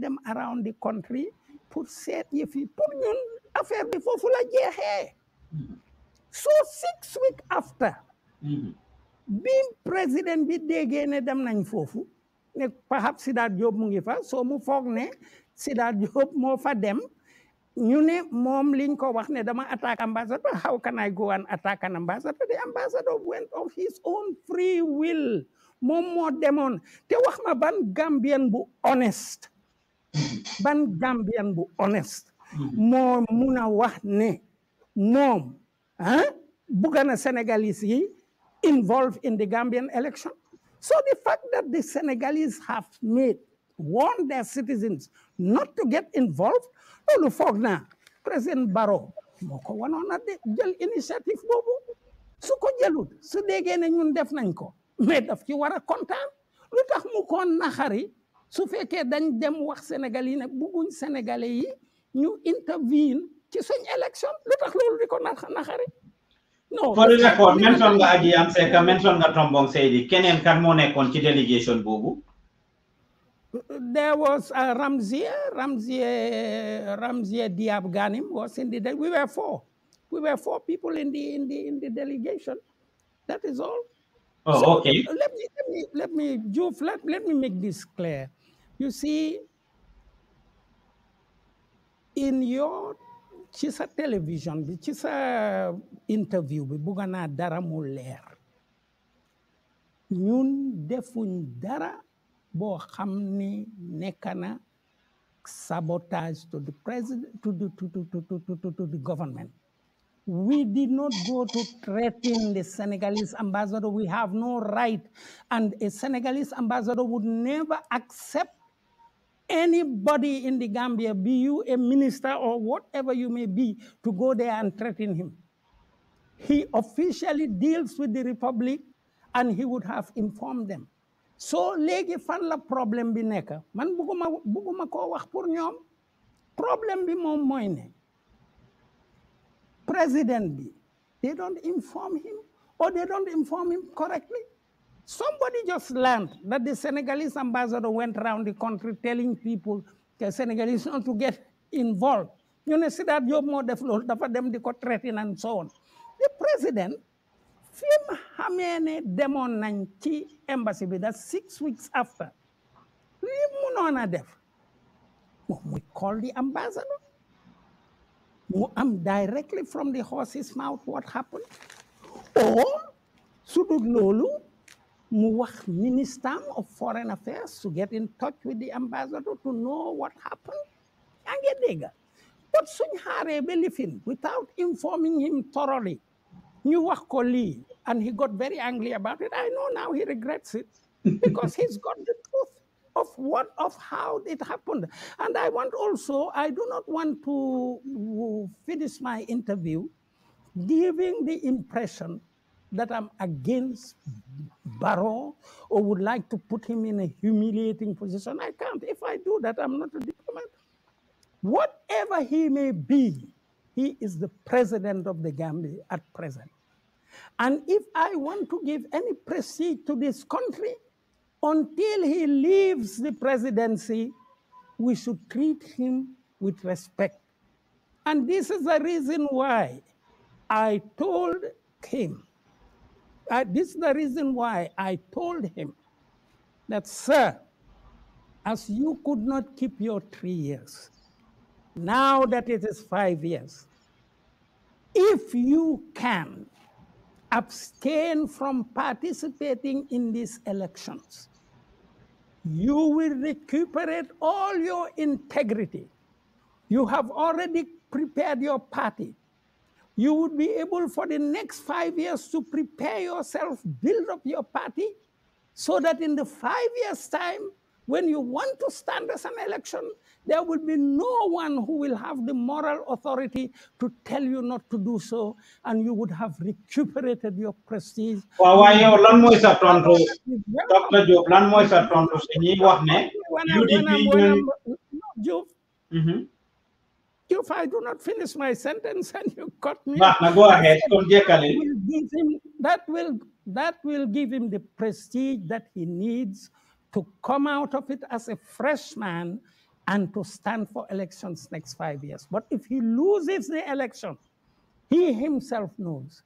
dem around the country pour seet yëf yi pour ñun affaire bi foofu la jeexee so six week after bi président bi déggee ne dem nañ foofu ne perhaps Sidat Diop mu ngi fa soo mu foog ne Sidat Diop moo fa dem ñu ne moom liñ ko wax ne dama attaque ambassador how can I go and attack an ambassador the ambassador went of his own free will moom moo demoon te wax ma ban Gambien bu honest ban Gambian bu honest mo hmm. muna wax ne mom ah bukan na Senegalese yi involved in the Gambian election so the fact that the Senegalese have made warn their citizens not to get involved no foog na president Barrow moko ko de jël initiative bobu su ko jëlut su déggee ne ñun def nañ ko mais daf ci war a lutax lu mu ko naxari su fekkee dañ dem wax Sénégal yi ne bugguñ sénégalais yi ñu intervene ci suñ élection lu tax loolu di ko naxari non for the record mention nga Aji Yam Seka mention nga Tombong Seydi keneen kan moo nekkoon ci délégation boobu there was uh, Ramzier, Ramzier, Ramzier Diab Ghanim was in the, we were four. We were four people in the, in the, in the delegation. That is all. Oh, so, okay. Let me, let me, let me, Juf, let, let me make this clear. You see, in your chisa télévision chisa uh, interview with Bugana naa dara mu leer defuñ dara boo xam ni sabotage to the president to the to to to to the government. We did not go to threaten the Senegalese ambassador. We have no right. And a Senegalese ambassador would never accept anybody in the Gambia, be you a minister or whatever you may be, to go there and threaten him. He officially deals with the Republic and he would have informed them. So legi fan la problem bi nekk man bugguma bugguma koo wax pour ñoom bi ne président bi they don't inform him or they don't inform him correctly Somebody just learned that the Senegalese ambassador went around the country telling people that Senegalese not to get involved. You know, see that you're more developed for them, to get threatened and so on. The president, Fim Hamene Demon Nanchi Embassy, that's six weeks after. We call the ambassador. I'm directly from the horse's mouth what happened. Or, Sudud Lolu, mu minister of foreign affairs to get in touch with the ambassador to know what happened but suñ xaaree without informing him thoroughly ñu and he got very angry about it I know now he regrets it because he's got the truth of what of how it happened and I want also I do not want to uh, finish my interview giving the impression that I'm against Barrow or would like to put him in a humiliating position. I can't. If I do that, I'm not a diplomat. Whatever he may be, he is the president of the Gambia at present. And if I want to give any prestige to this country, until he leaves the presidency, we should treat him with respect. And this is the reason why I told him I, this is the reason why I told him that, sir, as you could not keep your three years, now that it is five years, if you can abstain from participating in these elections, you will recuperate all your integrity. You have already prepared your party you would be able for the next five years to prepare yourself, build up your party, so that in the five years' time, when you want to stand as an election, there will be no one who will have the moral authority to tell you not to do so, and you would have recuperated your prestige. waaw waaye if I do not finish my sentence and you cut me. go ahead. That will, him, that, will, that will give him the prestige that he needs to come out of it as a freshman and to stand for elections next five years. But if he loses the election, he himself knows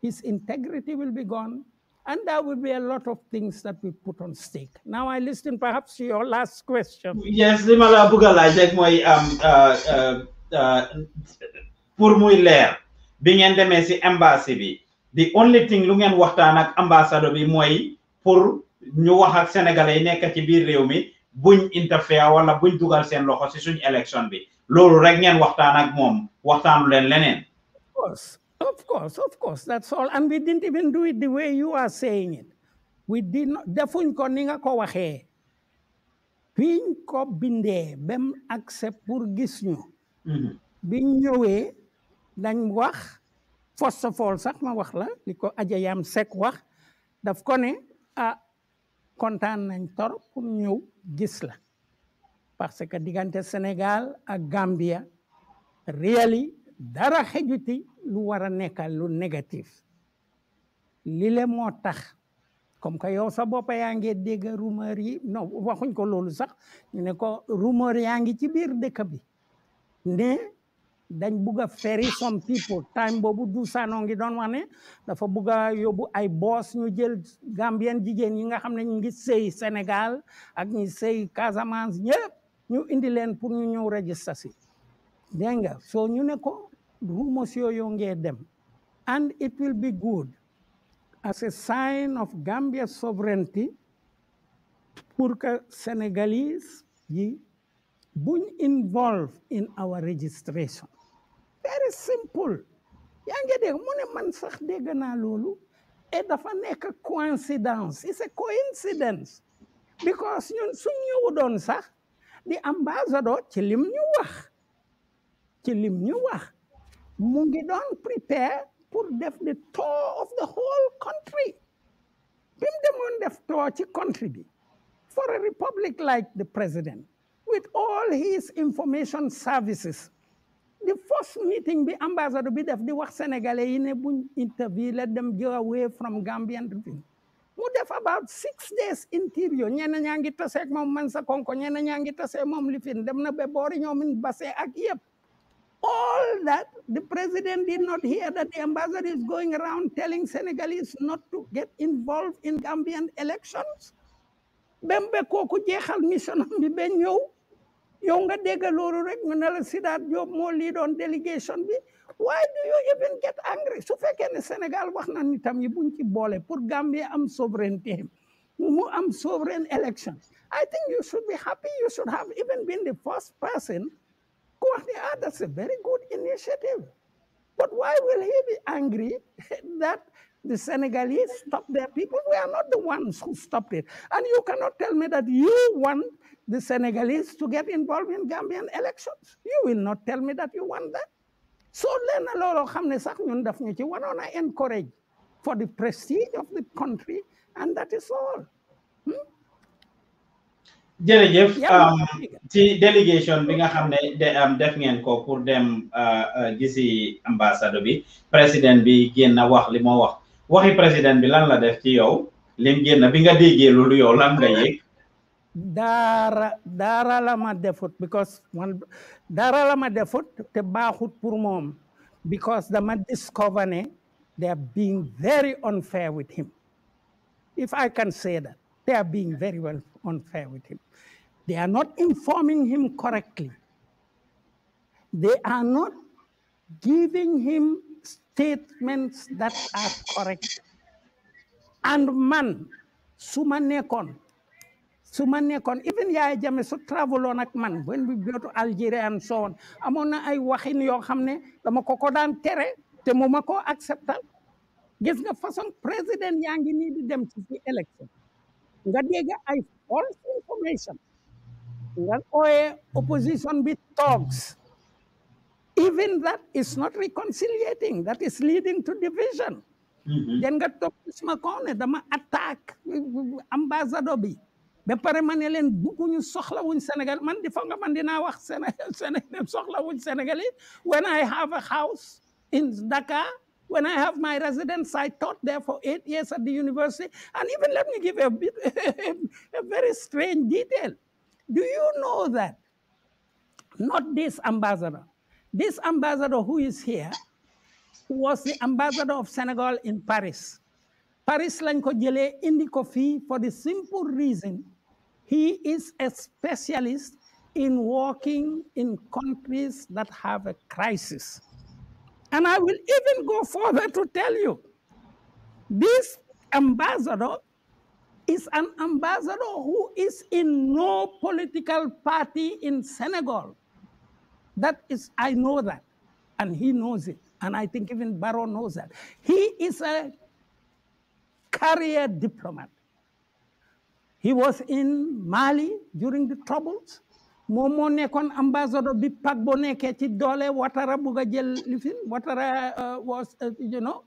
his integrity will be gone, and there will be a lot of things that we put on stake. Now I listen perhaps to your last question. Yes, li ma la bëgg a laaj rek mooy pour muy leer bi ngeen demee si embassy the only thing lu ngeen waxtaan ak ambassador bi mooy pour ñu wax ak sénégalais yi buñ interfere wala buñ dugal seen loxo si suñ élection bi loolu rek ngeen waxtaan ak mom waxtaanu leen leneen. of course Of course, of course, that's all. And we didn't even do the way you are saying it. We not defuñ ko ni nga ko waxee biñ ko bindee bem accept pour gis ñu mm-hmm. biñ ñëwee dañ wax first of all sax ma wax la li ko aja yam sek wax daf ko ne ah kontaan nañ torop pour gis la parce que diggante Sénégal ak Gambia really dara xejuti lu war a nekkal lu négatif li le moo tax comme que yow sa bopp yaa ngi dégg rumeur waxuñ ko loolu sax ñu ne ko rumeur yaa ngi ci biir dëkk bi ne dañ bugg a ferry some people time boobu du saanoo ngi doon wax dafa bugg a yóbbu ay boss ñu jël Gambien jigéen yi nga xam ne ñu ngi sëy Sénégal ak ñu sey Casamance ñëpp ñu indi leen pour ñu ñëw registre dégg nga so ñu ne ko rumors yooyu ngee dem and it will be good as a sign of Gambia sovereignty pour que Sénégalais yi buñ involve in our registration very simple yaa ngi dégg mu ne man sax dégg naa loolu et dafa nekk coincidence it's coincidence because suñ ñëwu doon sax di ambassador ci lim ñu wax ci lim ñu wax mu ngi doon prepare pour def the tour of the whole country bim demone def tour ci country bi for a republic like the president with all his information services the first meeting bi ambassador bi def di wax sénégalais yi ne buñ interview let them go away from gambian thing mu def about six days interior ñenn ñangi tassé ak mom man sa konko ñenn ñangi tassé mom moom lifin dem na ba boori min bassé ak yépp all that, the president did not hear that the ambassador is going around telling Senegalese not to get involved in Gambian elections. Bembe koku jeexal mission bi ba ñëw yow nga dégg loolu rek nga ne la Sidaat Diop moo lii delegation bi why do you even get angry su fekkee ne Sénégal wax na nitam yi buñ ci boole pour Gambie am sovereignty mu am sovereign elections. I think you should be happy you should have even been the first person course, they That's a very good initiative. But why will he be angry that the Senegalese stopped their people? We are not the ones who stopped it. And you cannot tell me that you want the Senegalese to get involved in Gambian elections. You will not tell me that you want that. So then a lot of sax ñun daf ñu ci encourage for the prestige of the country and that is all. Hmm? jërëjëf euh, ci delegation bi nga xam ne de def ngeen ko pour dem euh, euh, gisi ambassade bi président bi génn wax li moo wax waxi président bi lan la def ci yow lim génn bi nga déggee loolu yow lan nga yëg dara dara la ma defut because man dara la ma defut te baaxut pour moom because dama discover ne they are being very unfair with him if I can say that They are being very well unfair with him. They are not informing him correctly. They are not giving him statements that are correct. And man, Sumanekon, Sumanekon, even yaay jame su traveloon ak man when we go to Algeria and so on Amona i ay waxin yoo xam ne dama ko tere te mu ma koo acceptal gis nga façon président yangi ni di dem ci élection Gadiga I false information. That way opposition with talks. Even that is not reconciliating. That is leading to division. Then mm-hmm. got to suma kone, dama attack ambassador bi. ba pare ma ne leen bugguñu soxlawuñ Sénégal man di foog nga man dinaa wax Sénégal Sénégal soxlawuñ Sénégal when I have a house in Dakar when I have my residence, I taught there for eight years at the university. And even let me give a, bit, a very strange detail. Do you know that? Not this ambassador. This ambassador who is here was the ambassador of Senegal in Paris. Paris lañ ko jëlee for the simple reason he is a specialist in working in countries that have a crisis. And I will even go further to tell you this ambassador is an ambassador who is in no political party in Senegal. That is, I know that. And he knows it. And I think even Barrow knows that. He is a career diplomat. He was in Mali during the Troubles momo moo ambassador ambassadeur bi PAK boo watara ci doole watara euh, was euh, you know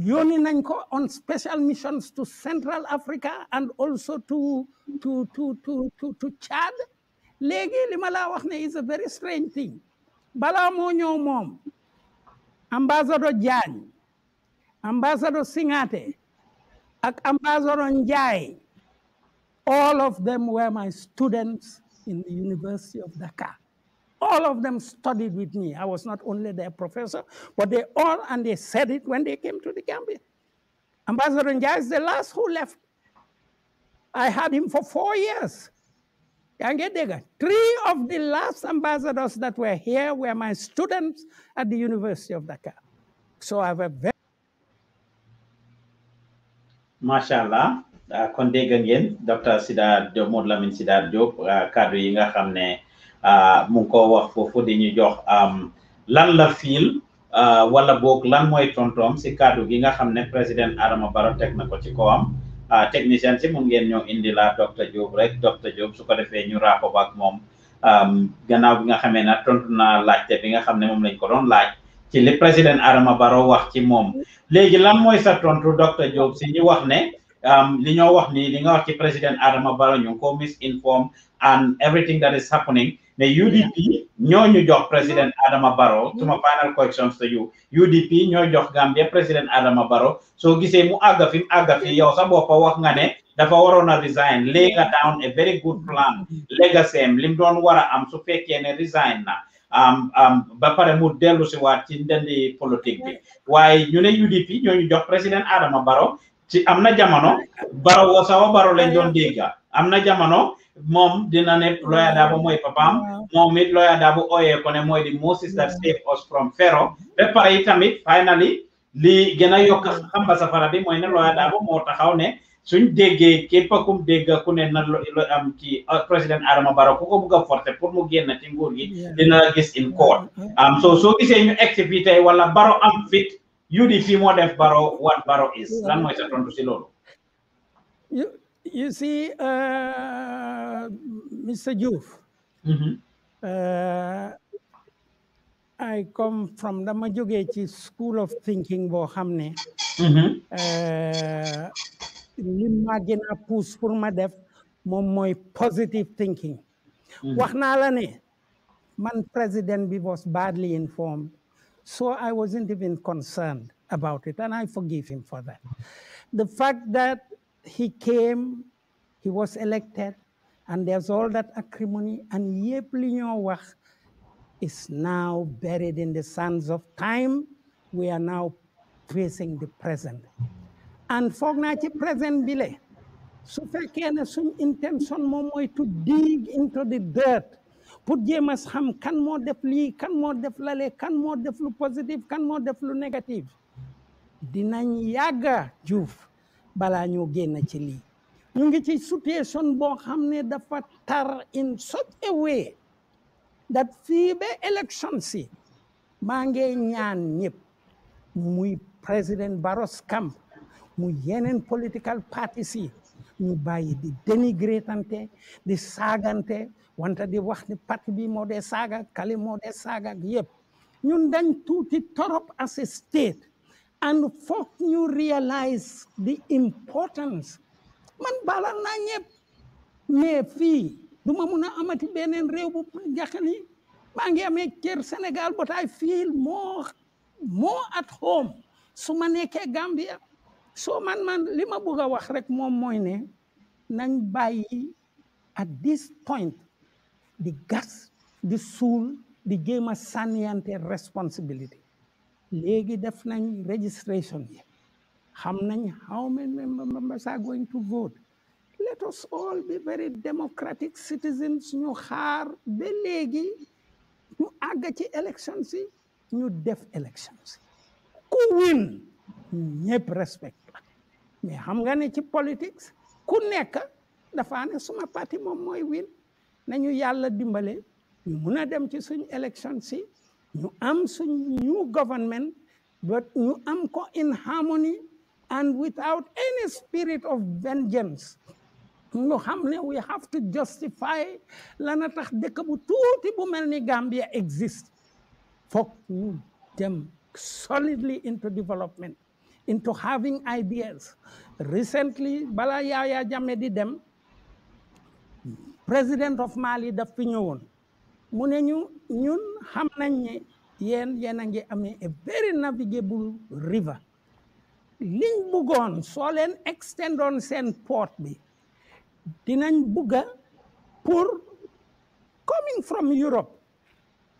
Yoni nañ ko on special missions to Central Africa and also to to to to to Chad Legi lima la wax ne is a very strange thing Bala moo ñëw moom Jan, Diagne Singate ak ambassadeur Ndiaye all of them were my students in the University of Dhaka. All of them studied with me. I was not only their professor, but they all, and they said it when they came to the Gambia. Ambassador Njai is the last who left. I had him for four years. Three of the last ambassadors that were here were my students at the University of Dhaka. So I have a very... MashaAllah. Ah, kon dégg ngeen docteur Sidat Diop Modou si Sidat Diop ah, kàddu yi nga xam ne ah, mu ko wax foofu di ñu jox lan la fiil wala boog lan mooy tontoom si kàddu gi nga xam ne président Adama Barrow teg na ko ci kawam technicien si mun ngeen ñoo indi la docteur Diop rek docteur Diop su ko defee ñu raapo ak moom gannaaw bi nga xamee ne tontu na laajte bi nga xam ne moom lañ ko doon laaj. ci li président Adama Barrow wax ci moom léegi lan mooy sa tontu docteur Diop si wax ne. Um, li ñoo wax ni li nga wax ci président Adama Barrow ñu ngi ko misinform and everything that is happening mais UDP ñoo ñu jox président Adama Barrow suma final questions to you UDP ñoo jox Gambia président Adama Barrow soo gisee mu àgga fi mu àgga fi yow sa boppa wax nga ne dafa waroon a resign lay nga down a very good plan legaseem lim doon war a am su fekkee ne resign na um, um, ba pare mu dellu si waat ci ndendi politique bi waaye ñu ne UDP ñoo ñu jox président ci am na jamono baro woo sawa baro lañ doon dégga am na jamono moom dina ne Lawyer Darboe mooy papaam moom it Lawyer Darboe ooyee ko ne mooy di Moses that saved us from Pharaoh ba pare yi tamit finally li gën a yokk xamba safara bi mooy ne Lawyer Darboe moo taxaw ne suñ déggee képp kum dégg ku ne na lo am kii ah, président Adama Barrow ku ko bugg a forcer pour mu génn ci nguur gi dina la gis in court um, so soo gisee ñu egsi fii tey wala Barrow am fit UDP moo def Barrow what Barrow is lan mooy sa tontu si loolu. you you see uh, Mr. Diouf. Mm-hmm. Uh, I come from dama jógee ci school of thinking boo xam ne. Mm-hmm. Uh, li ma gën a pousse pour ma def moom mooy positive thinking. Mm-hmm. wax naa la ne man president bi was badly informed. So I wasn't even concerned about it, and I forgive him for that. The fact that he came, he was elected, and there's all that acrimony, and Yep is now buried in the sands of time. We are now facing the present. And foog present bile. so su intention moom to dig into the dirt pour jéem a xam kan moo def lii kan moo def lale kan moo def lu positif kan moo def lu négatif dinañ yàgga juuf balaa ñoo génn ci lii ñu ngi ci situation boo xam ne dafa tar in such a way that fii ba élection si maa ngi ñaan ñëpp muy président Barros kam mu yeneen political parties yi ñu bàyyi di dénigrantante di saagante wanta di wax ni parti bi mo dee saga kali mo dee saga ak ñun dañ tuuti torop as a state and foog ñu realize the importance man bala na ñëpp mais fi du ma mun amati benen réew bu jaxani maa ngi amé kër Sénégal but I feel more more at home su ma nekkee Gambia so man man lima bëgg wax rek mom moy né nañ bayyi at this point di gas di suul di jéem a sànniyante responsibility léegi def nañ registration yi xam nañ how many members are going to vote let us all be very democratic citizens ñu xaar ba léegi ñu àgg ci elections yi ñu def elections ku win ñëpp respect la mais xam nga ne ci politics ku nekk dafa ne suma parti moom mooy win nañu yàlla dimbale ñu mun dem ci suñ élection si ñu am suñ new government but ñu am ko in harmony and without any spirit of vengeance ñu xam ne we have to justify lana tax dëkk bu tuuti bu mel ni Gambia exist foog ñu dem solidly into development into having ideas recently bala yaaya Jammeh di dem président of Mali daf fi ñëwoon mu ne ñu ñun xam nañ ne yéen yéen a ngi amee a very navigable river liñ bëggoon soo leen extendoon seen port bi dinañ bugga pour coming from Europe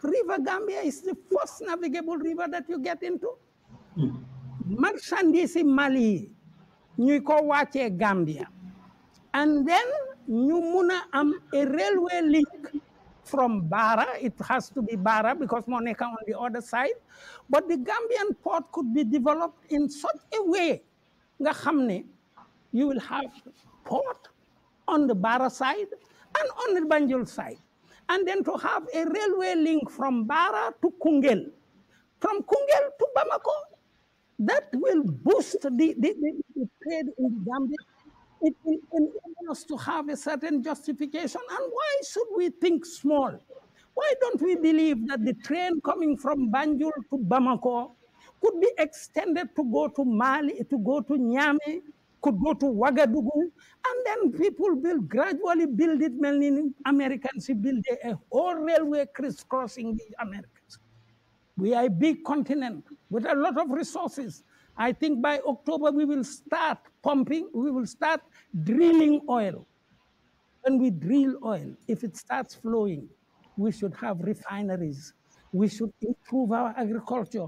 river Gambia is the first navigable river that you get into marchandise Mali yi ñuy ko wàccee Gambia and then ñu a am a railway link from Bara. It has to be Bara because Monica on the other side. But the Gambian port could be developed in such a way nga you will have port on the Bara side and on the Banjul side. And then to have a railway link from Bara to Kungel, from Kungel to Bamako, that will boost the, the, the, the trade in the Gambia it will us to have a certain justification. And why should we think small? Why don't we believe that the train coming from Banjul to Bamako could be extended to go to Mali, to go to Niamey, could go to Ouagadougou, and then people will gradually build it. Many Americans build a whole railway crisscrossing the Americas. We are a big continent with a lot of resources. I think by October we will start pumping, we will start Drilling oil. When we drill oil, if it starts flowing, we should have refineries. We should improve our agriculture.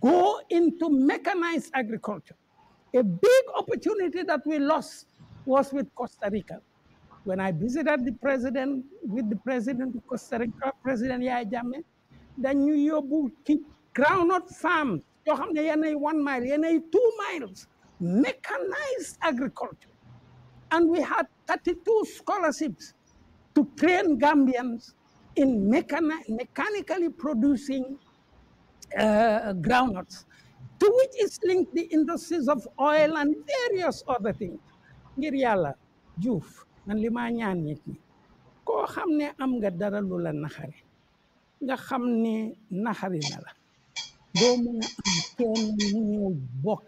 Go into mechanized agriculture. A big opportunity that we lost was with Costa Rica. When I visited the president, with the president of Costa Rica, President Yaya the New York ci groundnut farm yoo xam ne one mile yenn two miles mechanized agriculture and we had 32 scholarships to train Gambians in mechani mechanically producing uh, groundnuts, to which is linked the industries of oil and various other things. ngir yàlla juuf man li maa ñaan nit ñi koo xam am nga dara lu la naxari nga xam ne na la doo mën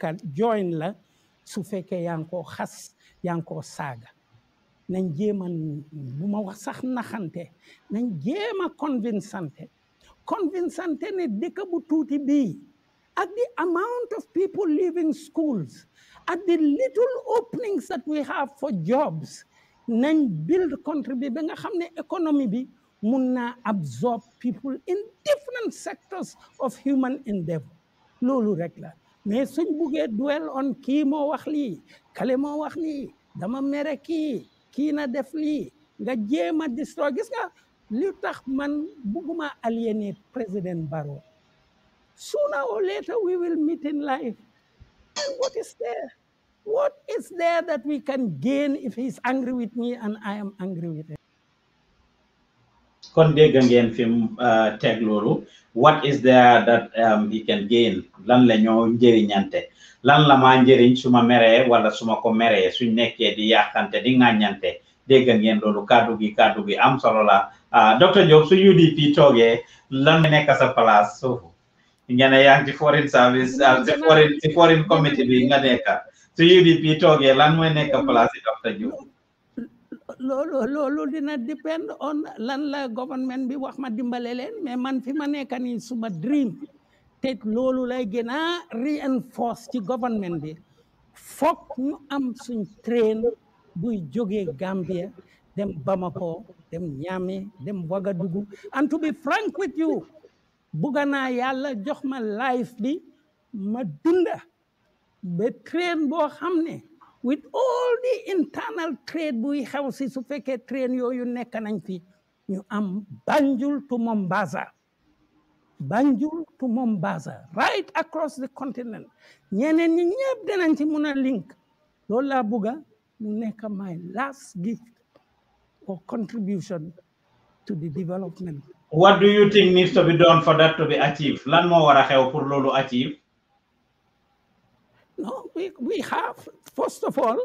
a join la sufeke fekkee yaa yanko saga koo saaga nañ jéem a ma wax sax naxante nañ ne dëkk bu tuuti at the amount of people leaving schools at the little openings that we have for jobs nañ build contribute ba nga xam economy bi mun absorb people in different sectors of human endeavor loolu rek la mais suñ buggee duel on kii moo wax lii kale moo wax lii dama mere kii kii na def lii nga jéem a destroy gis nga li tax man bugguma aliéner président Baro. sooner or later we will meet in life and what is there what is there that we can gain if he's angry with me and I am angry with him kon dégga ngeen fi mu uh, teg loolu what is there that um, he can gain lan la ñoo njëriñante lan la maa njëriñ su ma meree wala suma ma ko meree suñ nekkee di yàqante di ñante dégg ngeen loolu kàddu gi kàddu gi am solo la uh, docteur Diop su UDP toogee lan la nekk sa place suufu nga ne yaa ngi ci foreign service uh, ci foreign committee bi nga nekk su UDP toogee lan mooy nekk place si docteur Diop loolu loolu dina dépend on lan la government bi wax ma dimbale leen mais man fi ma nekk nii suma dream te loolu lay gën a reinforce ci government bi foog ñu am suñ train buy jógee Gambia dem Bamako dem Niamey dem Ouagadougou and to be frank with you bugga naa yàlla jox ma life bi ma dunda ba train boo xam ne with all the internal trade buy xew si su fekkee train yooyu nekk nañ fi ñu am Banjul to Mombasa Banjul to Mombasa right across the continent ñeneen ñi ñëpp dinañ ci a link loolu laa bugga mu nekk my last gift or contribution to the development what do you think needs to be done for that to be achieved lan moo war a xew pour loolu achieve no we we have first of all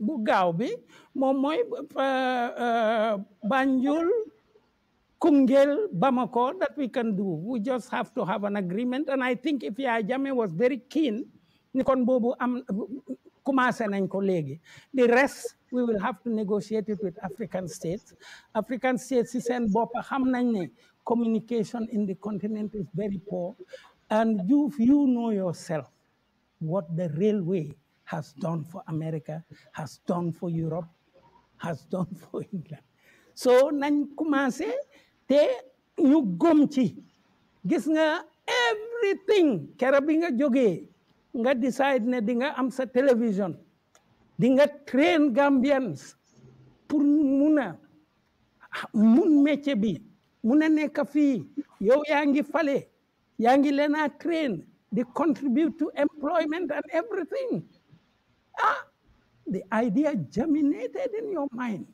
Bugawi, uh, bu uh, uh, Banjul Kungel Bamako that we can do we just have to have an agreement and I think if Yaya was very keen ni kon boobu the rest we will have to negotiate it with African states African states si seen bopp communication in the continent is very poor and you you know yourself what the railway has done for America, has done for Europe, has done for England. So nañ commencé te ñu gom ci gis nga everything kera bi nga jógee nga decide ne di nga am sa télévision di nga train Gambians pour mun mun métier bi mun a nekk fii yow yaa ngi fale yaa ngi leen a train They contribute to employment and everything. Ah, the idea germinated in your mind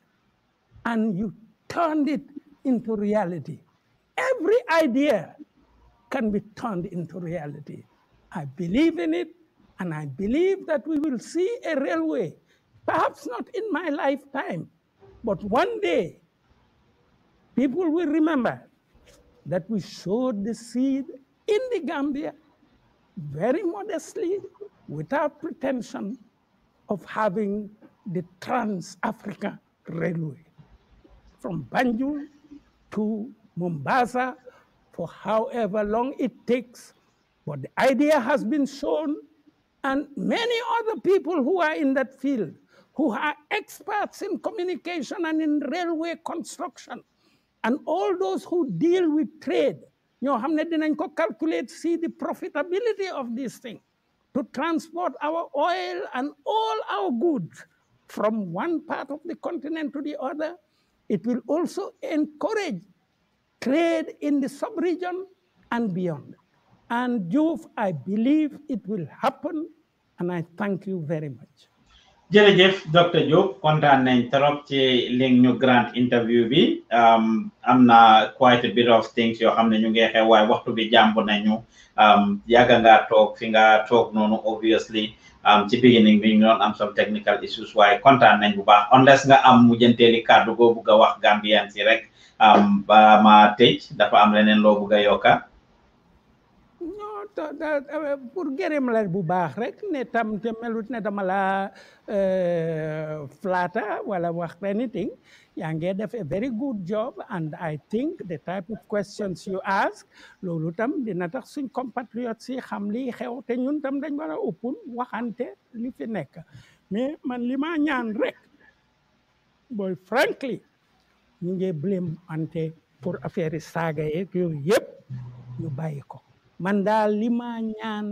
and you turned it into reality. Every idea can be turned into reality. I believe in it, and I believe that we will see a railway, perhaps not in my lifetime, but one day people will remember that we sowed the seed in the Gambia very modestly, without pretension, of having the Trans-Africa Railway from Banjul to Mombasa for however long it takes. But the idea has been shown, and many other people who are in that field, who are experts in communication and in railway construction, and all those who deal with trade ñoo xam ne dinañ ko calculer see the profitability of this thing to transport our oil and all our goods from one part of the continent to the other. It will also encourage trade in the sub-region and beyond. And you, I believe it will happen, and I thank you very much. jërëjëf docteur Diop kontaan nañ trop ci li ñu grant interview bi um, am na quite a bit of things yoo xam ne ñu ngi xew waaye waxtu bi jàmb nañu um, yàgg nga toog fi nga toog noonu obviously um, ci beginning bi ñu doon am some technical issues waaye kontaan nañ bu baax unless nga am mujjanteeli kàddu goo bugg wax Gambian si rek ba ma tëj dafa am leneen loo bugg a E, pour gérer mala bu baax rek ne tam te melut ne dama la e, flatter wala wax anything yang nge def a very good job and I think the type of questions you ask loolu tam dina tax suñ compatriotes yi xam li xew te ñun tam dañ wara a open waxante li fi nek mais man lima ma ñaan rek boy frankly ñu ngi blame ante pour affaire yi saaga yep, yooyu ñu bayiko man lima li ñaan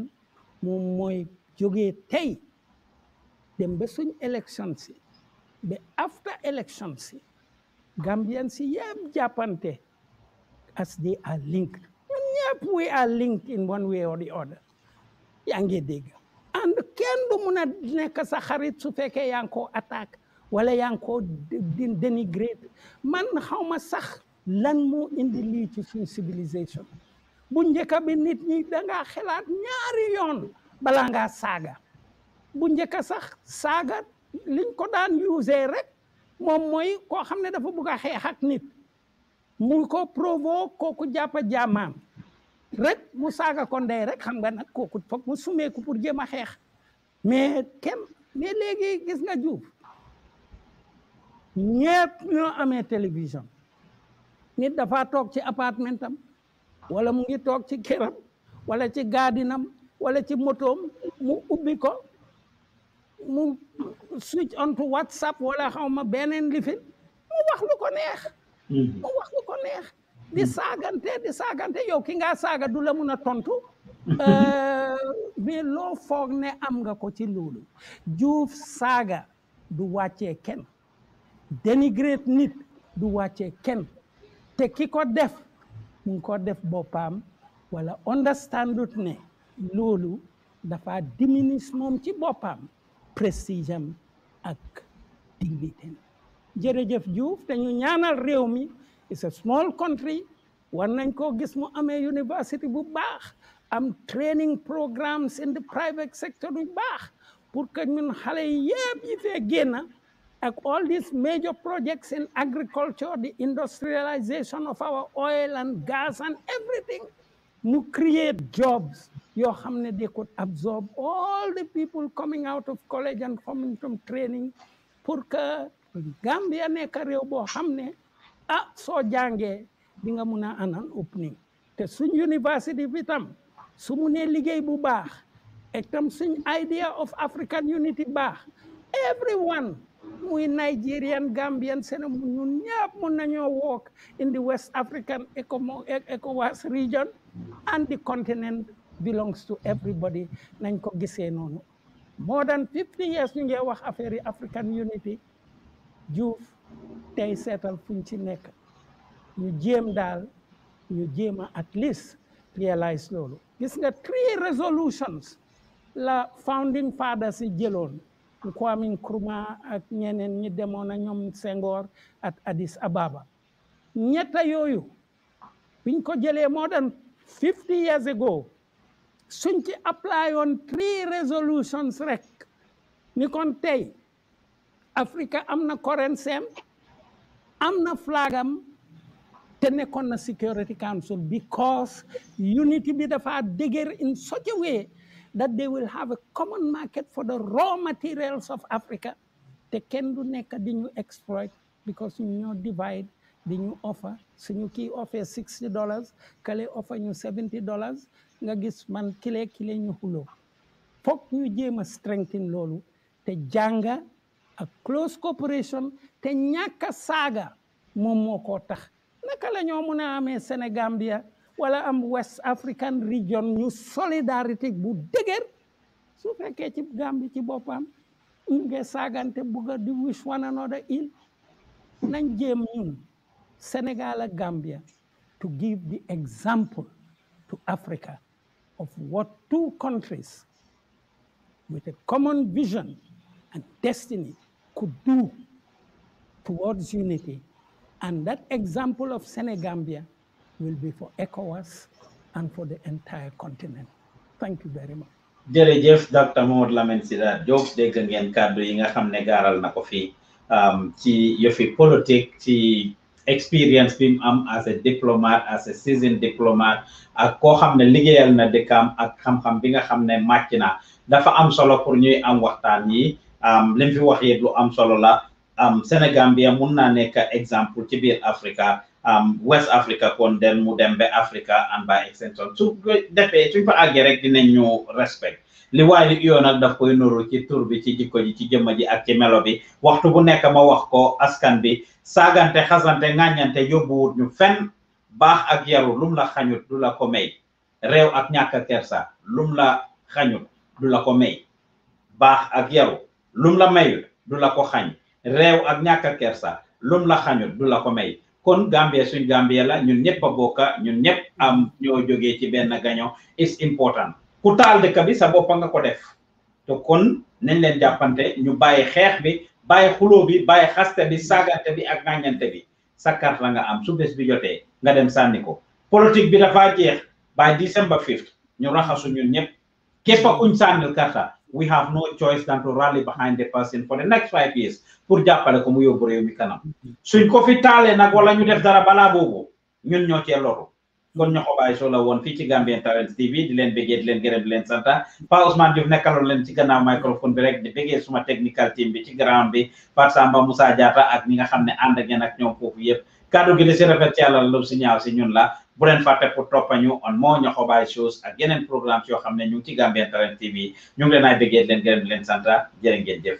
mom moy jógee tay dem ba suñ election si be after election si Gambian si yeb japante as they are linked ñun we are linked in one way or the other yang nge dégg and ken du mëna nek sa xarit su fekkee yaa ko attack wala yang ko denigrate man xawma masak, sax lan mo indi li ci suñ civilisation bu njëkk bi nit ñi dangaa xelaat ñaari yoon balaa ngaa saaga bu njëkk sax saaga liñ ko daan usé rek moom mooy koo xam ne dafa bugga a nit mu ko provoque kooku jàppa jaamaam rek mu saaga ko ndey rek xam nga nag kooku foog mu sumeeku pour jéem a xeex mais kenn mais léegi gis nga Diouf ñepp ñoo amee télévision nit dafa toog ci appartement wala mu ngi toog ci këram wala ci gaadinam wala ci motoom mu ubbi ko mu switch on to whatsapp wala xaw ma beneen lifin mu wax lu ko neex mm-hmm. mu wax lu ko neex di mm-hmm. saagante di saagante yow ki nga saaga du la mun a tontu mm-hmm. euh, mais loo foog ne am nga ko ci loolu juuf saaga du wàccee kenn dénigrate nit du wàccee kenn te ki ko def mu ngi ko def boppam wala understandut ne loolu dafa diminish moom ci boppam prestige am ak dignité jërëjëf Diouf dañu ñaanal réew mi it's a small country war nañ koo gis mu amee university bu baax am training programmes in the private sector bu baax pour que ñun xale yëpp yi fee génna Like all these major projects in agriculture, the industrialization of our oil and gas and everything, mu create jobs Your hamne they could absorb all the people coming out of college and coming from training Purka Gambia ne ah soo jàngee di nga dinga muna anan opening the suñ university vitam sumune su mu nee bu suñ idea of African unity bah. everyone muy Nigerian, Gambian, Senegal, ñun ñëpp mu nañoo walk in the West African ECOWAS region and the continent belongs to everybody nañ ko gisé nonu more than 50 years ñu ngi wax affaire African unity Juuf tay seetal fuñ ci nek ñu jëm dal ñu jëma at least realize lolu gis nga three resolutions la founding fathers yi jëloon Kwame Nkrumah ak ñeneen ñi demoon na ñoom Senghor ak Addis Ababa ñetta yooyu biñ ko jëlee moo doon years ago suñ ci apply woon three resolutions rek ni kon tey Afrique am na currency am am na flag am te nekkoon na Security Council because unity bi dafa deger in such a way that they will have a common market for the raw materials of Africa te kenn du nekk di ñu exploit because ñu ñoo divide di ñu offer suñu kii offee sixty dollars kale offer ñu dollars nga gis man kile kile ñu xuloo foog ñu jéem a strengthen loolu te jànga ak close cooperation te ñàkk saaga moom moo ko tax naka la ñoo mun a amee Sénégambia wala am West African region ñu solidarité bu dëgër su fekkee ci in ci boppam ñu ngi saagante di wish one another in, nañ jéem ñun Sénégal ak Gambia to give the example to Africa of what two countries with a common vision and destiny could do towards unity. And that example of Senegambia will be for ECOWAS and for the entire continent. Thank you very much. ngeen kàddu yi nga xam ne gaaral na ko fii ci yëfi politique ci expérience bi mu am as a diplomat as a seasoned diplomat ak koo xam ne liggéeyal na dëkkam ak xam-xam bi nga xam ne màcc na dafa am solo pour ñuy am waxtaan yi lim fi wax yëpp lu am solo la Sénégambia mun naa nekk exemple ci biir africa um, West Africa kon den mu dem ba Africa and by extension su defee suñ fa àggee rek dinañ ñu respect li waaye li yoon nag daf koy nuru ci tur bi ci jikko ji ci jëmma ji ak ci melo bi waxtu bu nekk ma wax ko askan bi saagante xasante ŋàññante yóbbuwut ñu fenn baax ak yaru lum la xañut du la ko may réew ak ñàkk kersa lum la xañut du la ko may baax ak yaru lum la mayut du la ko xañ réew ak ñàkk kersa lum la xañut du la ko may kon Gambia suñ Gambia la ñun ñëpp a bokka ñun ñëpp am ñoo jógee ci benn gaño is important ku taal dëkk bi sa boppa nga ko def te kon nañ leen jàppante ñu bàyyi xeex bi bàyyi xuloo bi bàyyi xaste bi saagante bi ak ngàññante bi sa carte la nga am su bés bi jotee nga dem sànni ko politique bi dafa jeex by December 5th ñu raxasu ñu ñëpp képp kuñ sànnil karta we have no choice than to rally behind the person for the next five years pour jàppale ko mu yóbbu réew mi kanam suñ ko fi taalee nag wala ñu def dara balaa boobu ñun ñoo cee loru kon ñoo ko bàyyi soo woon fii ci Gambian Talents TV di leen leen gërëm di santa Pa Ousmane leen ci gannaaw microphone bi rek di bëggee suma technical bi ci ground bi Fat Samba Moussa Diatta ak ñi nga xam ne ànd ngeen ak ñoom foofu yëpp kàddu gi di si rafet ci yàlla si ñun la bu leen fàtte pour toppañu moo ñoo ko bàyyi shows ak programmes yoo xam ne ñu ngi ci Gambian Talents TV ñu ngi leen ay bëggee di leen gërëm di leen santa jërë ngeen jëf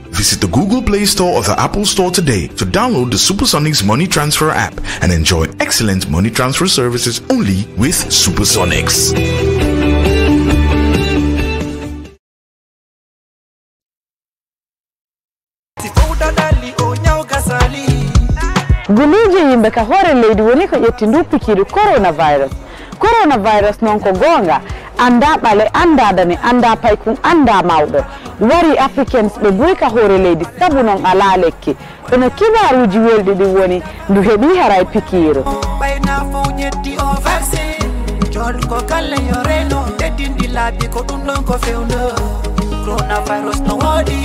Visit the Google Play Store or the Apple Store today to download the Supersonics Money Transfer app and enjoy excellent money transfer services only with Supersonics. guluji imbekahore ka hoore leydi woni coronavirus coronavirus anda ɓale anda dane anda paykum anda mawɗo wari africains ɓe boyka hoore leydi sabu noon ala lekki kono kibaruji welɗi ɗin woni ndu heeɓi haray pikiru ɓayna fof ñetti o vaccin jolko kala yo reno teddindi laabi ko ɗum ɗon ko fewno coronavirus no woɗi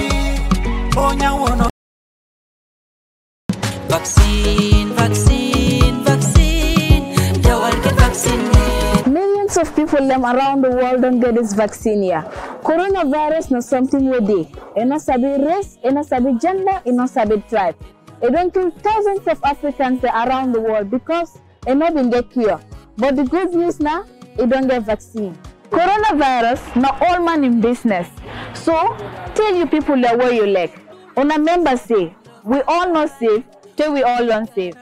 o ñawono vaccine vaccine lots of people them around the world don't get this vaccine here. Coronavirus not something we do. It not sabi race, it not sabi gender, it not sabi tribe. It don't kill thousands of Africans around the world because it not been get cure. But the good news now, it don't get vaccine. Coronavirus not all man in business. So tell you people that where you like. On a member say, we all not safe till we all learn safe.